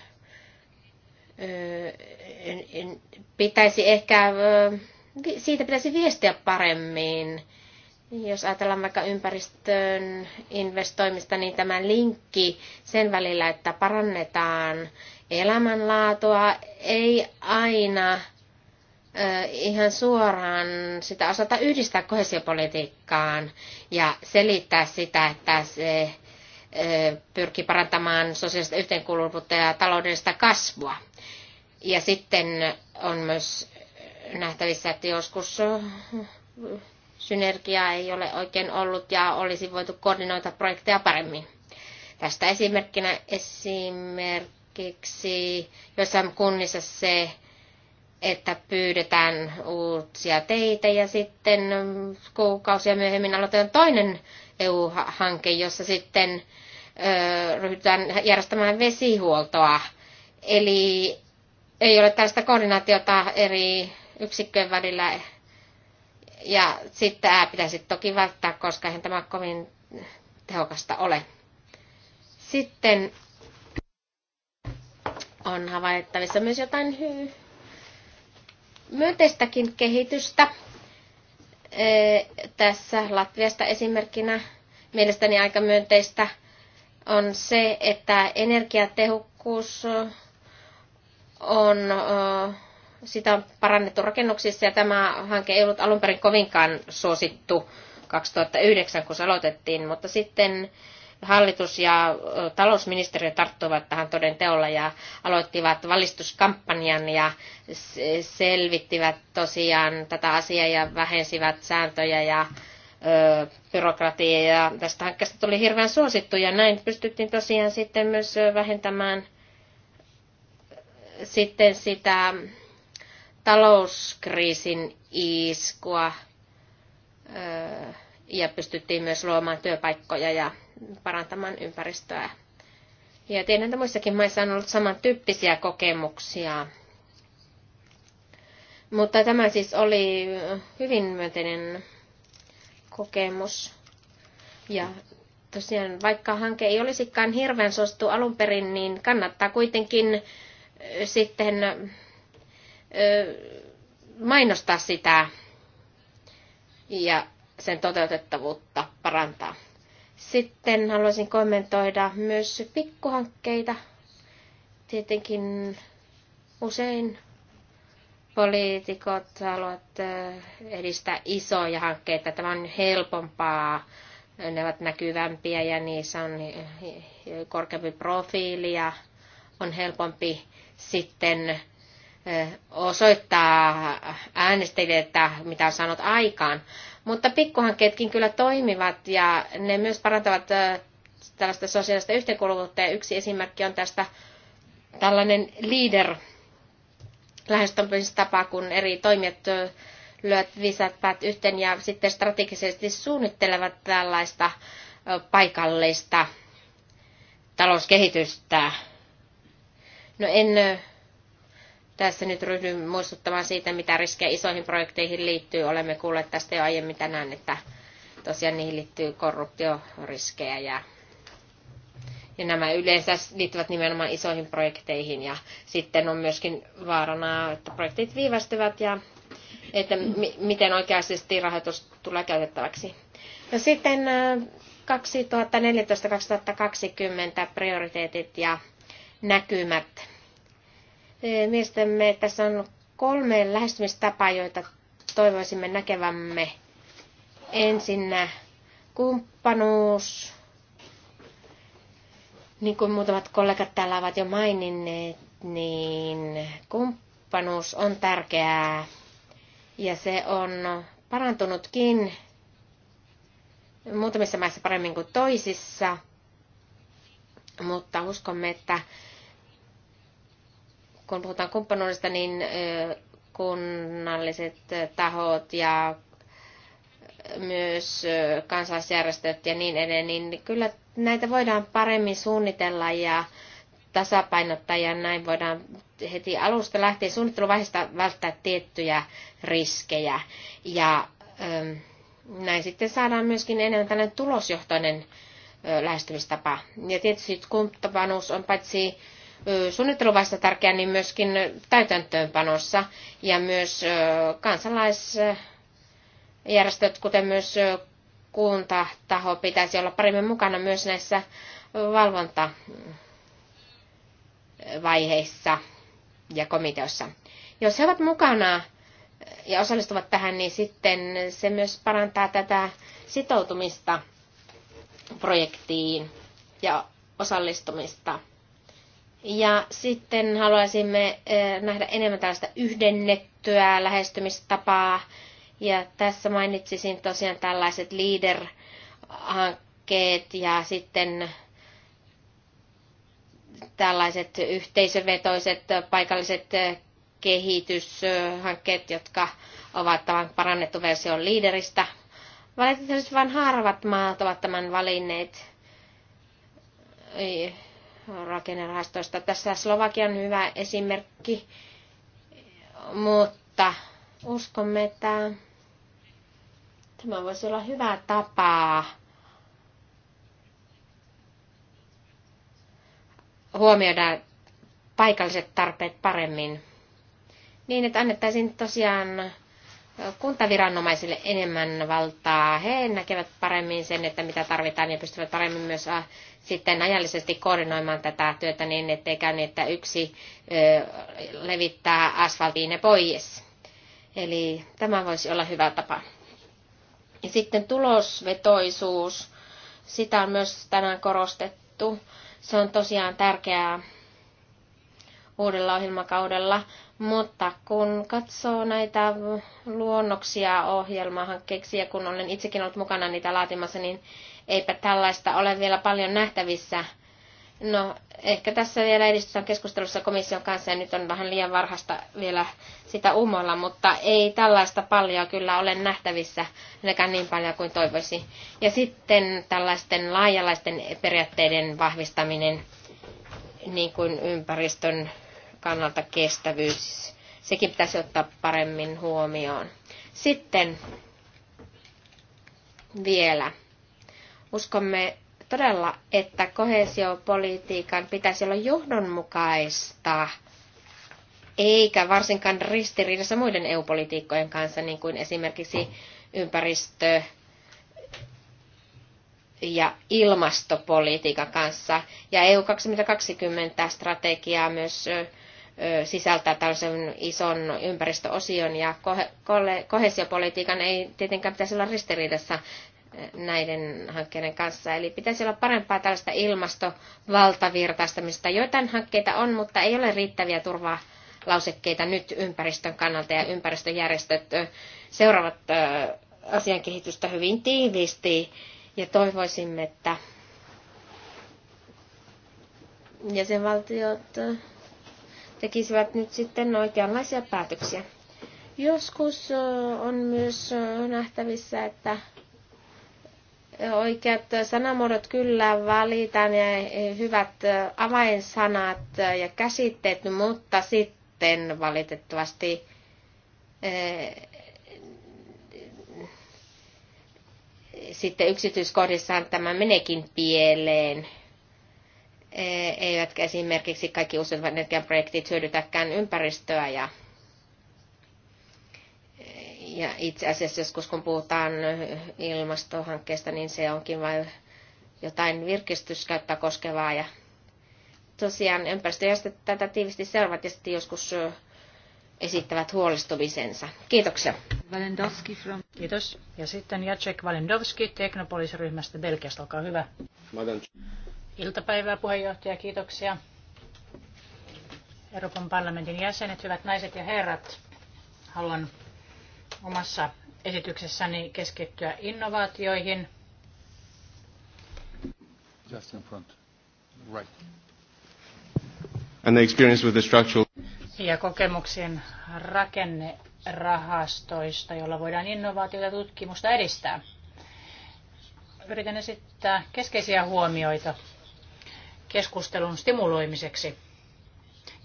eh, pitäisi ehkä, eh, siitä pitäisi viestiä paremmin jos ajatellaan vaikka ympäristön investoimista, niin tämä linkki sen välillä, että parannetaan elämänlaatua, ei aina ihan suoraan sitä osata yhdistää kohesiopolitiikkaan ja selittää sitä, että se pyrkii parantamaan sosiaalista yhteenkuuluvuutta ja taloudellista kasvua. Ja sitten on myös nähtävissä, että joskus synergiaa ei ole oikein ollut ja olisi voitu koordinoida projekteja paremmin. Tästä esimerkkinä esimerkiksi jossain kunnissa se, että pyydetään uusia teitä ja sitten kuukausia myöhemmin aloitetaan toinen EU-hanke, jossa sitten ö, ryhdytään järjestämään vesihuoltoa. Eli ei ole tällaista koordinaatiota eri yksikköjen välillä ja sitten ää pitäisi toki välttää, koska eihän tämä kovin tehokasta ole. Sitten on havaittavissa myös jotain hy- myönteistäkin kehitystä. tässä Latviasta esimerkkinä mielestäni aika myönteistä on se, että energiatehokkuus on sitä on parannettu rakennuksissa ja tämä hanke ei ollut alun perin kovinkaan suosittu 2009, kun se aloitettiin, mutta sitten hallitus ja talousministeriö tarttuivat tähän toden teolla ja aloittivat valistuskampanjan ja selvittivät tosiaan tätä asiaa ja vähensivät sääntöjä ja byrokratiaa. Ja tästä hankkeesta tuli hirveän suosittu ja näin pystyttiin tosiaan sitten myös vähentämään sitten sitä talouskriisin iskua ja pystyttiin myös luomaan työpaikkoja ja parantamaan ympäristöä. Ja tiedän, että muissakin maissa on ollut samantyyppisiä kokemuksia. Mutta tämä siis oli hyvin myönteinen kokemus. Ja tosiaan, vaikka hanke ei olisikaan hirveän suosittu alun perin, niin kannattaa kuitenkin sitten mainostaa sitä ja sen toteutettavuutta parantaa. Sitten haluaisin kommentoida myös pikkuhankkeita. Tietenkin usein poliitikot haluavat edistää isoja hankkeita. Tämä on helpompaa, ne ovat näkyvämpiä ja niissä on korkeampi profiili ja on helpompi sitten Eh, osoittaa äänestäjille, että mitä on saanut aikaan. Mutta pikkuhankkeetkin kyllä toimivat ja ne myös parantavat eh, tällaista sosiaalista yhteenkuuluvuutta. Ja yksi esimerkki on tästä tällainen leader lähestymistapa, kun eri toimijat eh, lyöt visat päät yhteen ja sitten strategisesti suunnittelevat tällaista paikallista talouskehitystä. No en tässä nyt ryhdyn muistuttamaan siitä, mitä riskejä isoihin projekteihin liittyy. Olemme kuulleet tästä jo aiemmin tänään, että tosiaan niihin liittyy korruptioriskejä ja ja nämä yleensä liittyvät nimenomaan isoihin projekteihin ja sitten on myöskin vaarana, että projektit viivästyvät ja että mi- miten oikeasti rahoitus tulee käytettäväksi. No sitten 2014-2020 äh, prioriteetit ja näkymät. Mielestämme tässä on kolme lähestymistapaa, joita toivoisimme näkevämme. Ensinnä kumppanuus, niin kuin muutamat kollegat täällä ovat jo maininneet, niin kumppanuus on tärkeää ja se on parantunutkin muutamissa maissa paremmin kuin toisissa, mutta uskomme, että kun puhutaan kumppanuudesta, niin kunnalliset tahot ja myös kansalaisjärjestöt ja niin edelleen, niin kyllä näitä voidaan paremmin suunnitella ja tasapainottaa ja näin voidaan heti alusta lähtien suunnitteluvaiheesta välttää tiettyjä riskejä. Ja näin sitten saadaan myöskin enemmän tällainen tulosjohtoinen lähestymistapa. Ja tietysti kumppanuus on paitsi suunnitteluvaiheessa tärkeää, niin myöskin täytäntöönpanossa ja myös kansalaisjärjestöt, kuten myös kuntataho, pitäisi olla paremmin mukana myös näissä valvontavaiheissa ja komiteossa. Jos he ovat mukana ja osallistuvat tähän, niin sitten se myös parantaa tätä sitoutumista projektiin ja osallistumista ja sitten haluaisimme eh, nähdä enemmän tällaista yhdennettyä lähestymistapaa. Ja tässä mainitsisin tosiaan tällaiset leader-hankkeet ja sitten tällaiset yhteisövetoiset paikalliset eh, kehityshankkeet, jotka ovat tämän parannettu versio liideristä. Valitettavasti vain harvat maat ovat tämän valinneet rakennerahastoista. Tässä on hyvä esimerkki, mutta uskomme, että tämä voisi olla hyvä tapa huomioida paikalliset tarpeet paremmin. Niin, että annettaisiin tosiaan kuntaviranomaisille enemmän valtaa. He näkevät paremmin sen, että mitä tarvitaan ja pystyvät paremmin myös äh, sitten ajallisesti koordinoimaan tätä työtä niin, ettei käy niin, että yksi levittää asfaltiin ja pois. Eli tämä voisi olla hyvä tapa. Ja sitten tulosvetoisuus, sitä on myös tänään korostettu. Se on tosiaan tärkeää uudella ohjelmakaudella mutta kun katsoo näitä luonnoksia ohjelmahankkeeksi ja kun olen itsekin ollut mukana niitä laatimassa, niin eipä tällaista ole vielä paljon nähtävissä. No, ehkä tässä vielä edistetään keskustelussa komission kanssa ja nyt on vähän liian varhasta vielä sitä umolla, mutta ei tällaista paljon kyllä ole nähtävissä, ainakaan niin paljon kuin toivoisi. Ja sitten tällaisten laajalaisten periaatteiden vahvistaminen, niin kuin ympäristön kannalta kestävyys, sekin pitäisi ottaa paremmin huomioon. Sitten vielä. Uskomme todella, että kohesiopolitiikan pitäisi olla johdonmukaista, eikä varsinkaan ristiriidassa muiden EU-politiikkojen kanssa, niin kuin esimerkiksi ympäristö- ja ilmastopolitiikan kanssa. Ja EU 2020 strategiaa myös sisältää tällaisen ison ympäristöosion ja kohesiopolitiikan ei tietenkään pitäisi olla ristiriidassa näiden hankkeiden kanssa. Eli pitäisi olla parempaa tällaista ilmastovaltavirtaistamista. Joitain hankkeita on, mutta ei ole riittäviä turvaa lausekkeita nyt ympäristön kannalta ja ympäristöjärjestöt seuraavat asian kehitystä hyvin tiiviisti ja toivoisimme, että jäsenvaltiot tekisivät nyt sitten oikeanlaisia päätöksiä. Joskus on myös nähtävissä, että oikeat sanamuodot kyllä valitaan ja hyvät avainsanat ja käsitteet, mutta sitten valitettavasti sitten yksityiskohdissaan tämä menekin pieleen. E, eivätkä esimerkiksi kaikki uusiutuvan energian projektit hyödytäkään ympäristöä ja ja itse asiassa joskus kun puhutaan ilmastohankkeesta, niin se onkin vain jotain virkistyskäyttä koskevaa. Ja tosiaan ympäristöjärjestöt tätä tiivisti seuraavat ja sitten joskus esittävät huolestumisensa. Kiitoksia. Valendowski from... Kiitos. Ja sitten Jacek Valendowski Teknopolis-ryhmästä Belgiasta. Olkaa hyvä iltapäivää puheenjohtaja, kiitoksia. Euroopan parlamentin jäsenet, hyvät naiset ja herrat, haluan omassa esityksessäni keskittyä innovaatioihin. Just in front. Right. And the experience with the structural... Ja kokemuksien rakennerahastoista, joilla voidaan innovaatioita ja tutkimusta edistää. Yritän esittää keskeisiä huomioita keskustelun stimuloimiseksi.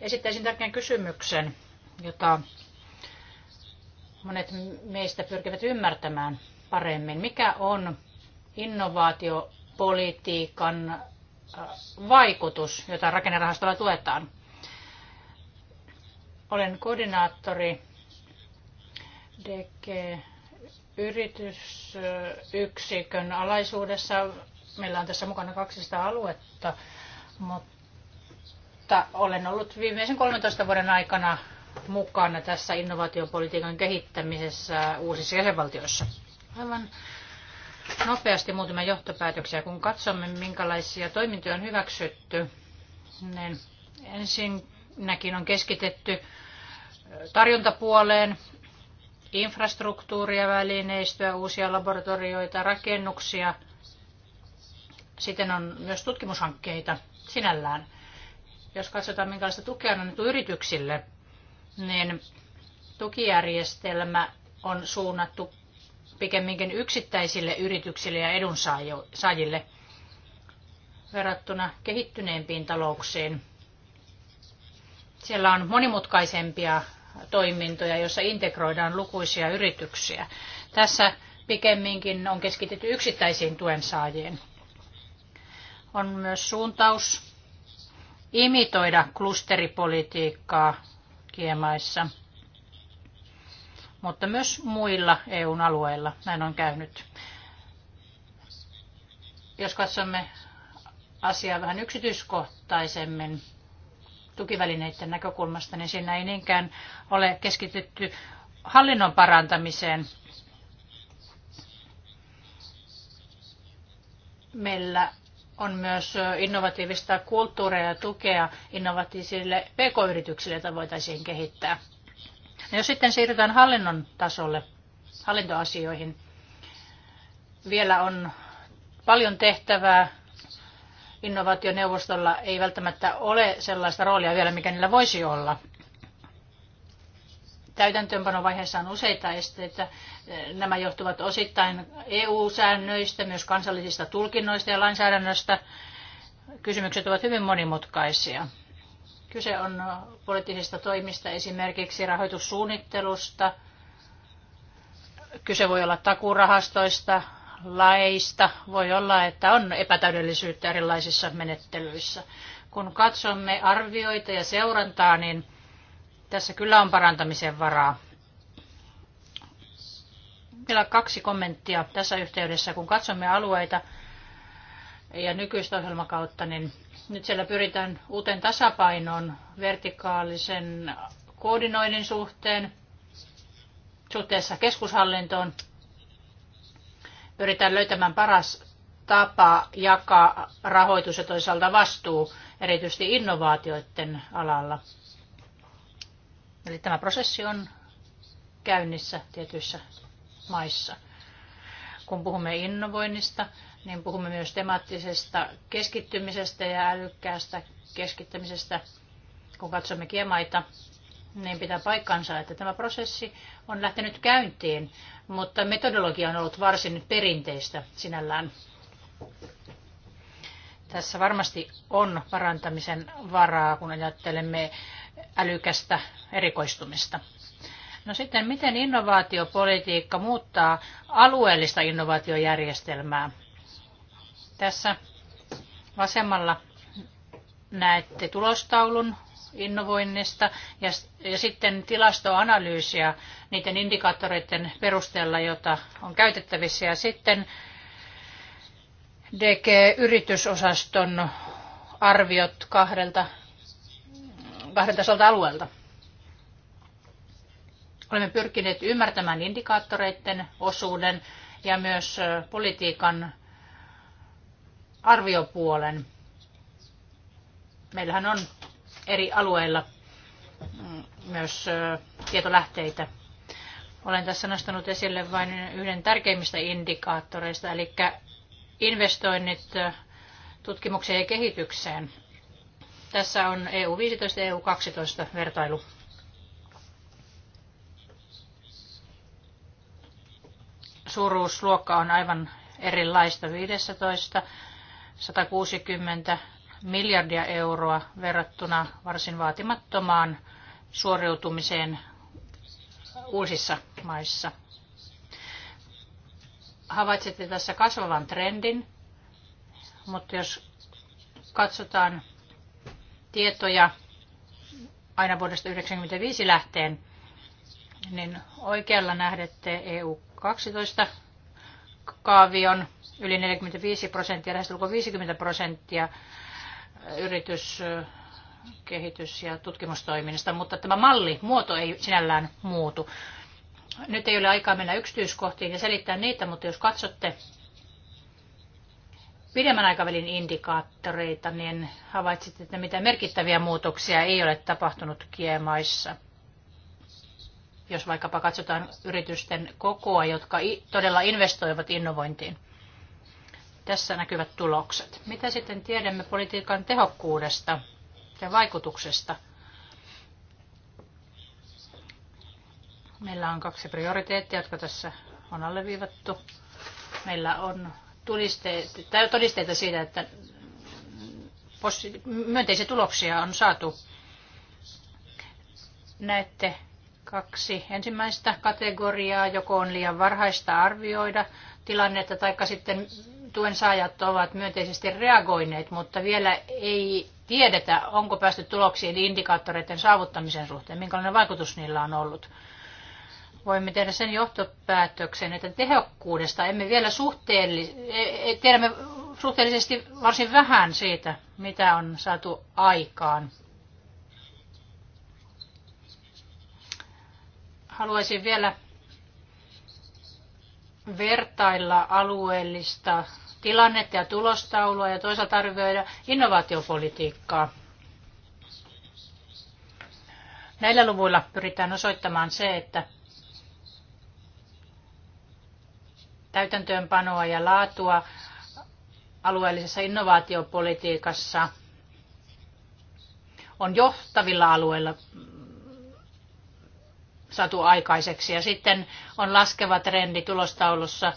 Esittäisin tärkeän kysymyksen, jota monet meistä pyrkivät ymmärtämään paremmin. Mikä on innovaatiopolitiikan äh, vaikutus, jota rakennerahastolla tuetaan? Olen koordinaattori DG yritysyksikön alaisuudessa. Meillä on tässä mukana 200 aluetta mutta olen ollut viimeisen 13 vuoden aikana mukana tässä innovaatiopolitiikan kehittämisessä uusissa jäsenvaltioissa. Aivan nopeasti muutamia johtopäätöksiä. Kun katsomme, minkälaisia toimintoja on hyväksytty, niin ensinnäkin on keskitetty tarjontapuoleen infrastruktuuria, välineistöä, uusia laboratorioita, rakennuksia. Sitten on myös tutkimushankkeita, sinällään. Jos katsotaan, minkälaista tukea on annettu yrityksille, niin tukijärjestelmä on suunnattu pikemminkin yksittäisille yrityksille ja edunsaajille verrattuna kehittyneempiin talouksiin. Siellä on monimutkaisempia toimintoja, joissa integroidaan lukuisia yrityksiä. Tässä pikemminkin on keskitytty yksittäisiin tuen saajiin on myös suuntaus imitoida klusteripolitiikkaa kiemaissa, mutta myös muilla EUn alueilla näin on käynyt. Jos katsomme asiaa vähän yksityiskohtaisemmin tukivälineiden näkökulmasta, niin siinä ei niinkään ole keskitytty hallinnon parantamiseen. Meillä on myös innovatiivista kulttuuria ja tukea innovatiivisille pk-yrityksille, joita voitaisiin kehittää. No jos sitten siirrytään hallinnon tasolle, hallintoasioihin, vielä on paljon tehtävää. Innovaationeuvostolla ei välttämättä ole sellaista roolia vielä, mikä niillä voisi olla täytäntöönpanovaiheessa on useita esteitä. Nämä johtuvat osittain EU-säännöistä, myös kansallisista tulkinnoista ja lainsäädännöstä. Kysymykset ovat hyvin monimutkaisia. Kyse on poliittisista toimista, esimerkiksi rahoitussuunnittelusta. Kyse voi olla takurahastoista, laista. Voi olla, että on epätäydellisyyttä erilaisissa menettelyissä. Kun katsomme arvioita ja seurantaa, niin tässä kyllä on parantamisen varaa. Vielä kaksi kommenttia tässä yhteydessä. Kun katsomme alueita ja nykyistä ohjelmakautta, niin nyt siellä pyritään uuteen tasapainoon vertikaalisen koordinoinnin suhteen suhteessa keskushallintoon. Pyritään löytämään paras tapa jakaa rahoitus ja toisaalta vastuu, erityisesti innovaatioiden alalla. Eli tämä prosessi on käynnissä tietyissä maissa. Kun puhumme innovoinnista, niin puhumme myös temaattisesta keskittymisestä ja älykkäästä keskittymisestä. Kun katsomme kiemaita, niin pitää paikkansa, että tämä prosessi on lähtenyt käyntiin, mutta metodologia on ollut varsin perinteistä sinällään. Tässä varmasti on parantamisen varaa, kun ajattelemme älykästä erikoistumista. No sitten, miten innovaatiopolitiikka muuttaa alueellista innovaatiojärjestelmää? Tässä vasemmalla näette tulostaulun innovoinnista ja, ja sitten tilastoanalyysiä niiden indikaattoreiden perusteella, jota on käytettävissä. Ja sitten DG-yritysosaston arviot kahdelta tasolta alueelta. Olemme pyrkineet ymmärtämään indikaattoreiden osuuden ja myös politiikan arviopuolen. Meillähän on eri alueilla mm, myös tietolähteitä. Olen tässä nostanut esille vain yhden tärkeimmistä indikaattoreista, eli investoinnit tutkimukseen ja kehitykseen. Tässä on EU-15 ja EU-12 vertailu. Suuruusluokka on aivan erilaista 15, 160 miljardia euroa verrattuna varsin vaatimattomaan suoriutumiseen uusissa maissa. Havaitsette tässä kasvavan trendin, mutta jos katsotaan tietoja aina vuodesta 1995 lähteen niin oikealla nähdette EU-12 kaavion yli 45 prosenttia, lähes 50 prosenttia yritys kehitys- ja tutkimustoiminnasta, mutta tämä malli, muoto ei sinällään muutu. Nyt ei ole aikaa mennä yksityiskohtiin ja selittää niitä, mutta jos katsotte pidemmän aikavälin indikaattoreita, niin havaitsit, että mitä merkittäviä muutoksia ei ole tapahtunut kiemaissa. Jos vaikkapa katsotaan yritysten kokoa, jotka todella investoivat innovointiin. Tässä näkyvät tulokset. Mitä sitten tiedämme politiikan tehokkuudesta ja vaikutuksesta? Meillä on kaksi prioriteettia, jotka tässä on alleviivattu. Meillä on todisteita siitä, että myönteisiä tuloksia on saatu. Näette kaksi ensimmäistä kategoriaa, joko on liian varhaista arvioida tilannetta, tai sitten tuen saajat ovat myönteisesti reagoineet, mutta vielä ei tiedetä, onko päästy tuloksiin indikaattoreiden saavuttamisen suhteen, minkälainen vaikutus niillä on ollut voimme tehdä sen johtopäätöksen, että tehokkuudesta emme vielä suhteellis- e, e, tiedämme suhteellisesti varsin vähän siitä, mitä on saatu aikaan. Haluaisin vielä vertailla alueellista tilannetta ja tulostaulua ja toisaalta arvioida innovaatiopolitiikkaa. Näillä luvuilla pyritään osoittamaan se, että täytäntöönpanoa ja laatua alueellisessa innovaatiopolitiikassa on johtavilla alueilla saatu aikaiseksi. Ja sitten on laskeva trendi tulostaulussa.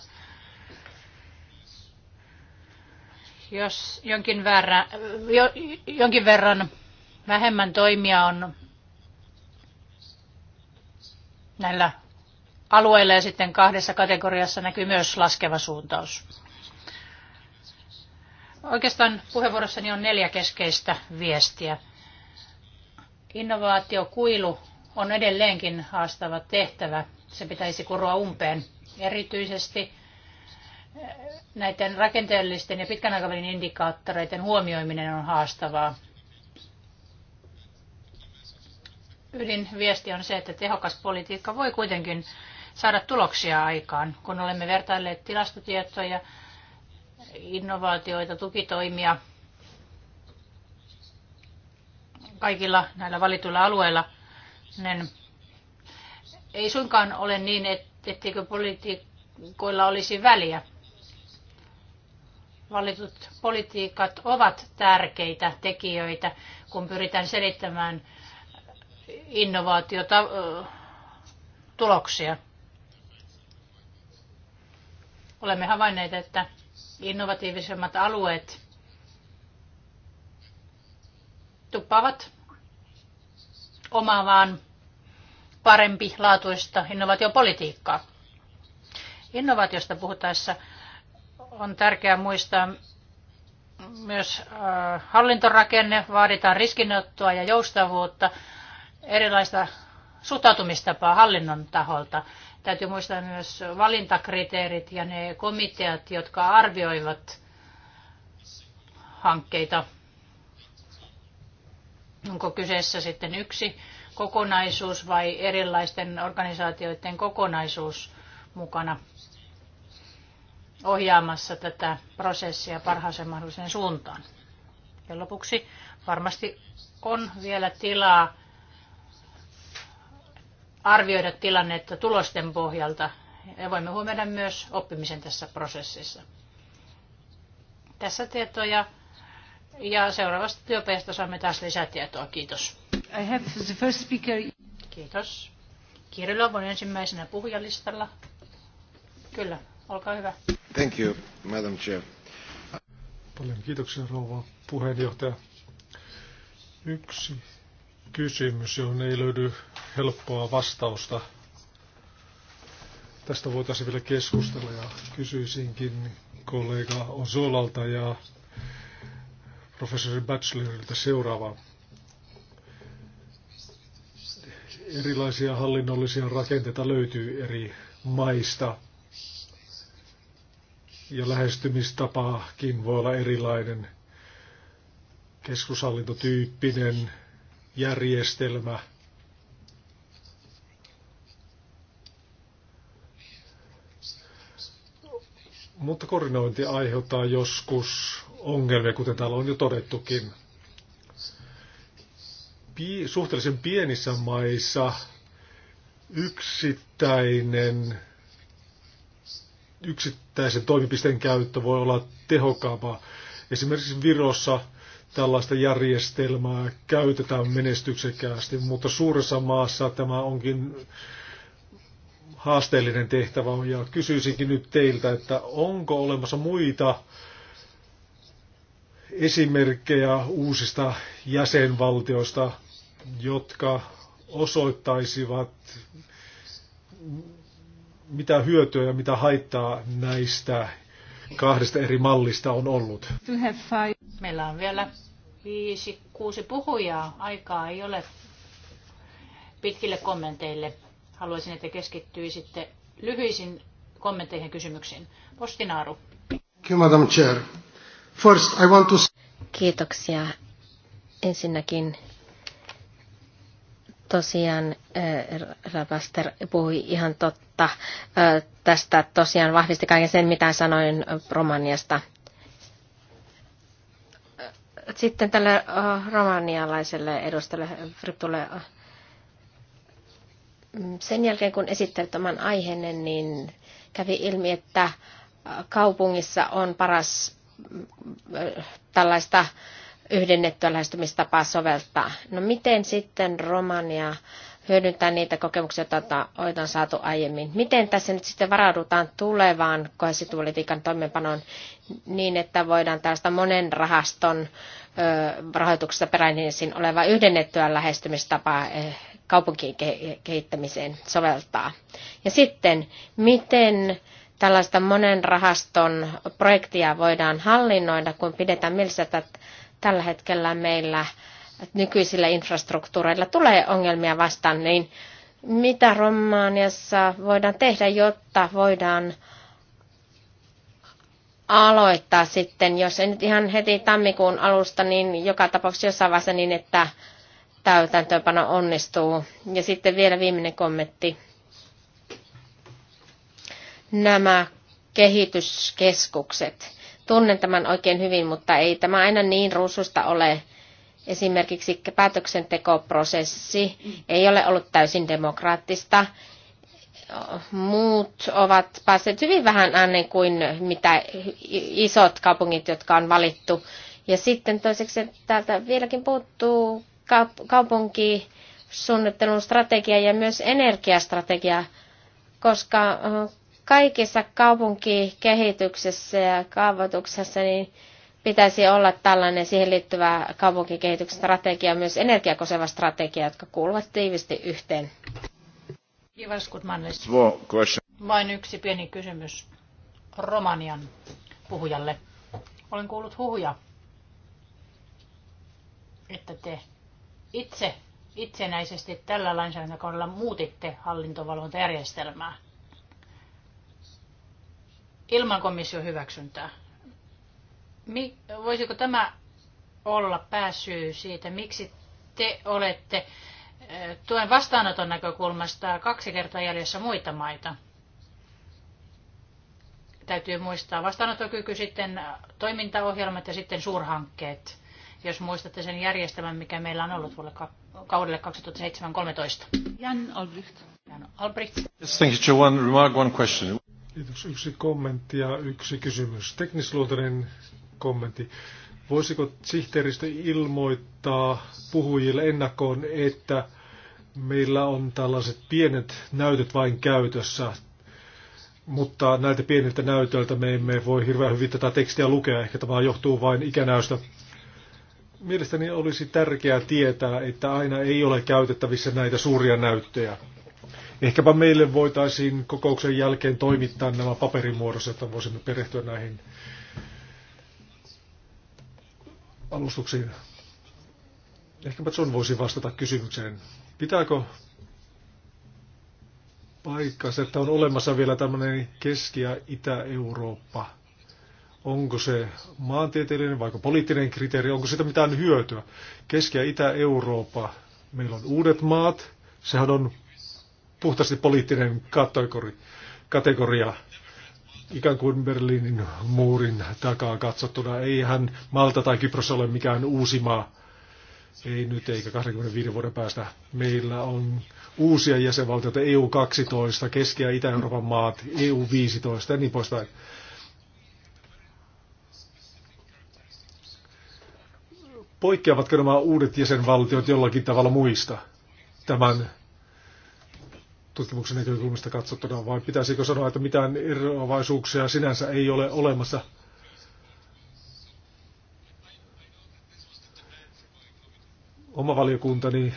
Jos jonkin, väärä, jo, jonkin verran vähemmän toimia on näillä alueilla ja sitten kahdessa kategoriassa näkyy myös laskeva suuntaus. Oikeastaan puheenvuorossani on neljä keskeistä viestiä. Innovaatiokuilu on edelleenkin haastava tehtävä. Se pitäisi kuroa umpeen. Erityisesti eh, näiden rakenteellisten ja pitkän aikavälin indikaattoreiden huomioiminen on haastavaa. Ydinviesti on se, että tehokas politiikka voi kuitenkin saada tuloksia aikaan. Kun olemme vertailleet tilastotietoja, innovaatioita, tukitoimia kaikilla näillä valituilla alueilla, niin ei suinkaan ole niin, etteikö politiikoilla olisi väliä. Valitut politiikat ovat tärkeitä tekijöitä, kun pyritään selittämään innovaatiota tuloksia. Olemme havainneet, että innovatiivisemmat alueet tuppaavat omaavaan parempi laatuista innovaatiopolitiikkaa. Innovaatiosta puhutaessa on tärkeää muistaa myös äh, hallintorakenne, vaaditaan riskinottoa ja joustavuutta, erilaista suhtautumistapaa hallinnon taholta. Täytyy muistaa myös valintakriteerit ja ne komiteat, jotka arvioivat hankkeita. Onko kyseessä sitten yksi kokonaisuus vai erilaisten organisaatioiden kokonaisuus mukana ohjaamassa tätä prosessia parhaaseen mahdolliseen suuntaan. Ja lopuksi varmasti on vielä tilaa arvioida tilannetta tulosten pohjalta ja voimme huomioida myös oppimisen tässä prosessissa. Tässä tietoja ja seuraavasta työpajasta saamme taas lisätietoa. Kiitos. I have the first speaker. Kiitos. Kirilov on ensimmäisenä puhujalistalla. Kyllä, olkaa hyvä. Thank you, Madam Chair. Paljon kiitoksia, rouva puheenjohtaja. Yksi kysymys, johon ei löydy helppoa vastausta. Tästä voitaisiin vielä keskustella ja kysyisinkin kollega Osolalta ja professori Bachelorilta seuraavaa. Erilaisia hallinnollisia rakenteita löytyy eri maista ja lähestymistapaakin voi olla erilainen keskushallintotyyppinen, järjestelmä. Mutta koordinointi aiheuttaa joskus ongelmia, kuten täällä on jo todettukin. Pi- suhteellisen pienissä maissa yksittäinen yksittäisen toimipisteen käyttö voi olla tehokkaampaa. Esimerkiksi Virossa tällaista järjestelmää käytetään menestyksekkäästi, mutta suuressa maassa tämä onkin haasteellinen tehtävä. Ja kysyisinkin nyt teiltä, että onko olemassa muita esimerkkejä uusista jäsenvaltioista, jotka osoittaisivat, mitä hyötyä ja mitä haittaa näistä kahdesta eri mallista on ollut. Meillä on vielä viisi, kuusi puhujaa. Aikaa ei ole pitkille kommenteille. Haluaisin, että keskittyisitte lyhyisiin kommentteihin ja kysymyksiin. Postinaaru. Madam Chair. First, I want to... Kiitoksia. Ensinnäkin tosiaan Rapaster puhui ihan totta. Tästä tosiaan vahvisti kaiken sen, mitä sanoin Romaniasta. Sitten tälle romanialaiselle edustajalle Friptulle sen jälkeen, kun esittelit oman aiheenne, niin kävi ilmi, että kaupungissa on paras tällaista yhdennettyä lähestymistapaa soveltaa. No miten sitten Romania hyödyntää niitä kokemuksia, joita on saatu aiemmin. Miten tässä nyt sitten varaudutaan tulevaan kohesitupolitiikan toimeenpanoon niin, että voidaan tällaista monen rahaston rahoituksesta peräisin oleva yhdennettyä lähestymistapaa kaupunkien kehittämiseen soveltaa. Ja sitten, miten tällaista monen rahaston projektia voidaan hallinnoida, kun pidetään mielessä, että tällä hetkellä meillä nykyisillä infrastruktuureilla tulee ongelmia vastaan, niin mitä Romaaniassa voidaan tehdä, jotta voidaan aloittaa sitten, jos ei nyt ihan heti tammikuun alusta, niin joka tapauksessa jossain vaiheessa niin, että täytäntöönpano onnistuu. Ja sitten vielä viimeinen kommentti. Nämä kehityskeskukset. Tunnen tämän oikein hyvin, mutta ei tämä aina niin ruususta ole. Esimerkiksi päätöksentekoprosessi ei ole ollut täysin demokraattista. Muut ovat päässeet hyvin vähän ennen kuin mitä isot kaupungit, jotka on valittu. Ja sitten toiseksi täältä vieläkin puuttuu kaupunki suunnittelun strategia ja myös energiastrategia, koska kaikessa kaupunkikehityksessä ja kaavoituksessa niin pitäisi olla tällainen siihen liittyvä kaupunkikehityksen strategia, myös energiakoseva strategia, jotka kuuluvat tiivisti yhteen. Vain yksi pieni kysymys Romanian puhujalle. Olen kuullut huhuja, että te itse itsenäisesti tällä lainsäädäntökaudella muutitte hallintovalvontajärjestelmää ilman komission hyväksyntää. Voisiko tämä olla pääsyy siitä, miksi te olette eh, tuen vastaanoton näkökulmasta kaksi kertaa jäljessä muita maita? Täytyy muistaa vastaanottokyky, sitten toimintaohjelmat ja sitten suurhankkeet, jos muistatte sen järjestelmän, mikä meillä on ollut vuodelle kaudelle 2007-2013. Jan Albrecht. Jan Albrecht. Yes, One remark, one question. Kiitos. Yksi kommentti ja yksi kysymys. Teknisluotainen kommentti. Voisiko sihteeristö ilmoittaa puhujille ennakkoon, että meillä on tällaiset pienet näytöt vain käytössä, mutta näiltä pieniltä näytöiltä me emme voi hirveän hyvin tätä tekstiä lukea. Ehkä tämä johtuu vain ikänäystä. Mielestäni olisi tärkeää tietää, että aina ei ole käytettävissä näitä suuria näyttöjä. Ehkäpä meille voitaisiin kokouksen jälkeen toimittaa nämä paperimuodossa, että voisimme perehtyä näihin alustuksiin. Ehkäpä John voisi vastata kysymykseen. Pitääkö paikkansa, että on olemassa vielä tämmöinen Keski- ja Itä-Eurooppa? Onko se maantieteellinen vai poliittinen kriteeri? Onko sitä mitään hyötyä? Keski- ja Itä-Eurooppa, meillä on uudet maat, sehän on puhtaasti poliittinen kategori, kategoria, ikään kuin Berliinin muurin takaa katsottuna. Eihän Malta tai Kypros ole mikään uusi maa. Ei nyt eikä 25 vuoden päästä. Meillä on uusia jäsenvaltioita, EU-12, Keski- ja Itä-Euroopan maat, EU-15 ja niin poispäin. Poikkeavatko nämä uudet jäsenvaltiot jollakin tavalla muista tämän tutkimuksen näkökulmasta katsottuna, vai pitäisikö sanoa, että mitään eroavaisuuksia sinänsä ei ole olemassa? Oma valiokuntani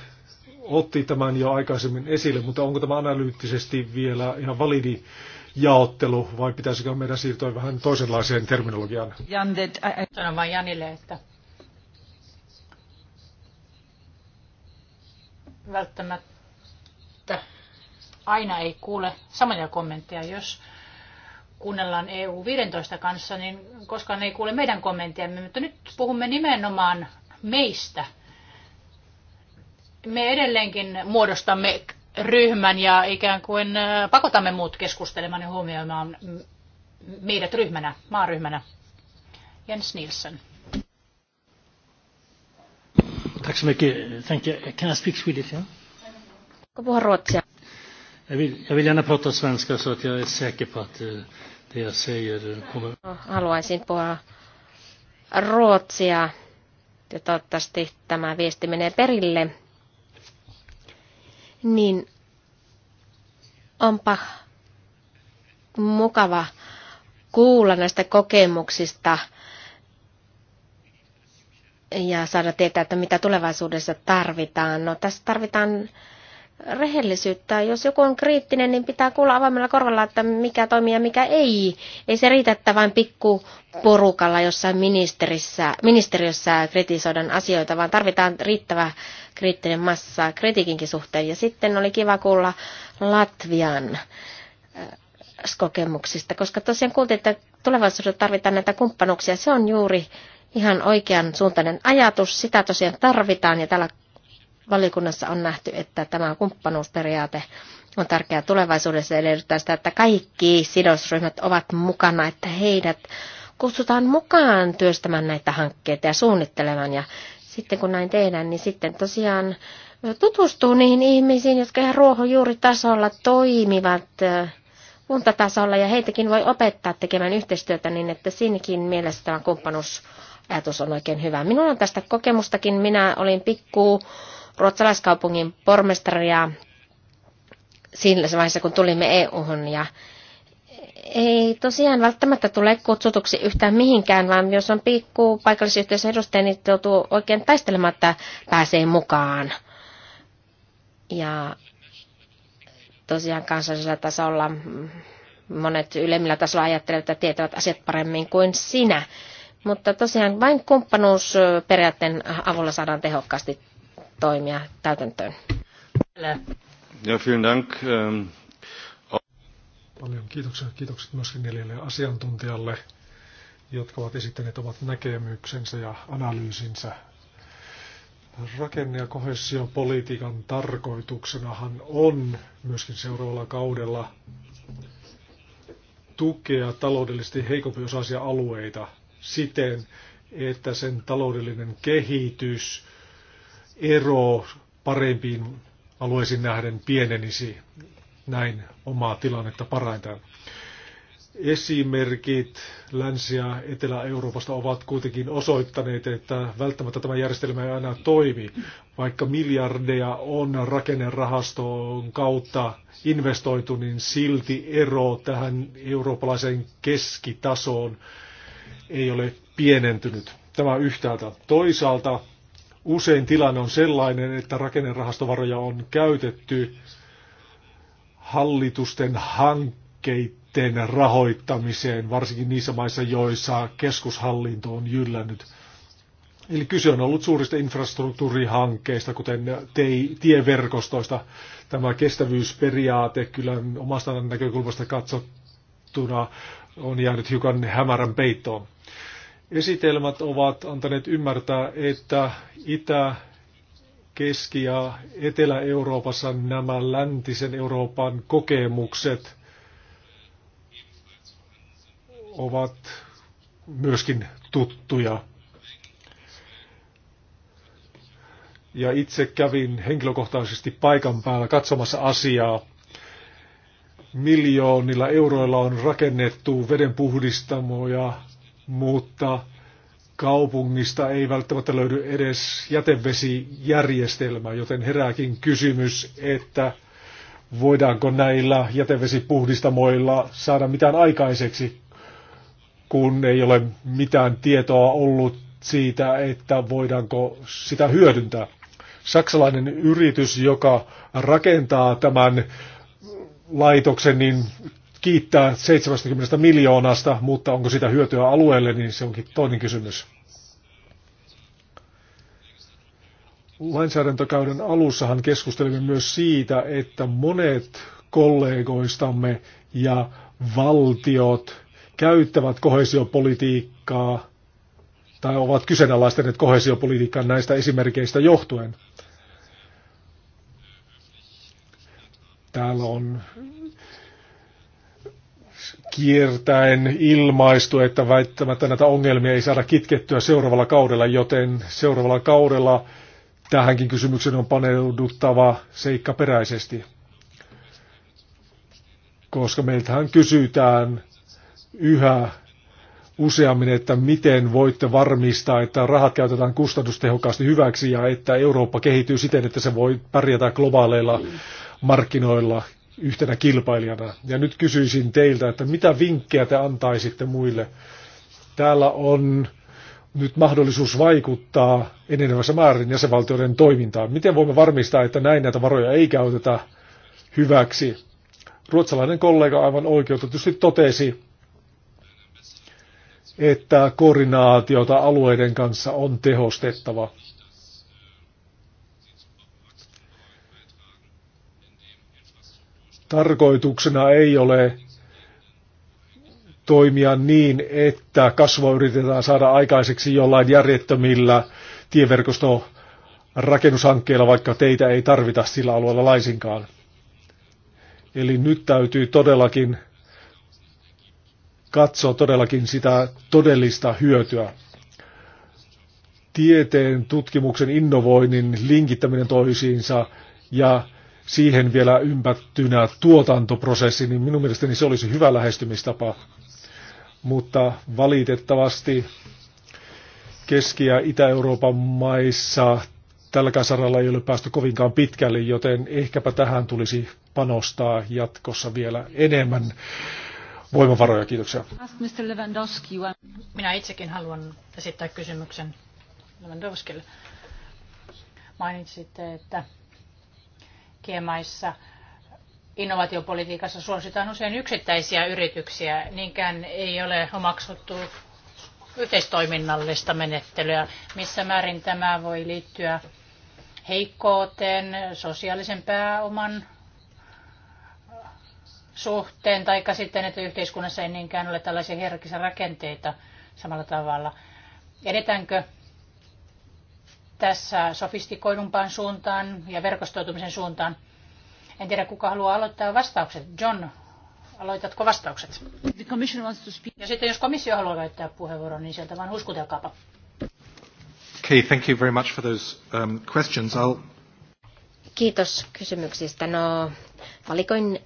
otti tämän jo aikaisemmin esille, mutta onko tämä analyyttisesti vielä ihan validi jaottelu vai pitäisikö meidän siirtyä vähän toisenlaiseen terminologiaan? Jan, sanon vain Janille, että välttämättä aina ei kuule samoja kommentteja. Jos kuunnellaan EU-15 kanssa, niin koskaan ei kuule meidän kommenttiamme, mutta nyt puhumme nimenomaan meistä. Me edelleenkin muodostamme ryhmän ja ikään kuin äh, pakotamme muut keskustelemaan ja huomioimaan meidät ryhmänä, maaryhmänä. Jens Nilsson. Tack så mycket. Tänker, kan jag speak Swedish? Ja? Puhun ruotsia. Jag vill, jag vill gärna prata svenska så att jag är säker på att eh, det jag säger eh, kommer... No, haluaisin puhua ruotsia ja toivottavasti tämä viesti menee perille. Niin onpa mukava kuulla näistä kokemuksista ja saada tietää, että mitä tulevaisuudessa tarvitaan. No tässä tarvitaan rehellisyyttä. Jos joku on kriittinen, niin pitää kuulla avaimella korvalla, että mikä toimii ja mikä ei. Ei se riitä, että vain pikku porukalla jossain ministerissä, ministeriössä kritisoidaan asioita, vaan tarvitaan riittävä kriittinen massa kritiikinkin suhteen. Ja sitten oli kiva kuulla Latvian äh, kokemuksista, koska tosiaan kuultiin, että tulevaisuudessa tarvitaan näitä kumppanuuksia. Se on juuri ihan oikean suuntainen ajatus. Sitä tosiaan tarvitaan ja tällä valiokunnassa on nähty, että tämä kumppanuusperiaate on tärkeää tulevaisuudessa edellyttää sitä, että kaikki sidosryhmät ovat mukana, että heidät kutsutaan mukaan työstämään näitä hankkeita ja suunnittelemaan. Ja sitten kun näin tehdään, niin sitten tosiaan tutustuu niihin ihmisiin, jotka ihan ruohonjuuritasolla toimivat kuntatasolla ja heitäkin voi opettaa tekemään yhteistyötä niin, että siinäkin mielessä tämä kumppanuusajatus on oikein hyvä. Minulla on tästä kokemustakin. Minä olin pikku ruotsalaiskaupungin pormestaria siinä vaiheessa, kun tulimme EU-hun. Ja ei tosiaan välttämättä tule kutsutuksi yhtään mihinkään, vaan jos on pikku paikallisyhteisön edustaja, niin joutuu oikein taistelemaan, että pääsee mukaan. Ja tosiaan kansallisella tasolla monet ylemmillä tasolla ajattelevat, että tietävät asiat paremmin kuin sinä. Mutta tosiaan vain kumppanuusperiaatteen avulla saadaan tehokkaasti toimia täytäntöön. Ja, vielen dank. Ähm, Paljon kiitoksia. Kiitokset myöskin neljälle asiantuntijalle, jotka ovat esittäneet omat näkemyksensä ja analyysinsä rakenne- ja kohesiopolitiikan tarkoituksenahan on myöskin seuraavalla kaudella tukea taloudellisesti osaisia alueita siten, että sen taloudellinen kehitys ero parempiin alueisiin nähden pienenisi. Näin omaa tilannetta parantaa. Esimerkit Länsi- ja Etelä-Euroopasta ovat kuitenkin osoittaneet, että välttämättä tämä järjestelmä ei aina toimi, vaikka miljardeja on rakennerahaston kautta investoitu, niin silti ero tähän eurooppalaiseen keskitasoon ei ole pienentynyt. Tämä yhtäältä. Toisaalta Usein tilanne on sellainen, että rakennerahastovaroja on käytetty hallitusten hankkeiden rahoittamiseen, varsinkin niissä maissa, joissa keskushallinto on jyllännyt. Eli kyse on ollut suurista infrastruktuurihankkeista, kuten tei, tieverkostoista. Tämä kestävyysperiaate kyllä omasta näkökulmasta katsottuna on jäänyt hiukan hämärän peittoon. Esitelmät ovat antaneet ymmärtää, että Itä, Keski- ja Etelä-Euroopassa nämä läntisen Euroopan kokemukset ovat myöskin tuttuja. Ja itse kävin henkilökohtaisesti paikan päällä katsomassa asiaa. Miljoonilla euroilla on rakennettu vedenpuhdistamoja, mutta kaupungista ei välttämättä löydy edes jätevesijärjestelmää, joten herääkin kysymys, että voidaanko näillä jätevesipuhdistamoilla saada mitään aikaiseksi, kun ei ole mitään tietoa ollut siitä, että voidaanko sitä hyödyntää. Saksalainen yritys, joka rakentaa tämän laitoksen, niin kiittää 70 miljoonasta, mutta onko sitä hyötyä alueelle, niin se onkin toinen kysymys. Lainsäädäntökäyden alussahan keskustelimme myös siitä, että monet kollegoistamme ja valtiot käyttävät kohesiopolitiikkaa tai ovat kyseenalaistaneet kohesiopolitiikan näistä esimerkkeistä johtuen. Täällä on kiertäen ilmaistu, että väittämättä näitä ongelmia ei saada kitkettyä seuraavalla kaudella, joten seuraavalla kaudella tähänkin kysymykseen on paneuduttava seikkaperäisesti. Koska meiltähän kysytään yhä useammin, että miten voitte varmistaa, että rahat käytetään kustannustehokkaasti hyväksi ja että Eurooppa kehittyy siten, että se voi pärjätä globaaleilla markkinoilla yhtenä kilpailijana. Ja nyt kysyisin teiltä, että mitä vinkkejä te antaisitte muille? Täällä on nyt mahdollisuus vaikuttaa enenevässä määrin jäsenvaltioiden toimintaan. Miten voimme varmistaa, että näin näitä varoja ei käytetä hyväksi? Ruotsalainen kollega aivan oikeutetusti totesi, että koordinaatiota alueiden kanssa on tehostettava. Tarkoituksena ei ole toimia niin, että kasvua yritetään saada aikaiseksi jollain järjettömillä tieverkosto rakennushankkeilla, vaikka teitä ei tarvita sillä alueella laisinkaan. Eli nyt täytyy todellakin katsoa todellakin sitä todellista hyötyä. Tieteen, tutkimuksen, innovoinnin linkittäminen toisiinsa ja siihen vielä ympättynä tuotantoprosessi, niin minun mielestäni se olisi hyvä lähestymistapa. Mutta valitettavasti Keski- ja Itä-Euroopan maissa tällä saralla ei ole päästy kovinkaan pitkälle, joten ehkäpä tähän tulisi panostaa jatkossa vielä enemmän voimavaroja. Kiitoksia. Minä itsekin haluan esittää kysymyksen Lewandowskille. Mainitsitte, että hankemaissa innovaatiopolitiikassa suositaan usein yksittäisiä yrityksiä, niinkään ei ole omaksuttu yhteistoiminnallista menettelyä, missä määrin tämä voi liittyä heikkouteen, sosiaalisen pääoman suhteen, tai sitten, että yhteiskunnassa ei niinkään ole tällaisia herkisiä rakenteita samalla tavalla. Edetäänkö tässä sofistikoidumpaan suuntaan ja verkostoitumisen suuntaan. En tiedä, kuka haluaa aloittaa vastaukset. John, aloitatko vastaukset? Ja sitten jos komissio haluaa käyttää puheenvuoron, niin sieltä vaan huskutelkaapa. Okay, thank you very much for those um, questions. I'll... Kiitos kysymyksistä. No, valikoin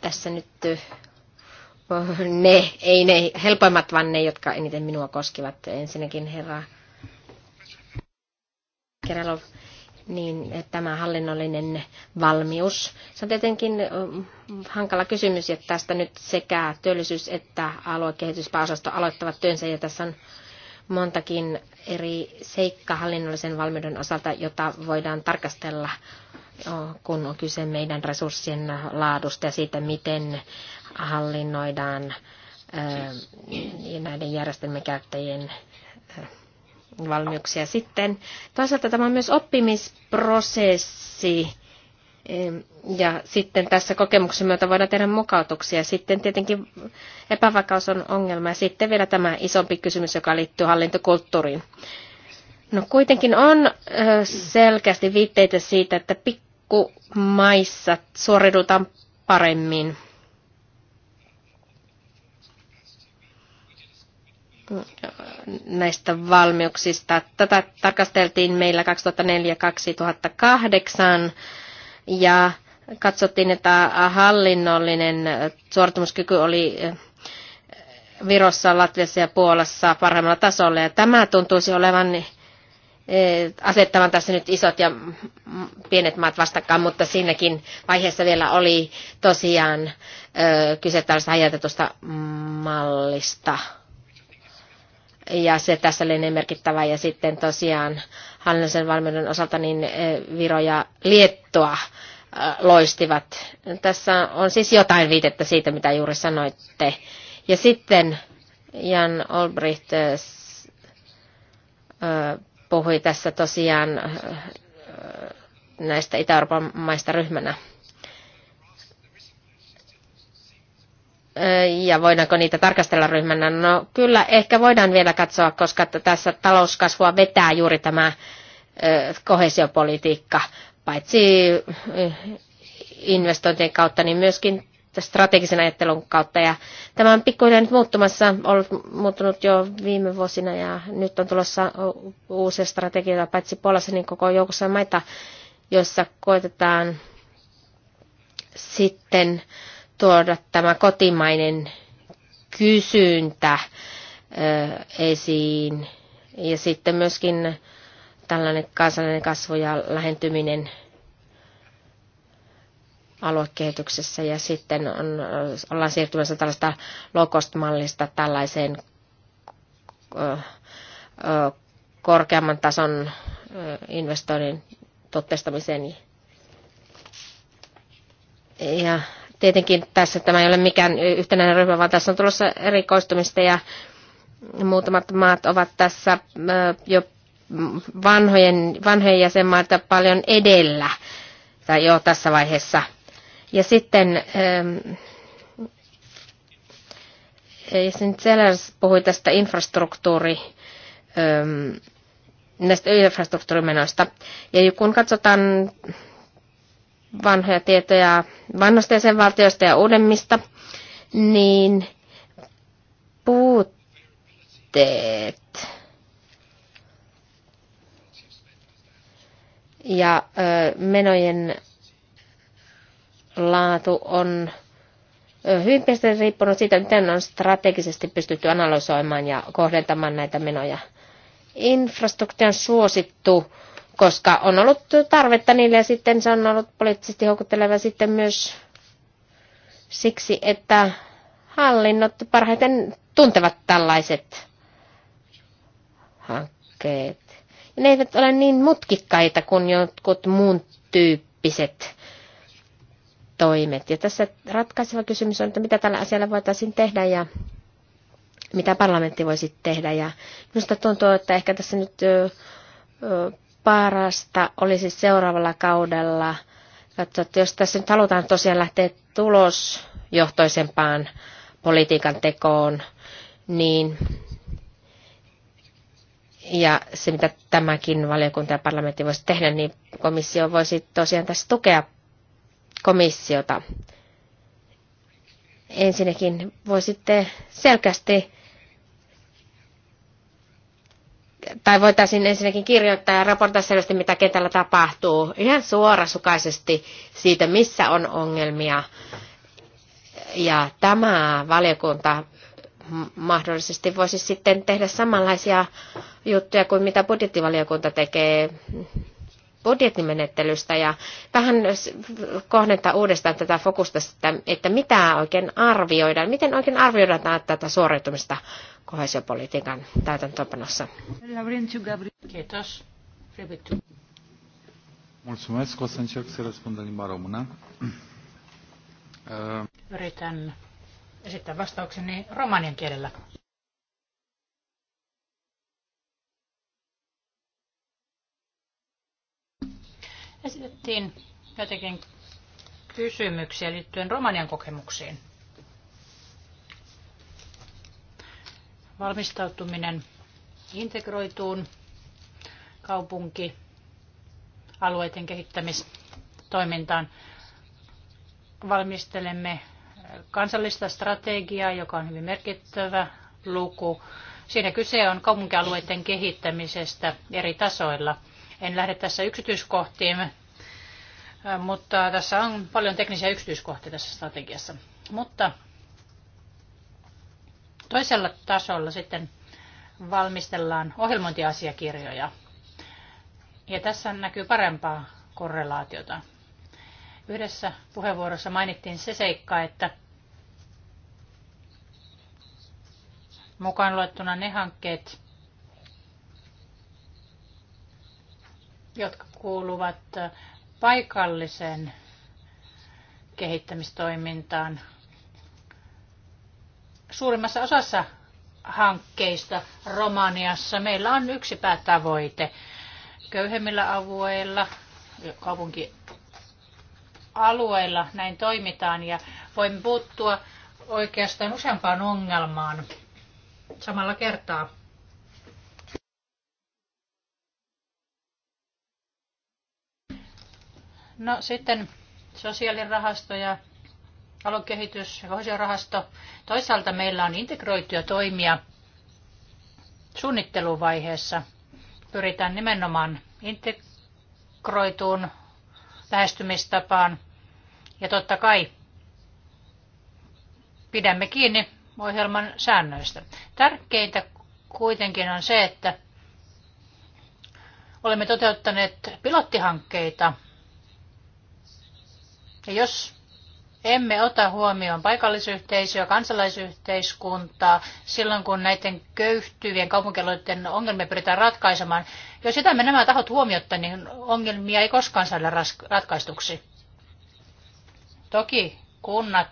tässä nyt ne, ei ne helpoimmat, vaan ne, jotka eniten minua koskivat. Ensinnäkin herra Kirjalov, niin tämä hallinnollinen valmius. Se on tietenkin hankala kysymys, että tästä nyt sekä työllisyys- että aluekehityspääosasto aloittavat työnsä, ja tässä on montakin eri seikka hallinnollisen valmiuden osalta, jota voidaan tarkastella, kun on kyse meidän resurssien laadusta ja siitä, miten hallinnoidaan näiden käyttäjien valmiuksia sitten. Toisaalta tämä on myös oppimisprosessi. Ja sitten tässä kokemuksen myötä voidaan tehdä mukautuksia. Sitten tietenkin epävakaus on ongelma. Ja sitten vielä tämä isompi kysymys, joka liittyy hallintokulttuuriin. No kuitenkin on selkeästi viitteitä siitä, että pikkumaissa suoriudutaan paremmin näistä valmiuksista. Tätä tarkasteltiin meillä 2004-2008 ja katsottiin, että hallinnollinen suorituskyky oli Virossa, Latviassa ja Puolassa parhaimmalla tasolla. Ja tämä tuntuisi olevan eh, asettavan tässä nyt isot ja pienet maat vastakkain, mutta siinäkin vaiheessa vielä oli tosiaan eh, kyse tällaista hajautetusta mallista ja se tässä lienee merkittävä. Ja sitten tosiaan hallinnollisen valmiuden osalta niin eh, Viro ja Liettua eh, loistivat. Tässä on siis jotain viitettä siitä, mitä juuri sanoitte. Ja sitten Jan Olbricht eh, puhui tässä tosiaan näistä Itä-Euroopan maista ryhmänä. ja voidaanko niitä tarkastella ryhmänä? No kyllä, ehkä voidaan vielä katsoa, koska tässä talouskasvua vetää juuri tämä kohesiopolitiikka, paitsi investointien kautta, niin myöskin strategisen ajattelun kautta. Ja tämä on pikkuhiljaa nyt muuttumassa, ollut muuttunut jo viime vuosina ja nyt on tulossa uusia strategioita, paitsi Puolassa, niin koko joukossa maita, joissa koetetaan sitten tuoda tämä kotimainen kysyntä esiin ja sitten myöskin tällainen kansallinen kasvu ja lähentyminen aluekehityksessä ja sitten on, ollaan siirtymässä tällaista low mallista tällaiseen ö, ö, korkeamman tason investoinnin totestamiseen. Ja Tietenkin tässä tämä ei ole mikään yhtenäinen ryhmä, vaan tässä on tulossa erikoistumista ja muutamat maat ovat tässä jo vanhojen, vanhojen jäsenmaita paljon edellä tai jo tässä vaiheessa. Ja sitten ähm, Sellers puhui tästä infrastruktuuri, ähm, näistä infrastruktuurimenoista. Ja kun katsotaan vanhoja tietoja vanhasta jäsenvaltioista ja uudemmista, niin puutteet ja menojen laatu on hyvin pitkälti riippunut siitä, miten on strategisesti pystytty analysoimaan ja kohdentamaan näitä menoja. Infrastruktuurin on suosittu koska on ollut tarvetta niille ja sitten se on ollut poliittisesti houkutteleva sitten myös siksi, että hallinnot parhaiten tuntevat tällaiset hankkeet. Ja ne eivät ole niin mutkikkaita kuin jotkut muun tyyppiset toimet. Ja tässä ratkaiseva kysymys on, että mitä tällä asialla voitaisiin tehdä ja mitä parlamentti voisi tehdä. Ja minusta tuntuu, että ehkä tässä nyt parasta olisi seuraavalla kaudella katsoa, että jos tässä nyt halutaan tosiaan lähteä tulosjohtoisempaan politiikan tekoon, niin ja se, mitä tämäkin valiokunta ja parlamentti voisi tehdä, niin komissio voisi tosiaan tässä tukea komissiota. Ensinnäkin voisitte selkeästi tai voitaisiin ensinnäkin kirjoittaa ja raportoida selvästi, mitä kentällä tapahtuu, ihan suorasukaisesti siitä, missä on ongelmia. Ja tämä valiokunta mahdollisesti voisi sitten tehdä samanlaisia juttuja kuin mitä budjettivaliokunta tekee budjettimenettelystä ja vähän kohdentaa uudestaan tätä fokusta, että mitä oikein arvioidaan, miten oikein arvioidaan tätä suoriutumista kohesiopolitiikan täytäntöönpanossa. Kiitos. Mulțumesc. O să încerc să răspund în limba română. Yritän uh. esittää vastaukseni romanian kielellä. Esitettiin jotenkin kysymyksiä liittyen Romanian kokemuksiin. valmistautuminen integroituun kaupunki alueiden kehittämistoimintaan. Valmistelemme kansallista strategiaa, joka on hyvin merkittävä luku. Siinä kyse on kaupunkialueiden kehittämisestä eri tasoilla. En lähde tässä yksityiskohtiin, mutta tässä on paljon teknisiä yksityiskohtia tässä strategiassa. Mutta Toisella tasolla sitten valmistellaan ohjelmointiasiakirjoja. Ja tässä näkyy parempaa korrelaatiota. Yhdessä puheenvuorossa mainittiin se seikka, että mukaan luettuna ne hankkeet, jotka kuuluvat paikalliseen kehittämistoimintaan, suurimmassa osassa hankkeista Romaniassa meillä on yksi päätavoite. Köyhemmillä alueilla, kaupunkialueilla näin toimitaan ja voimme puuttua oikeastaan useampaan ongelmaan samalla kertaa. No sitten sosiaalirahastoja. ja aluekehitys- ja kohesiorahasto. Toisaalta meillä on integroituja toimia suunnitteluvaiheessa. Pyritään nimenomaan integroituun lähestymistapaan. Ja totta kai pidämme kiinni ohjelman säännöistä. Tärkeintä kuitenkin on se, että olemme toteuttaneet pilottihankkeita. Ja jos emme ota huomioon paikallisyhteisöä, kansalaisyhteiskuntaa silloin, kun näiden köyhtyvien kaupunkialueiden ongelmia pyritään ratkaisemaan. Jos jätämme nämä tahot huomiotta, niin ongelmia ei koskaan saada ratkaistuksi. Toki kunnat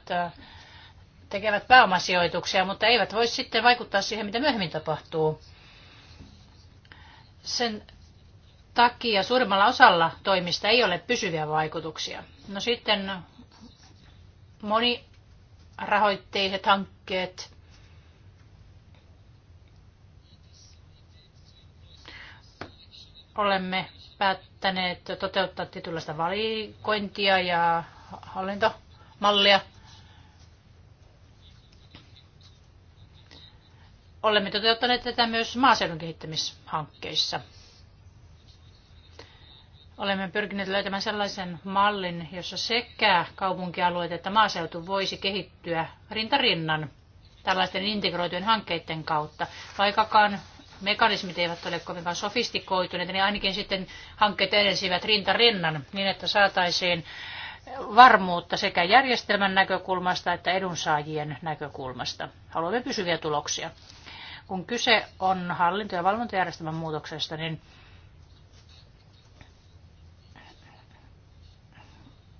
tekevät pääomasijoituksia, mutta eivät voi sitten vaikuttaa siihen, mitä myöhemmin tapahtuu. Sen takia suurimmalla osalla toimista ei ole pysyviä vaikutuksia. No sitten monirahoitteiset hankkeet. Olemme päättäneet toteuttaa tietynlaista valikointia ja hallintomallia. Olemme toteuttaneet tätä myös maaseudun kehittämishankkeissa. Olemme pyrkineet löytämään sellaisen mallin, jossa sekä kaupunkialueet että maaseutu voisi kehittyä rintarinnan tällaisten integroitujen hankkeiden kautta. Vaikkakaan mekanismit eivät ole kovinkaan sofistikoituneet, niin ainakin sitten hankkeet edensivät rintarinnan niin, että saataisiin varmuutta sekä järjestelmän näkökulmasta että edunsaajien näkökulmasta. Haluamme pysyviä tuloksia. Kun kyse on hallinto- ja valvontajärjestelmän muutoksesta, niin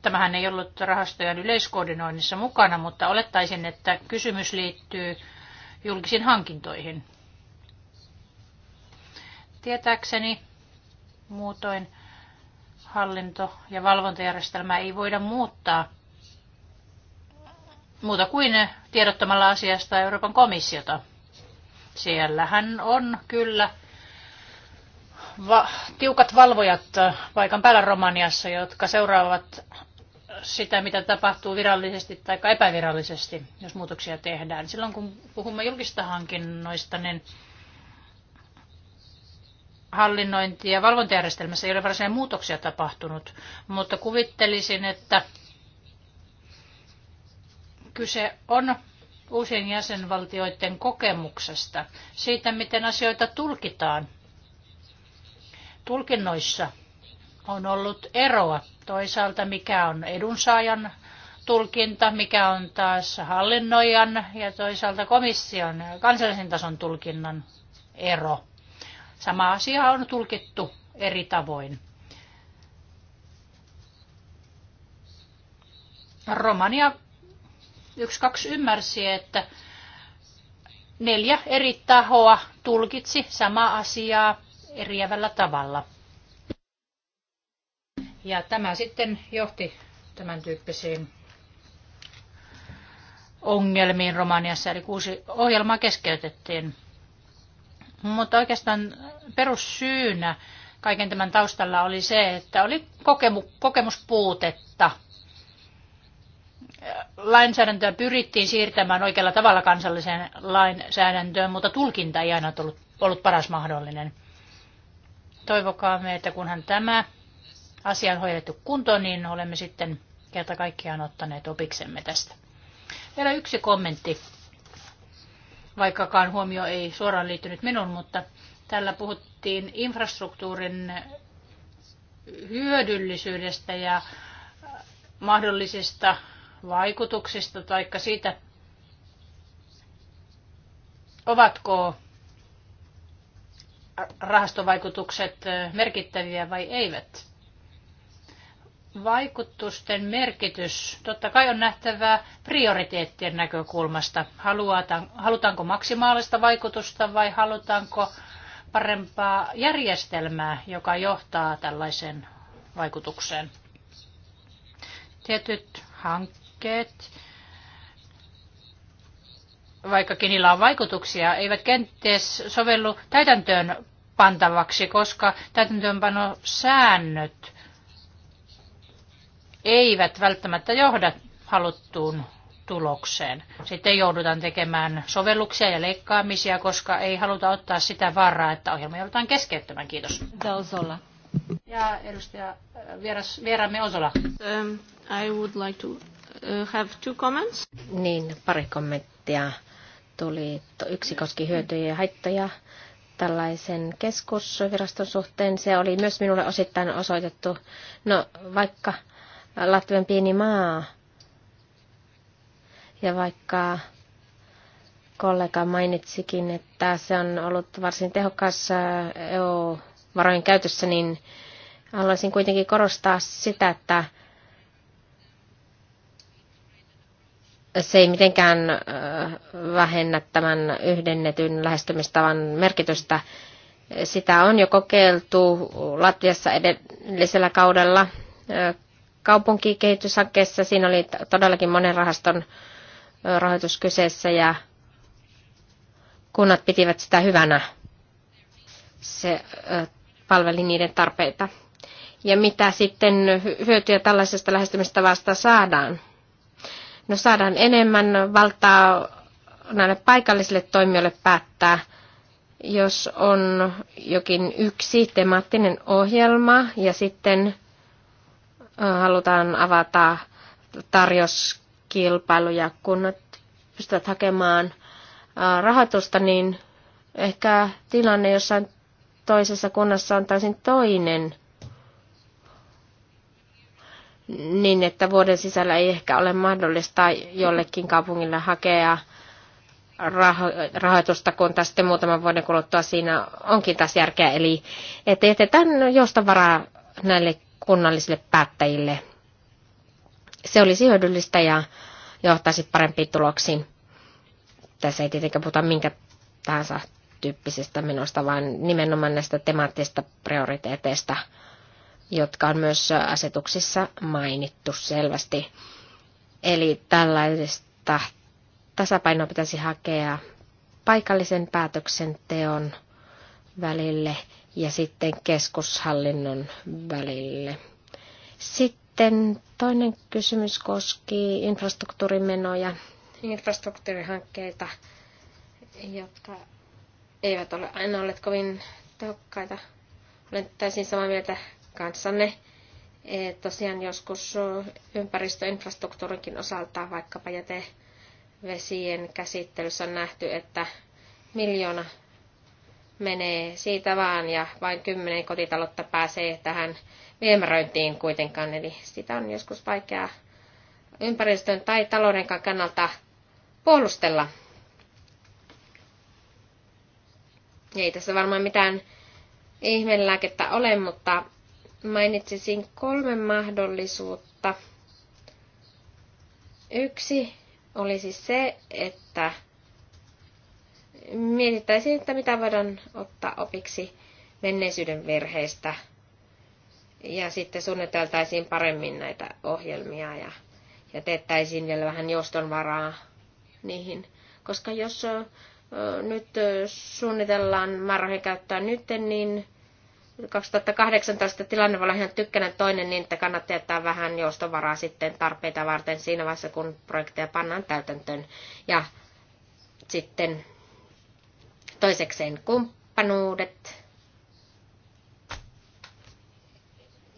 Tämähän ei ollut rahastojen yleiskoordinoinnissa mukana, mutta olettaisin, että kysymys liittyy julkisiin hankintoihin. Tietääkseni muutoin hallinto- ja valvontajärjestelmää ei voida muuttaa muuta kuin tiedottamalla asiasta Euroopan komissiota. Siellähän on kyllä va- tiukat valvojat paikan päällä Romaniassa, jotka seuraavat sitä, mitä tapahtuu virallisesti tai epävirallisesti, jos muutoksia tehdään. Silloin kun puhumme julkista hankinnoista, niin hallinnointi- ja valvontajärjestelmässä ei ole varsinaisia muutoksia tapahtunut, mutta kuvittelisin, että kyse on uusien jäsenvaltioiden kokemuksesta, siitä miten asioita tulkitaan tulkinnoissa – on ollut eroa. Toisaalta mikä on edunsaajan tulkinta, mikä on taas hallinnoijan ja toisaalta komission kansallisen tason tulkinnan ero. Sama asia on tulkittu eri tavoin. Romania 1.2 ymmärsi, että neljä eri tahoa tulkitsi samaa asiaa eriävällä tavalla – ja tämä sitten johti tämän tyyppisiin ongelmiin Romaniassa, eli kuusi ohjelmaa keskeytettiin. Mutta oikeastaan perussyynä kaiken tämän taustalla oli se, että oli kokemu- kokemuspuutetta. Lainsäädäntöä pyrittiin siirtämään oikealla tavalla kansalliseen lainsäädäntöön, mutta tulkinta ei aina ollut, ollut paras mahdollinen. Toivokaamme, että kunhan tämä asian hoidettu kuntoon, niin olemme sitten kerta kaikkiaan ottaneet opiksemme tästä. Vielä yksi kommentti, vaikkakaan huomio ei suoraan liittynyt minun, mutta tällä puhuttiin infrastruktuurin hyödyllisyydestä ja mahdollisista vaikutuksista, taikka siitä, ovatko rahastovaikutukset merkittäviä vai eivät vaikutusten merkitys totta kai on nähtävää prioriteettien näkökulmasta. Halutaanko maksimaalista vaikutusta vai halutaanko parempaa järjestelmää, joka johtaa tällaiseen vaikutukseen? Tietyt hankkeet, vaikkakin niillä on vaikutuksia, eivät kenties sovellu täytäntöön pantavaksi, koska täytäntöönpanosäännöt säännöt eivät välttämättä johda haluttuun tulokseen. Sitten joudutaan tekemään sovelluksia ja leikkaamisia, koska ei haluta ottaa sitä varaa, että ohjelma joudutaan keskeyttämään. Kiitos. Dalsola. Ja edustaja äh, vieras, vieraamme Osola. Um, I would like to uh, have two comments. Niin, pari kommenttia tuli. Yksi koski hyötyjä ja haittoja tällaisen keskusviraston suhteen. Se oli myös minulle osittain osoitettu. No, vaikka Latvian pieni maa. Ja vaikka kollega mainitsikin, että se on ollut varsin tehokas äh, EU-varojen käytössä, niin haluaisin kuitenkin korostaa sitä, että se ei mitenkään äh, vähennä tämän yhdennetyn lähestymistavan merkitystä. Sitä on jo kokeiltu Latviassa edellisellä kaudella äh, kaupunkikehityshankkeessa. Siinä oli todellakin monen rahaston rahoitus kyseessä ja kunnat pitivät sitä hyvänä. Se palveli niiden tarpeita. Ja mitä sitten hyötyä tällaisesta lähestymistavasta saadaan? No saadaan enemmän valtaa näille paikallisille toimijoille päättää, jos on jokin yksi temaattinen ohjelma ja sitten halutaan avata tarjouskilpailuja, kun pystyvät hakemaan rahoitusta, niin ehkä tilanne jossain toisessa kunnassa on täysin toinen, niin että vuoden sisällä ei ehkä ole mahdollista jollekin kaupungille hakea raho- rahoitusta, kun taas sitten muutaman vuoden kuluttua siinä onkin taas järkeä. Eli että jätetään varaa näille kunnallisille päättäjille. Se olisi hyödyllistä ja johtaisi parempiin tuloksiin. Tässä ei tietenkään puhuta minkä tahansa tyyppisestä menosta, vaan nimenomaan näistä temaattisista prioriteeteista, jotka on myös asetuksissa mainittu selvästi. Eli tällaista tasapainoa pitäisi hakea paikallisen päätöksenteon välille ja sitten keskushallinnon välille. Sitten toinen kysymys koski infrastruktuurimenoja, infrastruktuurihankkeita, jotka eivät ole aina olleet kovin tehokkaita. Olen täysin samaa mieltä kanssanne. Eh, tosiaan joskus ympäristöinfrastruktuurinkin osalta, vaikkapa jätevesien käsittelyssä on nähty, että miljoona menee siitä vaan ja vain kymmenen kotitaloutta pääsee tähän viemäröintiin kuitenkaan. Eli sitä on joskus vaikeaa ympäristön tai talouden kannalta puolustella. Ei tässä varmaan mitään ihmelääkettä ole, mutta mainitsisin kolme mahdollisuutta. Yksi olisi se, että mietittäisin, että mitä voidaan ottaa opiksi menneisyyden virheistä. Ja sitten suunniteltaisiin paremmin näitä ohjelmia ja, ja teettäisiin vielä vähän varaa niihin. Koska jos ö, nyt suunnitellaan määrärahoja käyttää nyt, niin 2018 tilanne voi olla ihan tykkänä toinen niin, että kannattaa jättää vähän joustovaraa sitten tarpeita varten siinä vaiheessa, kun projekteja pannaan täytäntöön. Ja sitten Toisekseen kumppanuudet.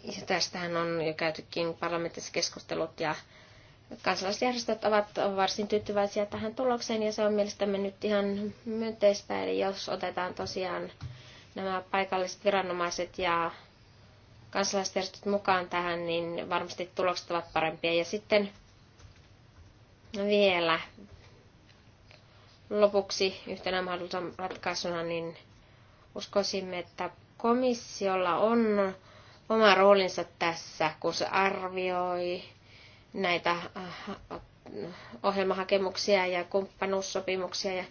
Ja tästähän on jo käytykin parlamentissa keskustelut ja kansalaisjärjestöt ovat varsin tyytyväisiä tähän tulokseen ja se on mielestämme nyt ihan myönteistä. Eli jos otetaan tosiaan nämä paikalliset viranomaiset ja kansalaisjärjestöt mukaan tähän, niin varmasti tulokset ovat parempia. Ja sitten vielä Lopuksi yhtenä mahdollisena ratkaisuna niin uskoisimme, että komissiolla on oma roolinsa tässä, kun se arvioi näitä äh, ohjelmahakemuksia ja kumppanuussopimuksia ja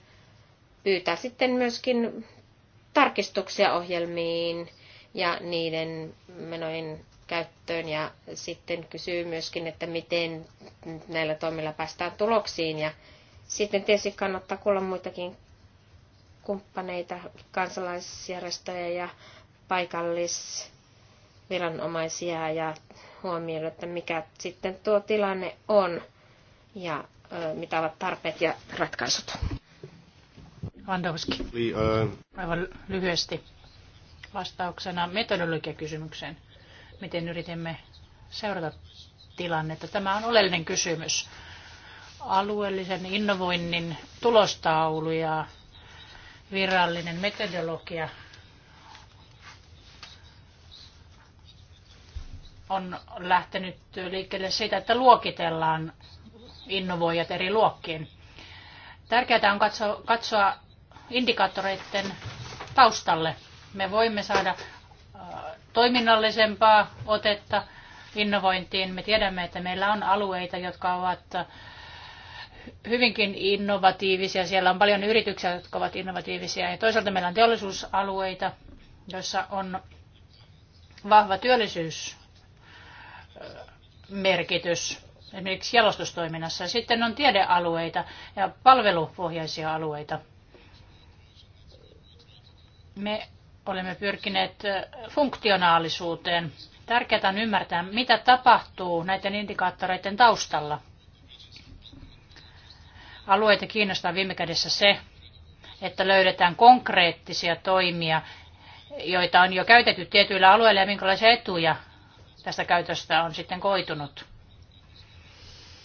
pyytää sitten myöskin tarkistuksia ohjelmiin ja niiden menojen käyttöön ja sitten kysyy myöskin, että miten näillä toimilla päästään tuloksiin ja sitten tietysti kannattaa kuulla muitakin kumppaneita, kansalaisjärjestöjä ja paikallisviranomaisia ja huomioida, että mikä sitten tuo tilanne on ja mitä ovat tarpeet ja ratkaisut. Vandowski. Aivan lyhyesti vastauksena metodologiakysymykseen, miten yritimme seurata tilannetta. Tämä on oleellinen kysymys alueellisen innovoinnin tulostaulu ja virallinen metodologia on lähtenyt liikkeelle siitä, että luokitellaan innovoijat eri luokkiin. Tärkeää on katsoa, katsoa indikaattoreiden taustalle. Me voimme saada äh, toiminnallisempaa otetta innovointiin. Me tiedämme, että meillä on alueita, jotka ovat hyvinkin innovatiivisia. Siellä on paljon yrityksiä, jotka ovat innovatiivisia. Ja toisaalta meillä on teollisuusalueita, joissa on vahva työllisyysmerkitys esimerkiksi jalostustoiminnassa. Sitten on tiedealueita ja palvelupohjaisia alueita. Me olemme pyrkineet funktionaalisuuteen. Tärkeää on ymmärtää, mitä tapahtuu näiden indikaattoreiden taustalla. Alueita kiinnostaa viime kädessä se, että löydetään konkreettisia toimia, joita on jo käytetty tietyillä alueilla ja minkälaisia etuja tästä käytöstä on sitten koitunut.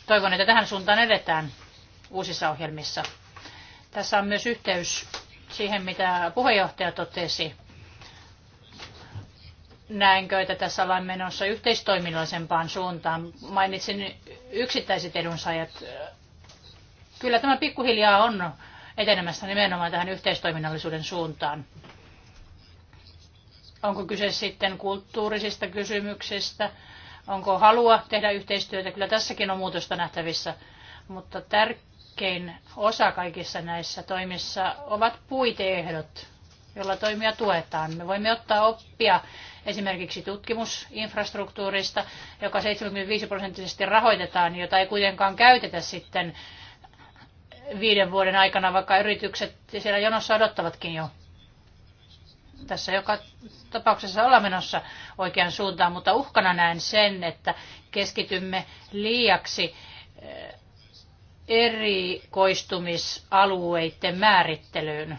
Toivon, että tähän suuntaan edetään uusissa ohjelmissa. Tässä on myös yhteys siihen, mitä puheenjohtaja totesi. Näenkö, että tässä ollaan menossa yhteistoiminnallisempaan suuntaan? Mainitsin yksittäiset edunsaajat Kyllä tämä pikkuhiljaa on etenemässä nimenomaan tähän yhteistoiminnallisuuden suuntaan. Onko kyse sitten kulttuurisista kysymyksistä, onko halua tehdä yhteistyötä, kyllä tässäkin on muutosta nähtävissä, mutta tärkein osa kaikissa näissä toimissa ovat puiteehdot, jolla toimia tuetaan. Me voimme ottaa oppia esimerkiksi tutkimusinfrastruktuurista, joka 75 prosenttisesti rahoitetaan, jota ei kuitenkaan käytetä sitten viiden vuoden aikana, vaikka yritykset siellä jonossa odottavatkin jo. Tässä joka tapauksessa olla menossa oikeaan suuntaan, mutta uhkana näen sen, että keskitymme liiaksi eh, erikoistumisalueiden määrittelyyn.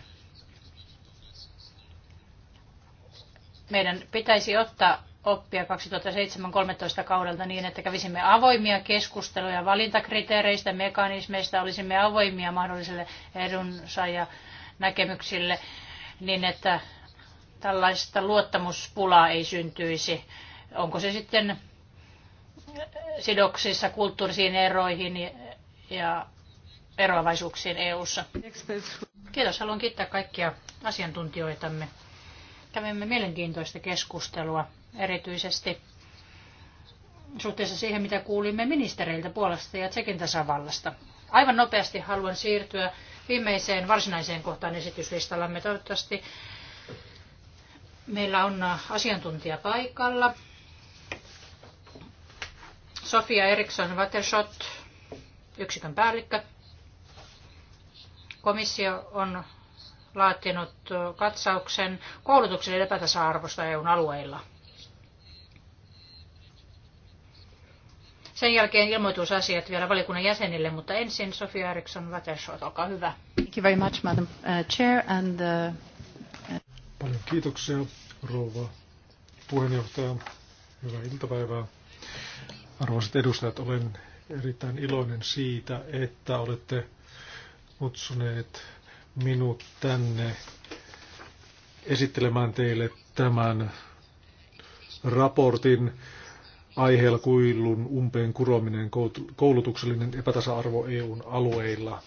Meidän pitäisi ottaa oppia 2007-2013 kaudelta niin, että kävisimme avoimia keskusteluja valintakriteereistä, mekanismeista, olisimme avoimia mahdollisille edunsaaja näkemyksille niin, että tällaista luottamuspulaa ei syntyisi. Onko se sitten sidoksissa kulttuurisiin eroihin ja eroavaisuuksiin EU-ssa? Kiitos. Haluan kiittää kaikkia asiantuntijoitamme. Kävimme mielenkiintoista keskustelua, erityisesti suhteessa siihen, mitä kuulimme ministereiltä Puolasta ja Tsekin tasavallasta. Aivan nopeasti haluan siirtyä viimeiseen varsinaiseen kohtaan esityslistallamme. Toivottavasti meillä on asiantuntija paikalla. Sofia Eriksson Watershot, yksikön päällikkö. Komissio on laatinut katsauksen koulutuksen epätasa-arvosta EUn alueilla. Sen jälkeen ilmoitusasiat vielä valikunnan jäsenille, mutta ensin Sofia Eriksson Vatershot, olkaa hyvä. Thank you very much, Madam uh, Chair. And, uh... Paljon kiitoksia, rouva puheenjohtaja. Hyvää iltapäivää. Arvoisat edustajat, olen erittäin iloinen siitä, että olette kutsuneet minut tänne esittelemään teille tämän raportin aiheella kuilun umpeen kurominen koulutuksellinen epätasa-arvo EUn alueilla.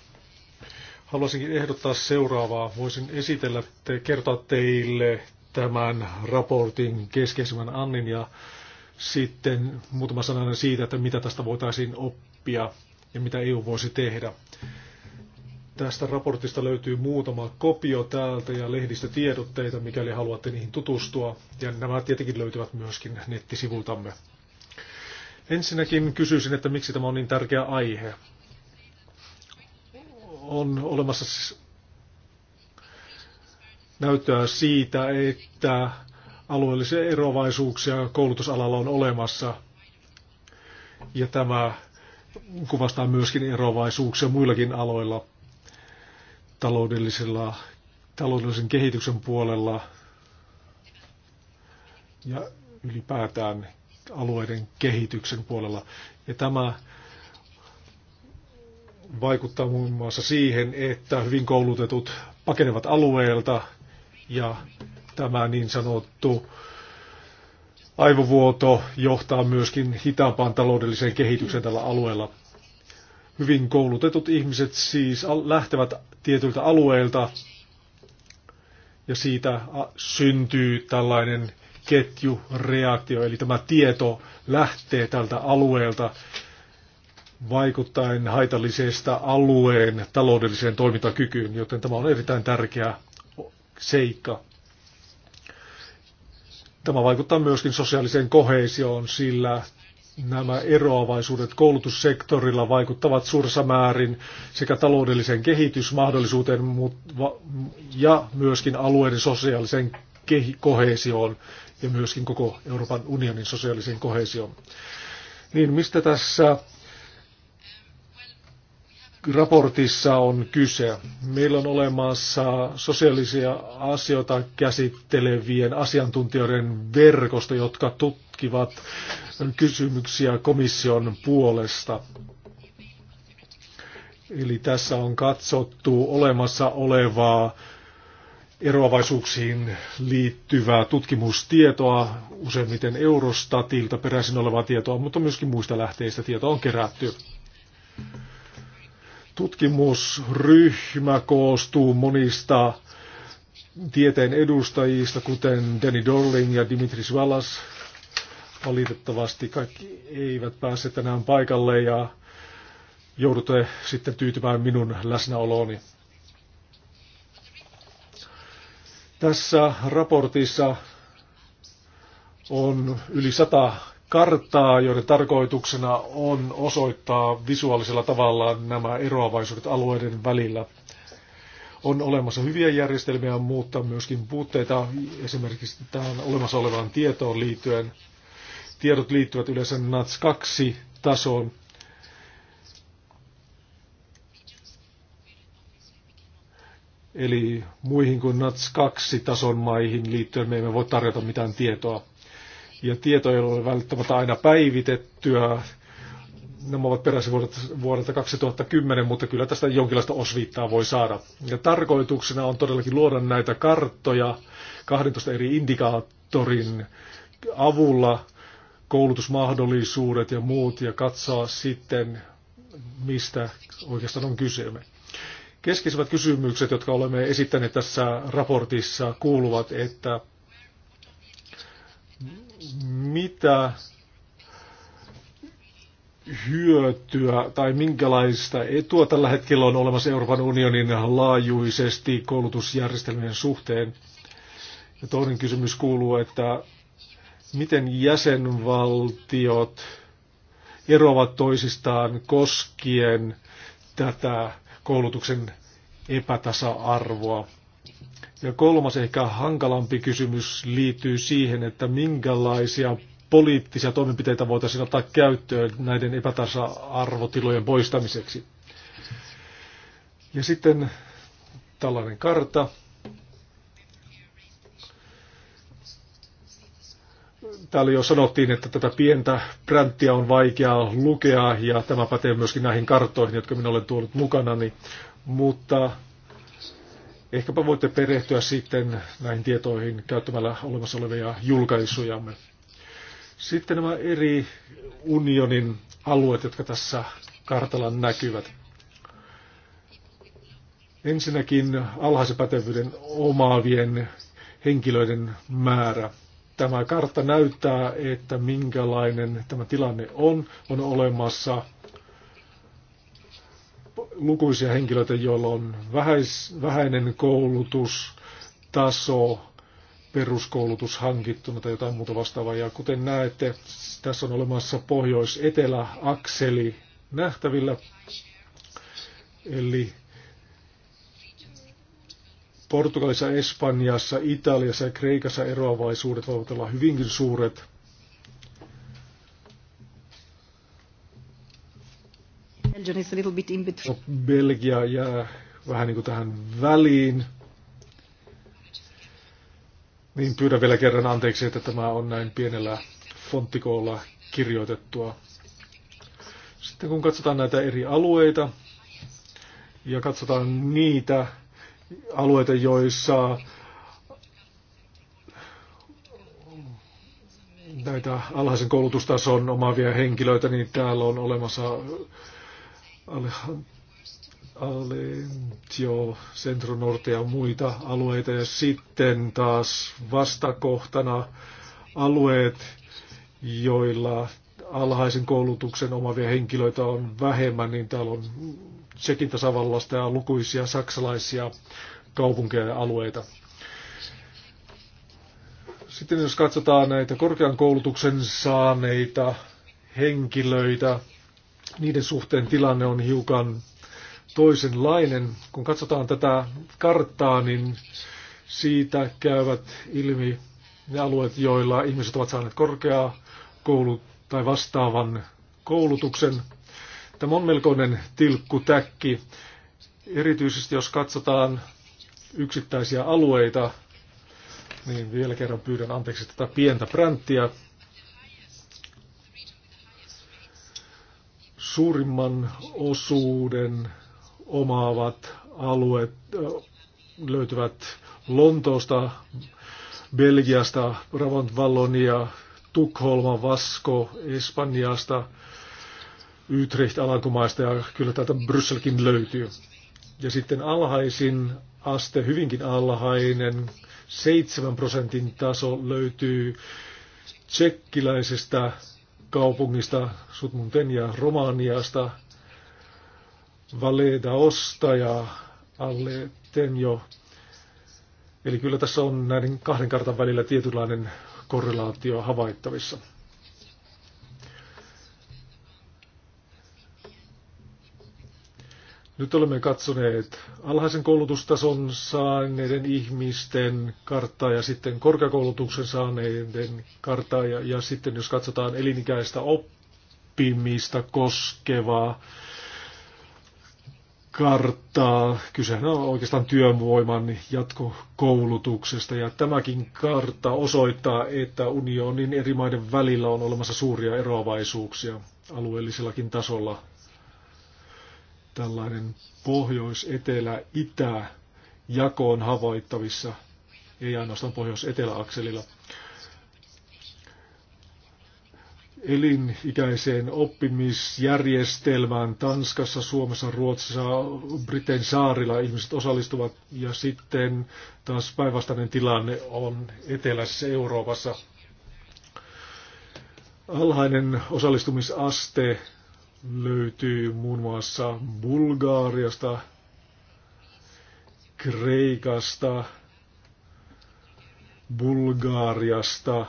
Haluaisinkin ehdottaa seuraavaa. Voisin esitellä, te, kertoa teille tämän raportin keskeisimmän annin ja sitten muutama sananen siitä, että mitä tästä voitaisiin oppia ja mitä EU voisi tehdä. Tästä raportista löytyy muutama kopio täältä ja lehdistötiedotteita, mikäli haluatte niihin tutustua. Ja nämä tietenkin löytyvät myöskin nettisivultamme. Ensinnäkin kysyisin, että miksi tämä on niin tärkeä aihe. On olemassa siis näyttöä siitä, että alueellisia erovaisuuksia koulutusalalla on olemassa. Ja tämä kuvastaa myöskin erovaisuuksia muillakin aloilla taloudellisella, taloudellisen kehityksen puolella ja ylipäätään alueiden kehityksen puolella. Ja tämä vaikuttaa muun muassa siihen, että hyvin koulutetut pakenevat alueelta ja tämä niin sanottu aivovuoto johtaa myöskin hitaampaan taloudelliseen kehitykseen tällä alueella. Hyvin koulutetut ihmiset siis lähtevät tietyiltä alueilta ja siitä syntyy tällainen ketjureaktio, eli tämä tieto lähtee tältä alueelta vaikuttaen haitallisesta alueen taloudelliseen toimintakykyyn, joten tämä on erittäin tärkeä seikka. Tämä vaikuttaa myöskin sosiaaliseen koheesioon sillä nämä eroavaisuudet koulutussektorilla vaikuttavat suuressa määrin sekä taloudelliseen kehitysmahdollisuuteen ja myöskin alueiden sosiaaliseen kohesioon ja myöskin koko Euroopan unionin sosiaaliseen kohesioon. Niin mistä tässä raportissa on kyse? Meillä on olemassa sosiaalisia asioita käsittelevien asiantuntijoiden verkosto, jotka tuttu tutkivat kysymyksiä komission puolesta. Eli tässä on katsottu olemassa olevaa eroavaisuuksiin liittyvää tutkimustietoa, useimmiten Eurostatilta peräisin olevaa tietoa, mutta myöskin muista lähteistä tietoa on kerätty. Tutkimusryhmä koostuu monista tieteen edustajista, kuten Danny Dorling ja Dimitris Valas, Valitettavasti kaikki eivät pääse tänään paikalle ja joudutte sitten tyytymään minun läsnäolooni. Tässä raportissa on yli sata karttaa, joiden tarkoituksena on osoittaa visuaalisella tavalla nämä eroavaisuudet alueiden välillä. On olemassa hyviä järjestelmiä, mutta myöskin puutteita esimerkiksi tähän olemassa olevaan tietoon liittyen – tiedot liittyvät yleensä NATS 2 tasoon. Eli muihin kuin NATS 2 tason maihin liittyen me emme voi tarjota mitään tietoa. Ja tieto ei ole välttämättä aina päivitettyä. Nämä ovat peräisin vuodelta 2010, mutta kyllä tästä jonkinlaista osviittaa voi saada. Ja tarkoituksena on todellakin luoda näitä karttoja 12 eri indikaattorin avulla koulutusmahdollisuudet ja muut ja katsoa sitten, mistä oikeastaan on kyse. Keskeisimmät kysymykset, jotka olemme esittäneet tässä raportissa, kuuluvat, että mitä hyötyä tai minkälaista etua tällä hetkellä on olemassa Euroopan unionin laajuisesti koulutusjärjestelmien suhteen. Ja toinen kysymys kuuluu, että miten jäsenvaltiot eroavat toisistaan koskien tätä koulutuksen epätasa-arvoa. Ja kolmas ehkä hankalampi kysymys liittyy siihen, että minkälaisia poliittisia toimenpiteitä voitaisiin ottaa käyttöön näiden epätasa-arvotilojen poistamiseksi. Ja sitten tällainen karta, Täällä jo sanottiin, että tätä pientä pränttiä on vaikeaa lukea ja tämä pätee myöskin näihin karttoihin, jotka minä olen tuonut mukana, Mutta ehkäpä voitte perehtyä sitten näihin tietoihin käyttämällä olemassa olevia julkaisujamme. Sitten nämä eri unionin alueet, jotka tässä kartalla näkyvät. Ensinnäkin alhaisen pätevyyden omaavien henkilöiden määrä. Tämä kartta näyttää, että minkälainen tämä tilanne on. On olemassa lukuisia henkilöitä, joilla on vähäis, vähäinen koulutustaso, peruskoulutus hankittuna tai jotain muuta vastaavaa. Ja kuten näette, tässä on olemassa pohjois-etelä-akseli nähtävillä. Eli Portugalissa, Espanjassa, Italiassa ja Kreikassa eroavaisuudet voivat olla hyvinkin suuret. No, Belgia jää vähän niin kuin tähän väliin. Niin pyydän vielä kerran anteeksi, että tämä on näin pienellä fonttikoolla kirjoitettua. Sitten kun katsotaan näitä eri alueita ja katsotaan niitä alueita, joissa näitä alhaisen koulutustason omaavia henkilöitä, niin täällä on olemassa Alentio, Centro Norte ja muita alueita. Ja sitten taas vastakohtana alueet, joilla alhaisen koulutuksen omavia henkilöitä on vähemmän, niin täällä on Tsekin tasavallasta ja lukuisia saksalaisia kaupunkeja ja alueita. Sitten jos katsotaan näitä korkean koulutuksen saaneita henkilöitä, niiden suhteen tilanne on hiukan toisenlainen. Kun katsotaan tätä karttaa, niin siitä käyvät ilmi ne alueet, joilla ihmiset ovat saaneet korkeaa koulu- tai vastaavan koulutuksen. Tämä on melkoinen tilkkutäkki, erityisesti jos katsotaan yksittäisiä alueita, niin vielä kerran pyydän anteeksi tätä pientä pränttiä. Suurimman osuuden omaavat alueet äh, löytyvät Lontoosta, Belgiasta, ravant vallonia Tukholma, Vasko, Espanjasta, Utrecht Alankomaista ja kyllä täältä Brysselkin löytyy. Ja sitten alhaisin aste, hyvinkin alhainen, 7 prosentin taso löytyy tsekkiläisestä kaupungista, Sutmunten ja Romaniasta, Osta ja Alle Tenjo. Eli kyllä tässä on näiden kahden kartan välillä tietynlainen korrelaatio havaittavissa. Nyt olemme katsoneet alhaisen koulutustason saaneiden ihmisten karttaa ja sitten korkeakoulutuksen saaneiden karttaa ja, ja sitten jos katsotaan elinikäistä oppimista koskevaa karttaa. Kysehän on oikeastaan työvoiman jatkokoulutuksesta ja tämäkin kartta osoittaa, että unionin eri maiden välillä on olemassa suuria eroavaisuuksia alueellisillakin tasolla tällainen pohjois-etelä-itä jako on havaittavissa, ei ainoastaan pohjois-etelä-akselilla. Elinikäiseen oppimisjärjestelmään Tanskassa, Suomessa, Ruotsissa, Briten saarilla ihmiset osallistuvat ja sitten taas päinvastainen tilanne on etelässä Euroopassa. Alhainen osallistumisaste löytyy muun muassa Bulgaariasta, Kreikasta, Bulgaariasta,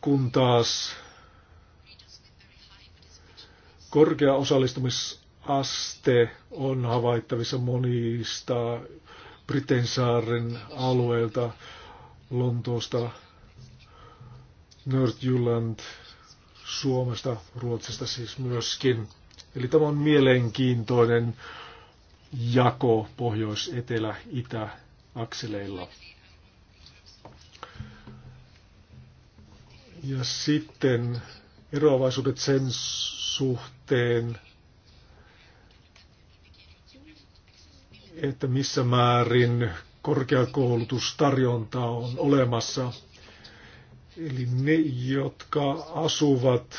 kun taas korkea osallistumisaste on havaittavissa monista Britensaaren alueelta. Lontoosta, Nordjylland, Suomesta, Ruotsista siis myöskin. Eli tämä on mielenkiintoinen jako pohjois, etelä, itä akseleilla. Ja sitten eroavaisuudet sen suhteen, että missä määrin korkeakoulutustarjontaa on olemassa. Eli ne, jotka asuvat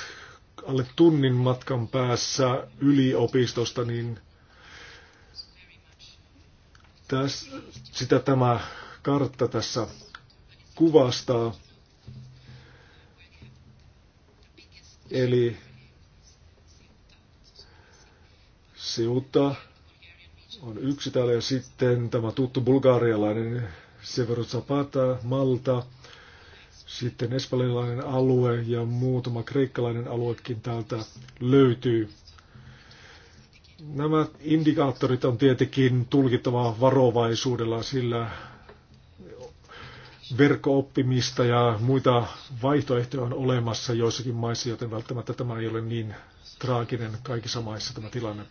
alle tunnin matkan päässä yliopistosta, niin täs, sitä tämä kartta tässä kuvastaa. Eli Siuta, on yksi täällä ja sitten tämä tuttu bulgarialainen Severo Zapata, Malta, sitten espanjalainen alue ja muutama kreikkalainen aluekin täältä löytyy. Nämä indikaattorit on tietenkin tulkittava varovaisuudella, sillä verkkooppimista ja muita vaihtoehtoja on olemassa joissakin maissa, joten välttämättä tämä ei ole niin traaginen kaikissa maissa tämä tilanne.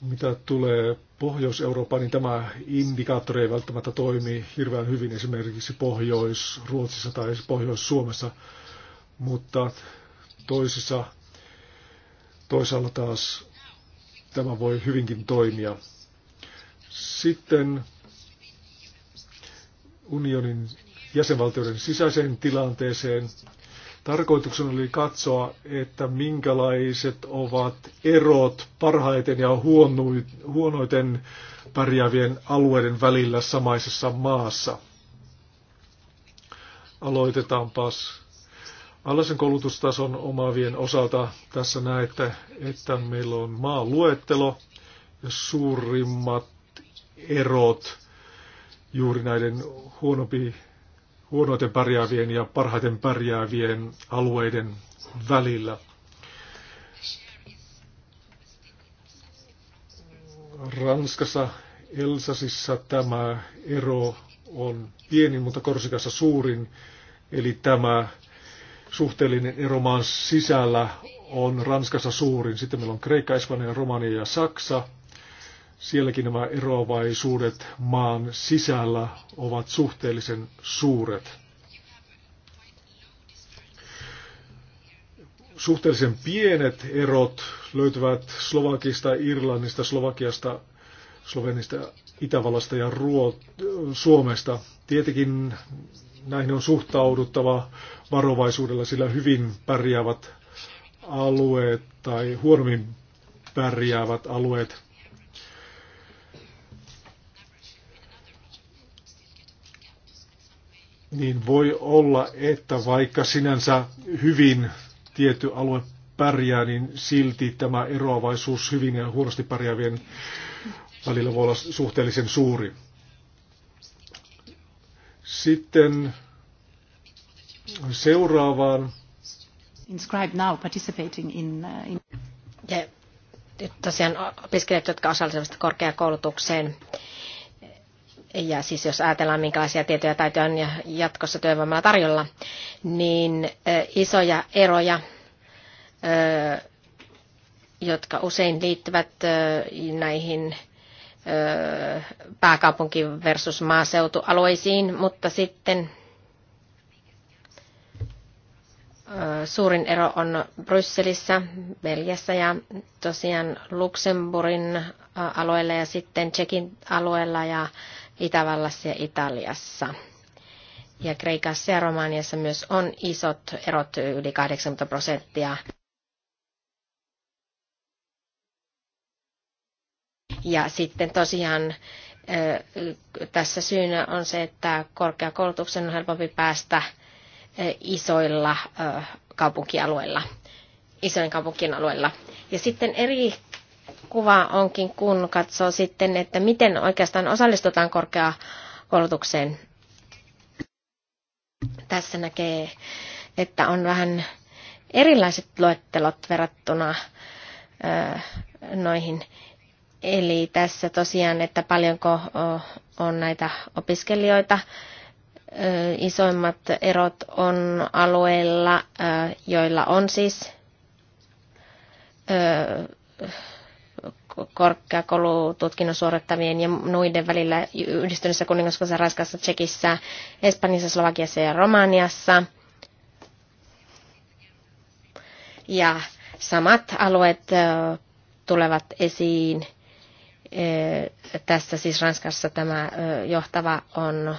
mitä tulee Pohjois-Eurooppaan, niin tämä indikaattori ei välttämättä toimi hirveän hyvin esimerkiksi Pohjois-Ruotsissa tai Pohjois-Suomessa, mutta toisissa, toisaalla taas tämä voi hyvinkin toimia. Sitten unionin jäsenvaltioiden sisäiseen tilanteeseen Tarkoituksena oli katsoa, että minkälaiset ovat erot parhaiten ja huonoiten pärjäävien alueiden välillä samaisessa maassa. Aloitetaanpas alaisen koulutustason omaavien osalta. Tässä näette, että meillä on maaluettelo ja suurimmat erot juuri näiden huonompi huonoiten pärjäävien ja parhaiten pärjäävien alueiden välillä. Ranskassa Elsasissa tämä ero on pieni, mutta Korsikassa suurin. Eli tämä suhteellinen ero maan sisällä on Ranskassa suurin. Sitten meillä on Kreikka, Espanja, Romania ja Saksa. Sielläkin nämä eroavaisuudet maan sisällä ovat suhteellisen suuret. Suhteellisen pienet erot löytyvät Slovakista, Irlannista, Slovakiasta, Slovenista, Itävallasta ja Ruo- Suomesta. Tietenkin näihin on suhtauduttava varovaisuudella, sillä hyvin pärjäävät alueet tai huonommin pärjäävät alueet niin voi olla, että vaikka sinänsä hyvin tietty alue pärjää, niin silti tämä eroavaisuus hyvin ja huonosti pärjäävien välillä voi olla suhteellisen suuri. Sitten seuraavaan. Inscribe now participating in, uh, in... Ja, tosiaan opiskelijat, jotka osallistuvat korkeakoulutukseen ja siis jos ajatellaan, minkälaisia tietoja taitoja on jatkossa työvoimalla tarjolla, niin isoja eroja, jotka usein liittyvät näihin pääkaupunki versus maaseutualueisiin, mutta sitten suurin ero on Brysselissä, Belgiassa ja tosiaan Luxemburgin alueella ja sitten Tsekin alueella ja Itävallassa ja Italiassa. Ja Kreikassa ja Romaniassa myös on isot erot, yli 80 prosenttia. Ja sitten tosiaan tässä syynä on se, että korkeakoulutuksen on helpompi päästä isoilla kaupunkialueilla, isojen kaupunkien alueilla. Ja sitten eri kuva onkin, kun katsoo sitten, että miten oikeastaan osallistutaan korkeakoulutukseen. Tässä näkee, että on vähän erilaiset luettelot verrattuna noihin. Eli tässä tosiaan, että paljonko on näitä opiskelijoita. Isoimmat erot on alueilla, joilla on siis korkeakoulututkinnon suorittavien ja noiden välillä yhdistyneessä kuningaskunnassa, Ranskassa, Tsekissä, Espanjassa, Slovakiassa ja Romaniassa. Ja samat alueet tulevat esiin. Tässä siis Ranskassa tämä johtava on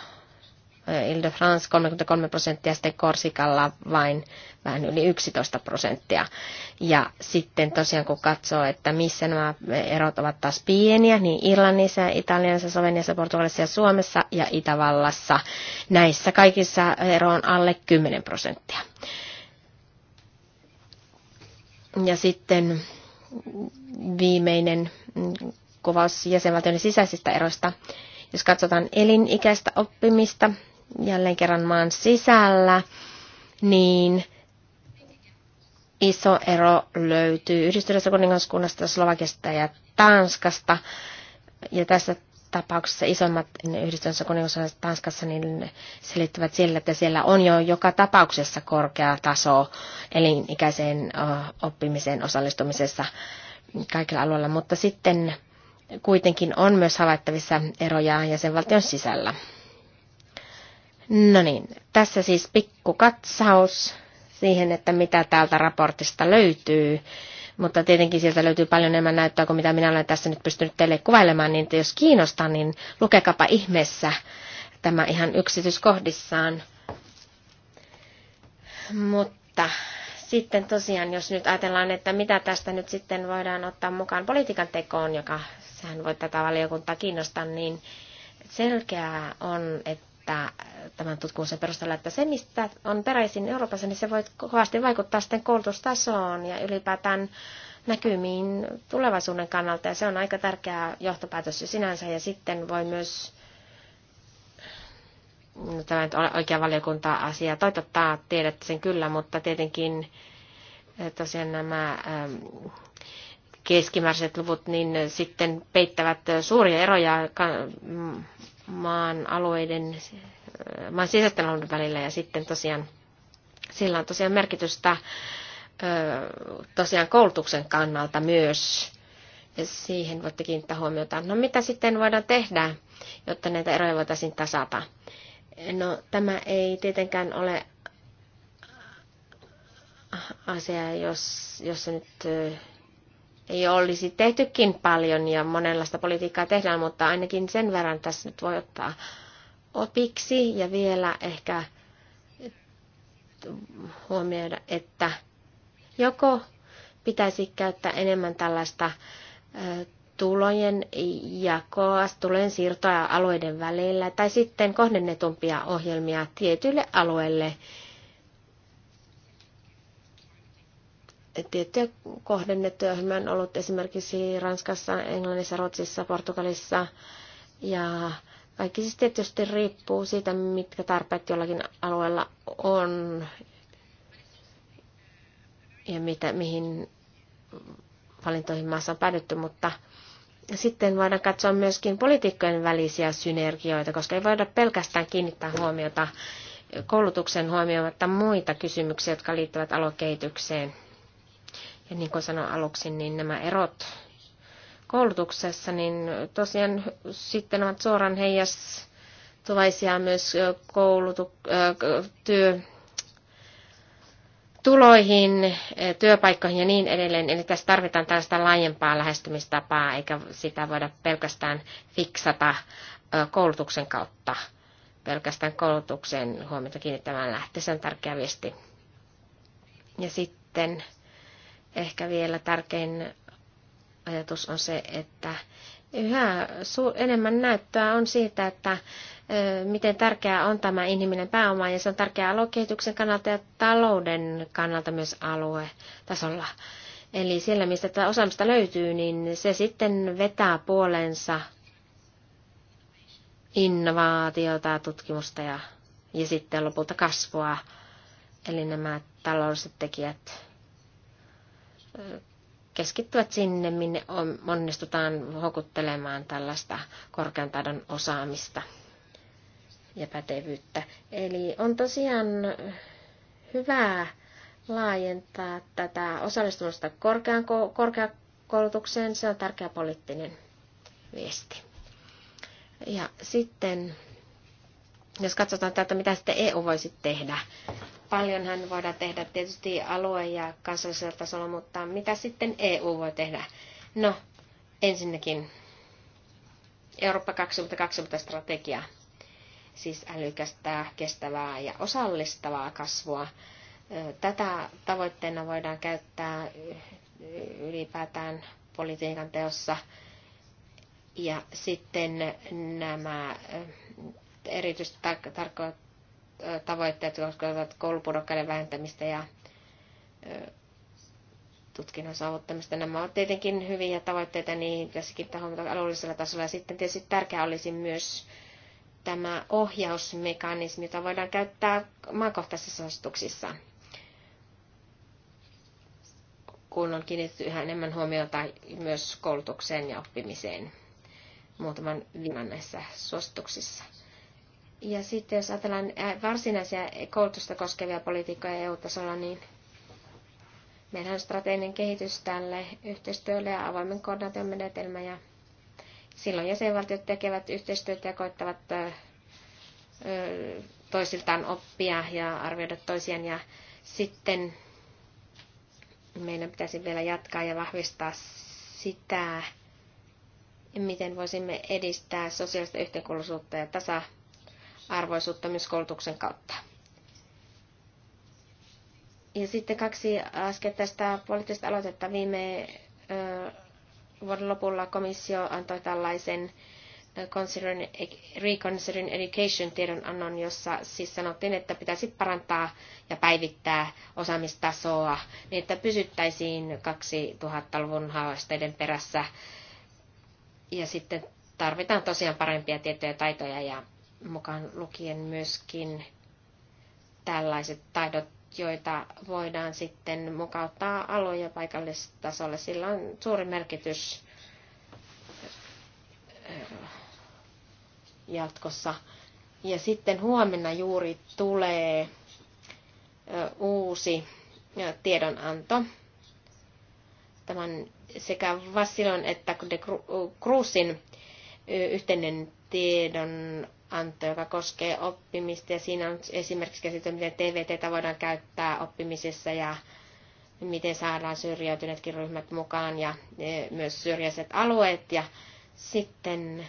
de France 33 prosenttia, sitten Korsikalla vain vähän yli 11 prosenttia. Ja sitten tosiaan kun katsoo, että missä nämä erot ovat taas pieniä, niin Irlannissa, Italiassa, Sloveniassa, Portugalissa ja Suomessa ja Itävallassa näissä kaikissa ero on alle 10 prosenttia. Ja sitten viimeinen kuvaus jäsenvaltioiden sisäisistä eroista. Jos katsotaan elinikäistä oppimista, jälleen kerran maan sisällä, niin iso ero löytyy yhdistyneestä kuningaskunnasta, Slovakiasta ja Tanskasta. Ja tässä tapauksessa isommat yhdistyneessä kuningaskunnassa Tanskassa niin selittyvät sillä, että siellä on jo joka tapauksessa korkea taso elinikäiseen oppimiseen osallistumisessa kaikilla alueilla, mutta sitten kuitenkin on myös havaittavissa eroja jäsenvaltion sisällä. No niin, tässä siis pikku katsaus siihen, että mitä täältä raportista löytyy. Mutta tietenkin sieltä löytyy paljon enemmän näyttöä kuin mitä minä olen tässä nyt pystynyt teille kuvailemaan, niin jos kiinnostaa, niin lukekapa ihmeessä tämä ihan yksityiskohdissaan. Mutta sitten tosiaan, jos nyt ajatellaan, että mitä tästä nyt sitten voidaan ottaa mukaan politiikan tekoon, joka sehän voi tätä valiokuntaa kiinnostaa, niin selkeää on, että että äh, tämän tutkimuksen perusteella, että se, mistä on peräisin Euroopassa, niin se voi kovasti vaikuttaa sitten koulutustasoon ja ylipäätään näkymiin tulevaisuuden kannalta. Ja se on aika tärkeä johtopäätös jo sinänsä. Ja sitten voi myös, no, tämä nyt ole oikea valiokunta-asia, toivottaa tiedätte sen kyllä, mutta tietenkin äh, tosiaan nämä ähm, keskimääräiset luvut niin sitten peittävät suuria eroja maan alueiden, eh, maan sisäisten alueiden välillä ja sitten tosiaan sillä on tosiaan merkitystä eh, tosiaan koulutuksen kannalta myös. Ja siihen voitte kiinnittää huomiota. No mitä sitten voidaan tehdä, jotta näitä eroja voitaisiin tasata? No tämä ei tietenkään ole asia, jos, jos nyt eh, ei olisi tehtykin paljon ja monenlaista politiikkaa tehdään, mutta ainakin sen verran tässä nyt voi ottaa opiksi ja vielä ehkä huomioida, että joko pitäisi käyttää enemmän tällaista tulojen jakoa, tulojen siirtoa alueiden välillä tai sitten kohdennetumpia ohjelmia tietyille alueille tiettyjä kohdennettuja ohjelmia on ollut esimerkiksi Ranskassa, Englannissa, Ruotsissa, Portugalissa ja kaikki siis tietysti riippuu siitä, mitkä tarpeet jollakin alueella on ja mitä, mihin valintoihin maassa on päädytty, mutta sitten voidaan katsoa myöskin poliitikkojen välisiä synergioita, koska ei voida pelkästään kiinnittää huomiota koulutuksen huomioimatta muita kysymyksiä, jotka liittyvät alokehitykseen. Ja niin kuin sanoin aluksi, niin nämä erot koulutuksessa, niin tosiaan sitten ovat suoraan heijastuvaisia myös koulutu, äh, työ, tuloihin, äh, työpaikkoihin ja niin edelleen. Eli tässä tarvitaan tällaista laajempaa lähestymistapaa, eikä sitä voida pelkästään fiksata äh, koulutuksen kautta, pelkästään koulutuksen huomiota kiinnittämällä. Se on tärkeä viesti. Ja sitten Ehkä vielä tärkein ajatus on se, että yhä enemmän näyttöä on siitä, että miten tärkeää on tämä inhimillinen pääoma, ja se on tärkeää aluekehityksen kannalta ja talouden kannalta myös aluetasolla. Eli siellä, mistä tätä osaamista löytyy, niin se sitten vetää puolensa innovaatiota, tutkimusta ja, ja sitten lopulta kasvua. Eli nämä taloudelliset tekijät keskittyvät sinne, minne onnistutaan houkuttelemaan tällaista korkean taidon osaamista ja pätevyyttä. Eli on tosiaan hyvää laajentaa tätä osallistumista korkean, korkeakoulutukseen. Se on tärkeä poliittinen viesti. Ja sitten, jos katsotaan tätä, mitä sitten EU voisi tehdä, Paljonhan voidaan tehdä tietysti alue- ja kansallisella tasolla, mutta mitä sitten EU voi tehdä? No, ensinnäkin Eurooppa 2020 strategia, siis älykästä, kestävää ja osallistavaa kasvua. Tätä tavoitteena voidaan käyttää ylipäätään politiikan teossa. Ja sitten nämä erityisesti tar- tarkoittavat tavoitteet ovat koulupudokkaiden vähentämistä ja tutkinnon saavuttamista. Nämä ovat tietenkin hyviä tavoitteita, niin tässäkin huomata alueellisella tasolla. Ja sitten tietysti tärkeää olisi myös tämä ohjausmekanismi, jota voidaan käyttää maakohtaisissa asetuksissa, kun on kiinnitetty yhä enemmän huomiota myös koulutukseen ja oppimiseen muutaman viimeisessä suosituksissa. Ja sitten jos ajatellaan äh, varsinaisia koulutusta koskevia politiikkoja EU-tasolla, niin meillä on strateginen kehitys tälle yhteistyölle ja avoimen koordinaation menetelmä. Ja silloin jäsenvaltiot tekevät yhteistyötä ja koittavat äh, äh, toisiltaan oppia ja arvioida toisiaan. Ja sitten meidän pitäisi vielä jatkaa ja vahvistaa sitä, miten voisimme edistää sosiaalista yhteenkuuluisuutta ja tasa arvoisuutta myös koulutuksen kautta. Ja sitten kaksi äskettäistä poliittista aloitetta viime vuoden lopulla komissio antoi tällaisen Considering, Reconsidering Education tiedonannon, jossa siis sanottiin, että pitäisi parantaa ja päivittää osaamistasoa niin, että pysyttäisiin 2000-luvun haasteiden perässä. Ja sitten tarvitaan tosiaan parempia tietoja ja taitoja ja mukaan lukien myöskin tällaiset taidot, joita voidaan sitten mukauttaa aloja ja paikallistasolle. Sillä on suuri merkitys jatkossa. Ja sitten huomenna juuri tulee uusi tiedonanto. Tämän sekä Vassilon että De Cruzin yhteinen tiedon anto, joka koskee oppimista. Ja siinä on esimerkiksi käsitelty, miten TVTtä voidaan käyttää oppimisessa ja miten saadaan syrjäytyneetkin ryhmät mukaan ja e, myös syrjäiset alueet. Ja sitten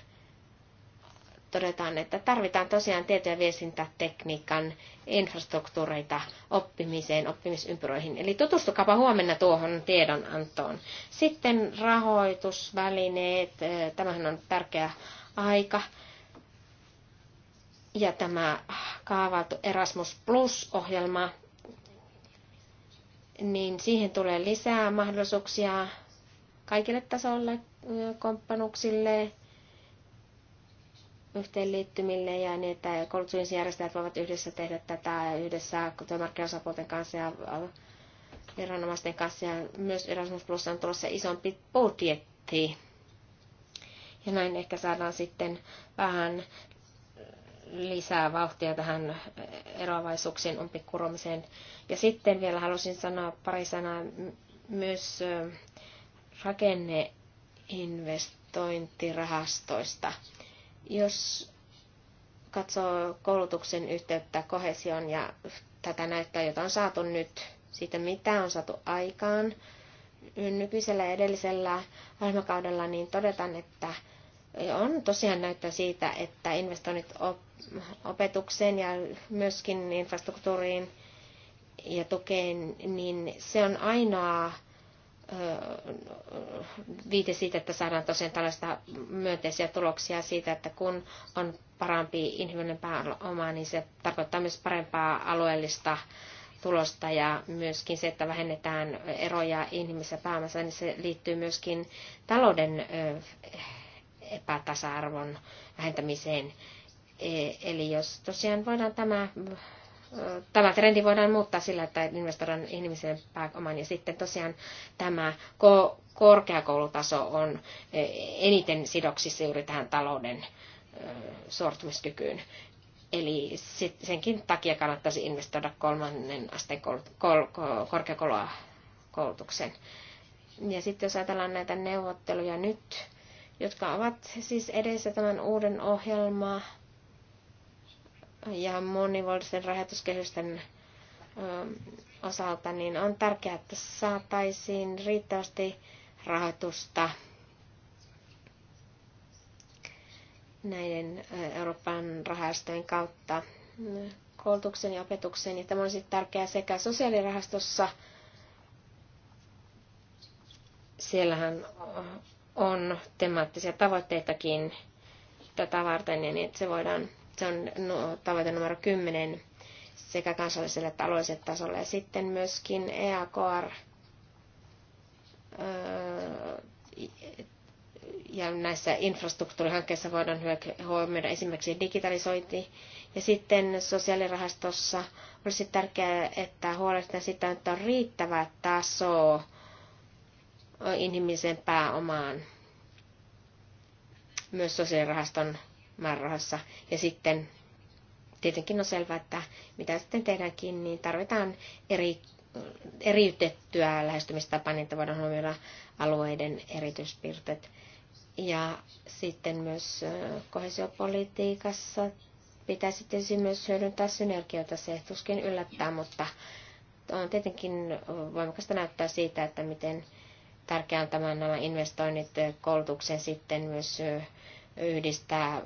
todetaan, että tarvitaan tosiaan tieto- ja viestintätekniikan infrastruktuureita oppimiseen, oppimisympyröihin. Eli tutustukapa huomenna tuohon tiedonantoon. Sitten rahoitusvälineet, e, tämähän on tärkeä aika. Ja tämä kaavailtu Erasmus Plus-ohjelma, niin siihen tulee lisää mahdollisuuksia kaikille tasolle, komppanuksille, yhteenliittymille ja niin, että koulutuksen järjestäjät voivat yhdessä tehdä tätä yhdessä työmarkkinaosapuolten kanssa ja viranomaisten kanssa. Ja myös Erasmus Plus on tulossa isompi budjetti. Ja näin ehkä saadaan sitten vähän lisää vauhtia tähän eroavaisuuksien umpikuromiseen. Ja sitten vielä halusin sanoa pari sanaa myös rakenneinvestointirahastoista. Jos katsoo koulutuksen yhteyttä kohesion ja tätä näyttää, jota on saatu nyt, siitä mitä on saatu aikaan nykyisellä ja edellisellä ohjelmakaudella, niin todetaan, että on tosiaan näyttää siitä, että investoinnit op- opetukseen ja myöskin infrastruktuuriin ja tukeen, niin se on ainoa viite siitä, että saadaan tosiaan tällaista myönteisiä tuloksia siitä, että kun on parempi inhimillinen pääoma, niin se tarkoittaa myös parempaa alueellista tulosta ja myöskin se, että vähennetään eroja inhimillisessä pääomassa, niin se liittyy myöskin talouden epätasa-arvon vähentämiseen. E, eli jos tosiaan voidaan tämä, tämä trendi voidaan muuttaa sillä, että investoidaan ihmisen pääoman ja sitten tosiaan tämä korkeakoulutaso on e, eniten sidoksissa juuri tähän talouden suortumiskykyyn. Eli senkin takia kannattaisi investoida kolmannen asteen koulutuksen. Ja sitten jos ajatellaan näitä neuvotteluja nyt, jotka ovat siis edessä tämän uuden ohjelman ja monivuotisen rahoituskehysten osalta, niin on tärkeää, että saataisiin riittävästi rahoitusta näiden Euroopan rahastojen kautta mm, koulutuksen ja opetukseen. Ja tämä sitten tärkeää sekä sosiaalirahastossa, siellähän on temaattisia tavoitteitakin tätä varten, ja niin että se voidaan se on no, tavoite numero 10 sekä kansalliselle että alueelliselle tasolle. Ja sitten myöskin EAKR öö, ja näissä infrastruktuurihankkeissa voidaan huomioida esimerkiksi digitalisointi. Ja sitten sosiaalirahastossa olisi tärkeää, että huolehditaan sitä, että on riittävä taso inhimilliseen pääomaan myös sosiaalirahaston määrärahassa. Ja sitten tietenkin on selvää, että mitä sitten tehdäänkin, niin tarvitaan eri, eriytettyä lähestymistapaa, niin että voidaan huomioida alueiden erityispiirteet. Ja sitten myös kohesiopolitiikassa pitäisi tietysti myös hyödyntää synergioita, se tuskin yllättää, mutta on tietenkin voimakasta näyttää siitä, että miten tärkeää on tämän nämä investoinnit koulutuksen sitten myös yhdistää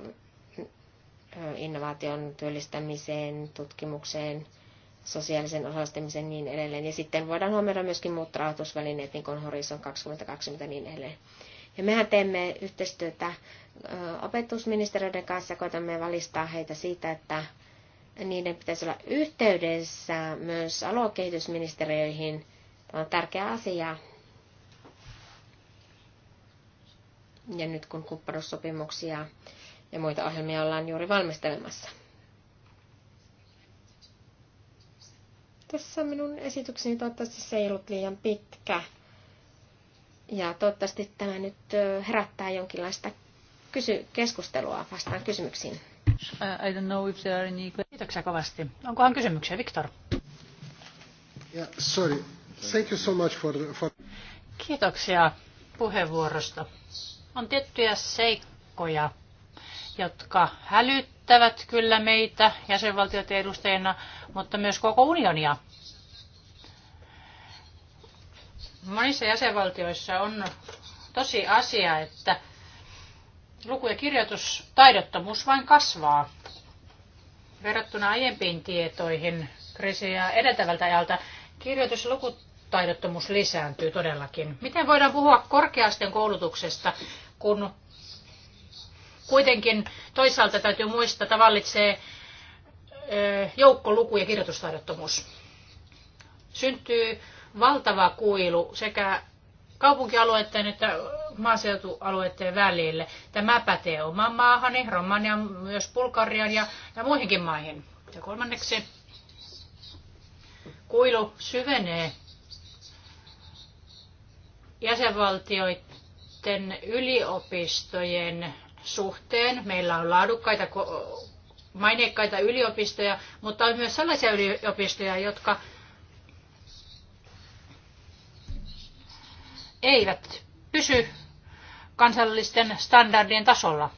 innovaation työllistämiseen, tutkimukseen, sosiaalisen ja niin edelleen. Ja sitten voidaan huomioida myöskin muut rahoitusvälineet, niin kuin Horizon 2020 niin edelleen. Ja mehän teemme yhteistyötä opetusministeriöiden kanssa, koitamme valistaa heitä siitä, että niiden pitäisi olla yhteydessä myös aluekehitysministeriöihin. Tämä on tärkeä asia. Ja nyt kun kumppanussopimuksia ja muita ohjelmia ollaan juuri valmistelemassa. Tässä minun esitykseni toivottavasti se ei ollut liian pitkä. Ja toivottavasti tämä nyt herättää jonkinlaista kysy- keskustelua vastaan kysymyksiin. Uh, I don't know if there are any... Kiitoksia kovasti. Onkohan kysymyksiä, Viktor? Yeah, sorry. Thank you so much for, for... Kiitoksia puheenvuorosta. On tiettyjä seikkoja, jotka hälyttävät kyllä meitä jäsenvaltioiden edustajina, mutta myös koko unionia. Monissa jäsenvaltioissa on tosi asia, että luku- ja kirjoitustaidottomuus vain kasvaa verrattuna aiempiin tietoihin kriisiä edeltävältä ajalta. Kirjoitus- ja lukutaidottomuus lisääntyy todellakin. Miten voidaan puhua korkeasten koulutuksesta, kun Kuitenkin toisaalta täytyy muistaa, että vallitsee joukkoluku- ja kirjoitustaidottomuus. Syntyy valtava kuilu sekä kaupunkialueiden että maaseutualueiden välille. Tämä pätee omaan maahani, Romanian, myös Bulgarian ja, ja muihinkin maihin. Ja kolmanneksi kuilu syvenee jäsenvaltioiden yliopistojen suhteen. Meillä on laadukkaita, maineikkaita yliopistoja, mutta on myös sellaisia yliopistoja, jotka eivät pysy kansallisten standardien tasolla.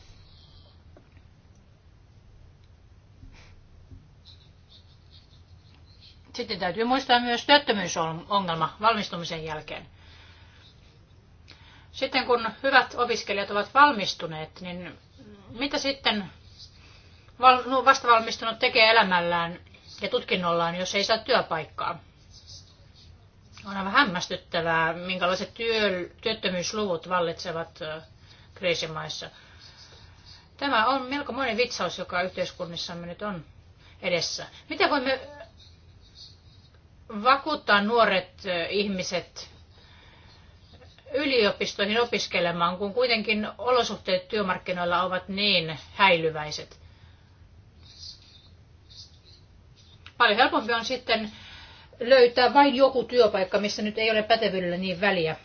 Sitten täytyy muistaa myös työttömyysongelma valmistumisen jälkeen. Sitten kun hyvät opiskelijat ovat valmistuneet, niin mitä sitten vastavalmistunut tekee elämällään ja tutkinnollaan, jos ei saa työpaikkaa? On aivan hämmästyttävää, minkälaiset työ, työttömyysluvut vallitsevat kriisimaissa. Tämä on melko monen vitsaus, joka yhteiskunnissamme nyt on edessä. Miten voimme vakuuttaa nuoret ihmiset yliopistoihin opiskelemaan, kun kuitenkin olosuhteet työmarkkinoilla ovat niin häilyväiset. Paljon helpompi on sitten löytää vain joku työpaikka, missä nyt ei ole pätevyydellä niin väliä.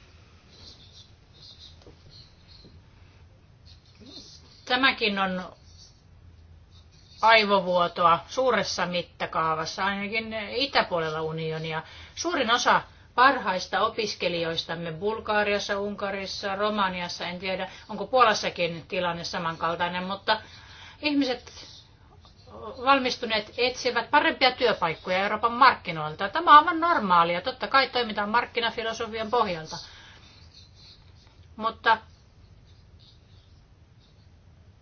Tämäkin on aivovuotoa suuressa mittakaavassa, ainakin itäpuolella unionia. Suurin osa parhaista opiskelijoistamme Bulgaariassa, Unkarissa, Romaniassa, en tiedä onko Puolassakin tilanne samankaltainen, mutta ihmiset valmistuneet etsivät parempia työpaikkoja Euroopan markkinoilta. Tämä on aivan normaalia. Totta kai toimitaan markkinafilosofian pohjalta. Mutta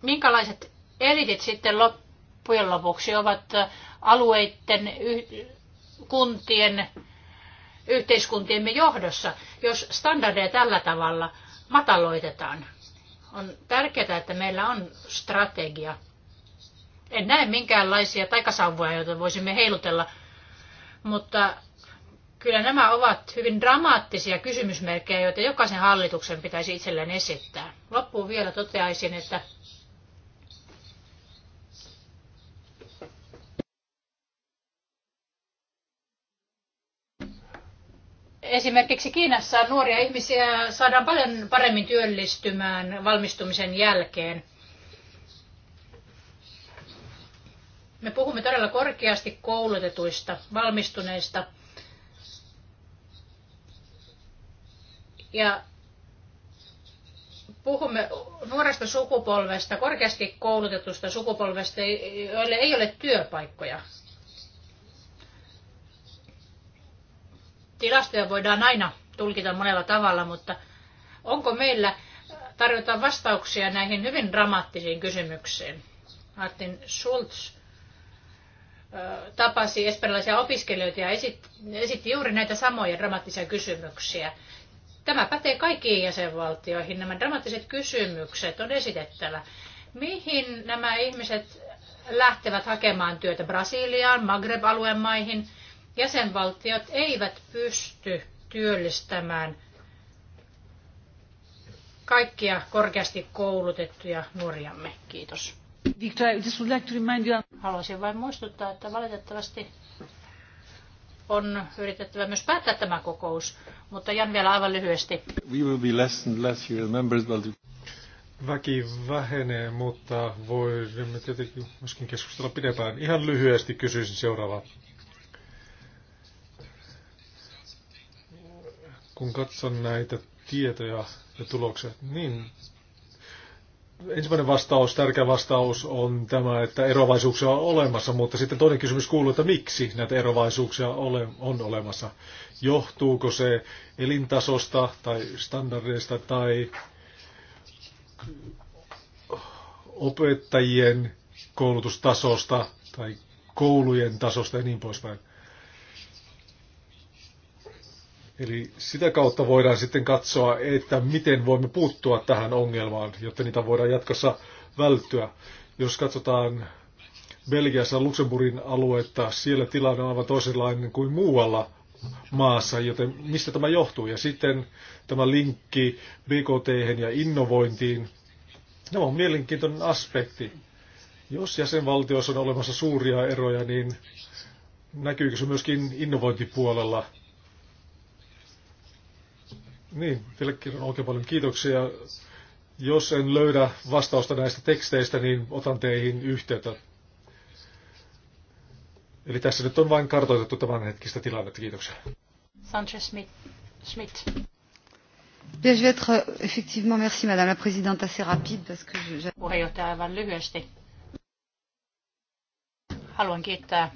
minkälaiset elitit sitten loppujen lopuksi ovat alueiden, kuntien yhteiskuntiemme johdossa, jos standardeja tällä tavalla mataloitetaan. On tärkeää, että meillä on strategia. En näe minkäänlaisia taikasauvoja, joita voisimme heilutella, mutta kyllä nämä ovat hyvin dramaattisia kysymysmerkkejä, joita jokaisen hallituksen pitäisi itselleen esittää. Loppuun vielä toteaisin, että Esimerkiksi Kiinassa nuoria ihmisiä saadaan paljon paremmin työllistymään valmistumisen jälkeen. Me puhumme todella korkeasti koulutetuista, valmistuneista. Ja puhumme nuoresta sukupolvesta, korkeasti koulutetusta sukupolvesta, joille ei ole työpaikkoja. Tilastoja voidaan aina tulkita monella tavalla, mutta onko meillä tarjota vastauksia näihin hyvin dramaattisiin kysymyksiin? Martin Schulz tapasi espanjalaisia opiskelijoita ja esitti juuri näitä samoja dramaattisia kysymyksiä. Tämä pätee kaikkiin jäsenvaltioihin. Nämä dramaattiset kysymykset on esitettävä. Mihin nämä ihmiset lähtevät hakemaan työtä Brasiliaan, magreb alueen maihin – jäsenvaltiot eivät pysty työllistämään kaikkia korkeasti koulutettuja nuoriamme. Kiitos. Haluaisin vain muistuttaa, että valitettavasti on yritettävä myös päättää tämä kokous, mutta Jan vielä aivan lyhyesti. We will be less and less here members, but... Väki vähenee, mutta voimme tietenkin myöskin keskustella pidempään. Ihan lyhyesti kysyisin seuraavaa. kun katson näitä tietoja ja tuloksia, niin ensimmäinen vastaus, tärkeä vastaus on tämä, että eroavaisuuksia on olemassa, mutta sitten toinen kysymys kuuluu, että miksi näitä eroavaisuuksia on olemassa. Johtuuko se elintasosta tai standardeista tai opettajien koulutustasosta tai koulujen tasosta ja niin poispäin. Eli sitä kautta voidaan sitten katsoa, että miten voimme puuttua tähän ongelmaan, jotta niitä voidaan jatkossa välttyä. Jos katsotaan Belgiassa Luxemburgin aluetta, siellä tilanne on aivan toisenlainen kuin muualla maassa, joten mistä tämä johtuu? Ja sitten tämä linkki BKT ja innovointiin. Tämä on mielenkiintoinen aspekti. Jos jäsenvaltioissa on olemassa suuria eroja, niin näkyykö se myöskin innovointipuolella – niin, teillekin on oikein paljon kiitoksia. Jos en löydä vastausta näistä teksteistä, niin otan teihin yhteyttä. Eli tässä nyt on vain kartoitettu hetkistä tilannetta. Kiitoksia. Sanchez Schmidt. Schmidt. Bien, je vais être euh, effectivement, merci Madame la Présidente, assez rapide parce que je... Puheenjohtaja aivan lyhyesti. Haluan kiittää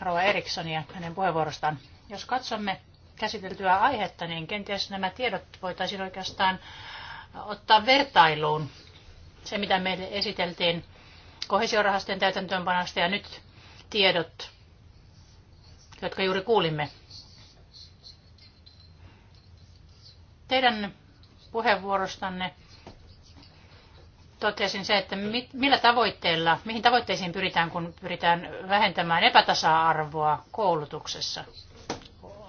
Rova Erikssonia hänen puheenvuorostaan. Jos katsomme käsiteltyä aihetta, niin kenties nämä tiedot voitaisiin oikeastaan ottaa vertailuun. Se, mitä meille esiteltiin kohesiorahastojen täytäntöönpanosta ja nyt tiedot, jotka juuri kuulimme. Teidän puheenvuorostanne totesin se, että millä tavoitteilla, mihin tavoitteisiin pyritään, kun pyritään vähentämään epätasa-arvoa koulutuksessa.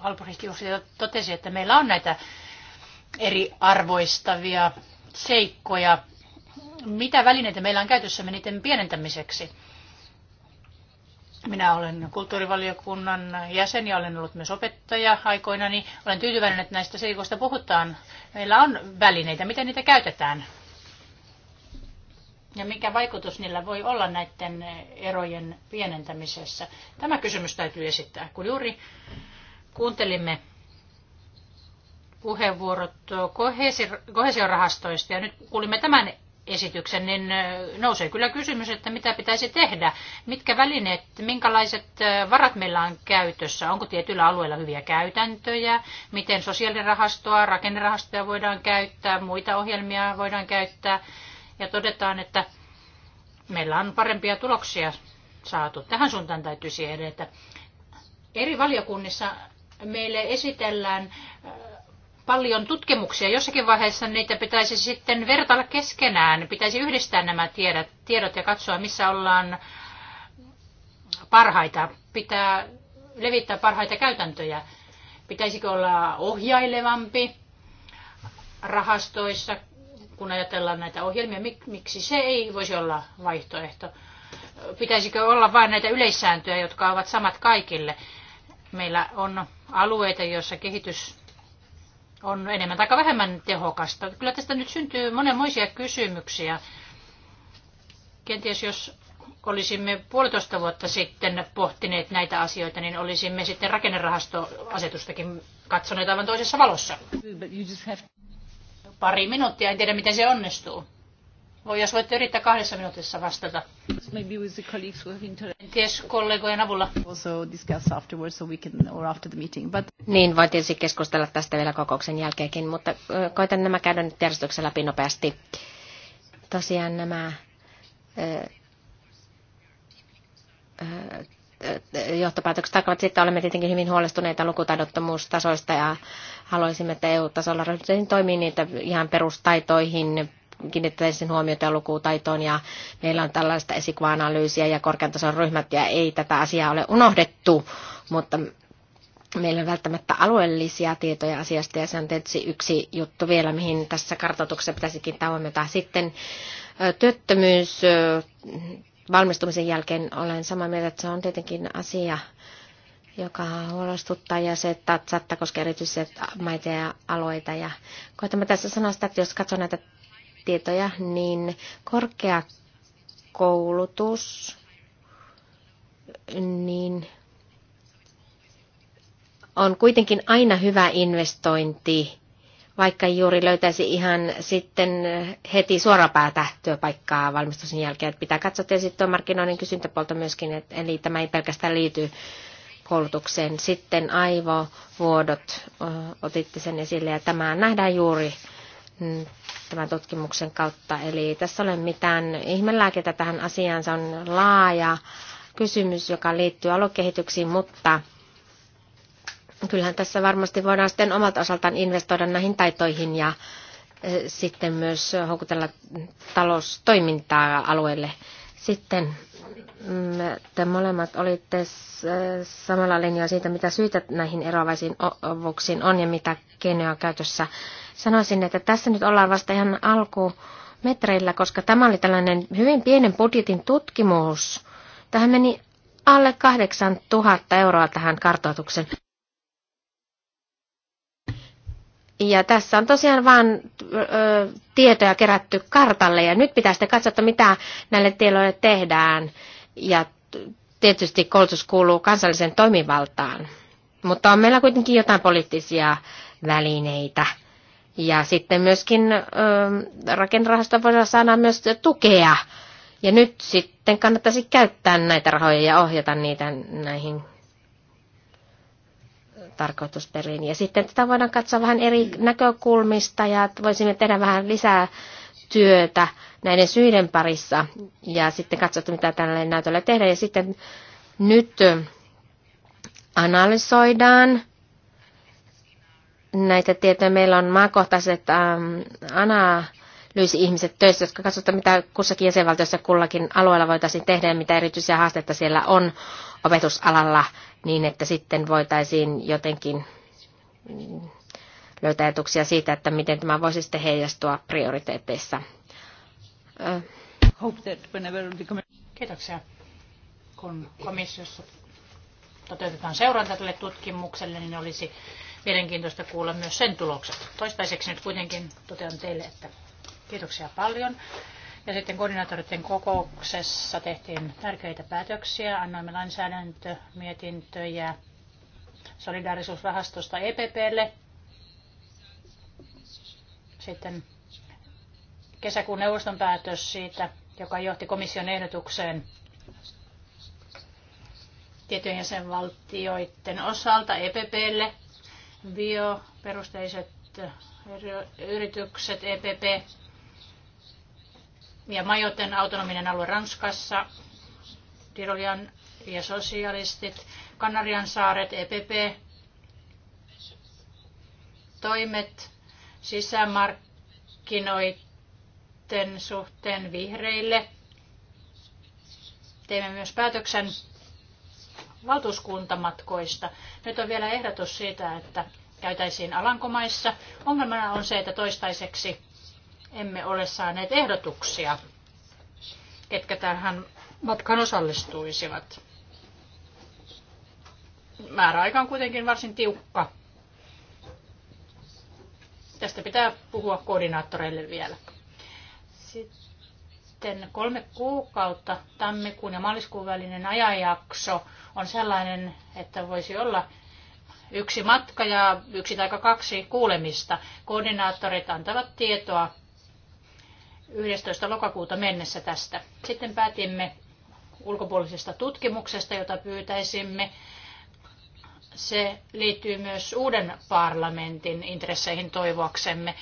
Albrecht juuri totesi, että meillä on näitä eri arvoistavia seikkoja. Mitä välineitä meillä on käytössämme niiden pienentämiseksi? Minä olen kulttuurivaliokunnan jäsen ja olen ollut myös opettaja aikoina, niin olen tyytyväinen, että näistä seikoista puhutaan. Meillä on välineitä, miten niitä käytetään? Ja mikä vaikutus niillä voi olla näiden erojen pienentämisessä? Tämä kysymys täytyy esittää, kun juuri Kuuntelimme puheenvuorot kohesiorahastoista ja nyt kuulimme tämän esityksen, niin nousee kyllä kysymys, että mitä pitäisi tehdä, mitkä välineet, minkälaiset varat meillä on käytössä, onko tietyillä alueilla hyviä käytäntöjä, miten sosiaalirahastoa, rakennerahastoja voidaan käyttää, muita ohjelmia voidaan käyttää ja todetaan, että meillä on parempia tuloksia saatu. Tähän suuntaan täytyisi edetä. Eri valiokunnissa meille esitellään äh, paljon tutkimuksia. Jossakin vaiheessa niitä pitäisi sitten vertailla keskenään. Pitäisi yhdistää nämä tiedot, tiedot ja katsoa, missä ollaan parhaita. Pitää levittää parhaita käytäntöjä. Pitäisikö olla ohjailevampi rahastoissa, kun ajatellaan näitä ohjelmia? Miksi se ei voisi olla vaihtoehto? Pitäisikö olla vain näitä yleissääntöjä, jotka ovat samat kaikille? Meillä on alueita, joissa kehitys on enemmän tai vähemmän tehokasta. Kyllä tästä nyt syntyy monenmoisia kysymyksiä. Kenties jos olisimme puolitoista vuotta sitten pohtineet näitä asioita, niin olisimme sitten rakennerahastoasetustakin katsoneet aivan toisessa valossa. Pari minuuttia, en tiedä miten se onnistuu. Voi, jos voitte yrittää kahdessa minuutissa vastata. Maybe with the colleagues who have Ties kollegojen avulla. Also discuss afterwards so we can, or after the meeting. But... Niin, voin tietysti keskustella tästä vielä kokouksen jälkeenkin, mutta koitan nämä käydä nyt järjestyksen läpi nopeasti. Tosiaan nämä johtopäätökset alkavat sitten olemme tietenkin hyvin huolestuneita lukutaidottomuustasoista ja haluaisimme, että EU-tasolla ryhdyttäisiin toimii niitä ihan perustaitoihin kiinnittäisin huomiota lukutaitoon ja meillä on tällaista esikuva-analyysiä ja korkean tason ryhmät ja ei tätä asiaa ole unohdettu, mutta meillä on välttämättä alueellisia tietoja asiasta ja se on tietysti yksi juttu vielä, mihin tässä kartoituksessa pitäisikin kiinnittää huomiota. Sitten työttömyys valmistumisen jälkeen olen samaa mieltä, että se on tietenkin asia, joka huolestuttaa ja se saattaa koskea erityisesti maita ja alueita. Ja koitamme tässä sanoa sitä, että jos katsoo näitä tietoja, niin korkeakoulutus, niin on kuitenkin aina hyvä investointi, vaikka juuri löytäisi ihan sitten heti suorapäätä työpaikkaa valmistuksen jälkeen. Että pitää katsoa tietysti työmarkkinoiden kysyntäpuolta myöskin, että, eli tämä ei pelkästään liity koulutukseen. Sitten aivovuodot, otitte sen esille, ja tämä nähdään juuri Mm, tämän tutkimuksen kautta. Eli tässä ei ole mitään ihmelääkettä tähän asiaan. Se on laaja kysymys, joka liittyy aluekehityksiin, mutta kyllähän tässä varmasti voidaan sitten omalta osaltaan investoida näihin taitoihin ja eh, sitten myös houkutella taloustoimintaa alueelle. Sitten Mm, te molemmat olitte samalla linjalla siitä, mitä syitä näihin eroavaisiin ovuksiin on ja mitä keinoja on käytössä. Sanoisin, että tässä nyt ollaan vasta ihan alkumetreillä, koska tämä oli tällainen hyvin pienen budjetin tutkimus. Tähän meni alle 8000 euroa tähän kartoitukseen. Ja tässä on tosiaan vain tietoja kerätty kartalle ja nyt pitää sitten katsoa, mitä näille tiedoille tehdään. Ja tietysti koulutus kuuluu kansalliseen toimivaltaan, mutta on meillä kuitenkin jotain poliittisia välineitä. Ja sitten myöskin ö, rakennerahasto voidaan saada myös tukea. Ja nyt sitten kannattaisi käyttää näitä rahoja ja ohjata niitä näihin tarkoitusperiin. Ja sitten tätä voidaan katsoa vähän eri näkökulmista ja voisimme tehdä vähän lisää työtä näiden syiden parissa ja sitten katsoa, mitä tälle näytölle tehdään. Ja sitten nyt analysoidaan näitä tietoja. Meillä on maakohtaiset ähm, analyysi-ihmiset töissä, jotka katsotaan, mitä kussakin jäsenvaltiossa kullakin alueella voitaisiin tehdä ja mitä erityisiä haasteita siellä on opetusalalla niin, että sitten voitaisiin jotenkin löytää ajatuksia siitä, että miten tämä voisi sitten heijastua prioriteeteissa. Kiitoksia. Kun komissiossa toteutetaan seuranta tälle tutkimukselle, niin olisi mielenkiintoista kuulla myös sen tulokset. Toistaiseksi nyt kuitenkin totean teille, että kiitoksia paljon. Ja sitten koordinaattoreiden kokouksessa tehtiin tärkeitä päätöksiä. Annoimme lainsäädäntömietintöjä solidaarisuusrahastosta EPPlle. Sitten kesäkuun neuvoston päätös siitä, joka johti komission ehdotukseen tiettyjen jäsenvaltioiden osalta EPPlle, bioperusteiset yritykset EPP ja Majoten autonominen alue Ranskassa, Tirolian ja sosialistit, Kanarian saaret, EPP, toimet sisämarkkinoiden suhteen vihreille. Teimme myös päätöksen valtuuskuntamatkoista. Nyt on vielä ehdotus siitä, että käytäisiin Alankomaissa. Ongelmana on se, että toistaiseksi emme ole saaneet ehdotuksia, ketkä tähän matkan osallistuisivat. Määräaika on kuitenkin varsin tiukka. Tästä pitää puhua koordinaattoreille vielä. Sitten kolme kuukautta tammikuun ja maaliskuun välinen ajanjakso on sellainen, että voisi olla yksi matka ja yksi tai kaksi kuulemista. Koordinaattorit antavat tietoa 11. lokakuuta mennessä tästä. Sitten päätimme ulkopuolisesta tutkimuksesta, jota pyytäisimme. Se liittyy myös uuden parlamentin intresseihin toivoaksemme.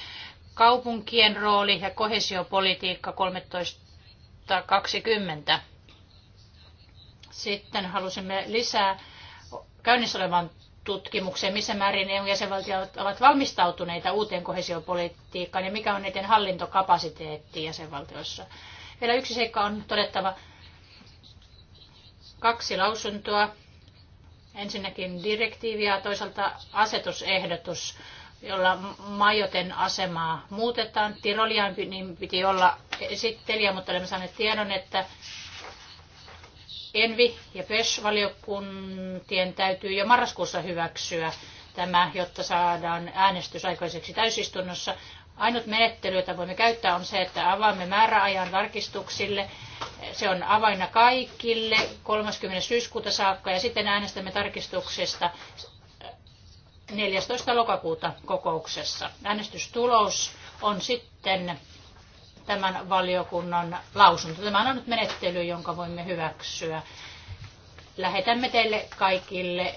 Kaupunkien rooli ja kohesiopolitiikka 13.20. Sitten halusimme lisää käynnissä olevan tutkimukseen, missä määrin EU-jäsenvaltiot ovat valmistautuneita uuteen kohesiopolitiikkaan ja mikä on niiden hallintokapasiteetti jäsenvaltioissa. Vielä yksi seikka on todettava kaksi lausuntoa. Ensinnäkin direktiivi ja toisaalta asetusehdotus, jolla majoten asemaa muutetaan. Tirolian piti olla esittelijä, mutta olemme saaneet tiedon, että Envi ja PES-valiokuntien täytyy jo marraskuussa hyväksyä tämä, jotta saadaan äänestys aikaiseksi täysistunnossa. Ainut menettely, jota voimme käyttää, on se, että avaamme määräajan tarkistuksille. Se on avaina kaikille 30. syyskuuta saakka ja sitten äänestämme tarkistuksesta 14. lokakuuta kokouksessa. Äänestystulos on sitten tämän valiokunnan lausunto. Tämä on nyt menettely, jonka voimme hyväksyä. Lähetämme teille kaikille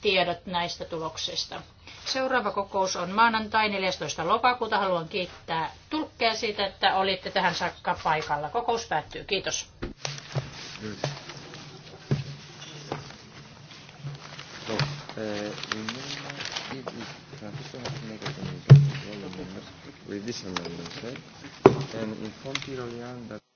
tiedot näistä tuloksista. Seuraava kokous on maanantai 14. lokakuuta. Haluan kiittää tulkkeja siitä, että olitte tähän saakka paikalla. Kokous päättyy. Kiitos. Good. So, with this amendment, okay? And inform Tirolian that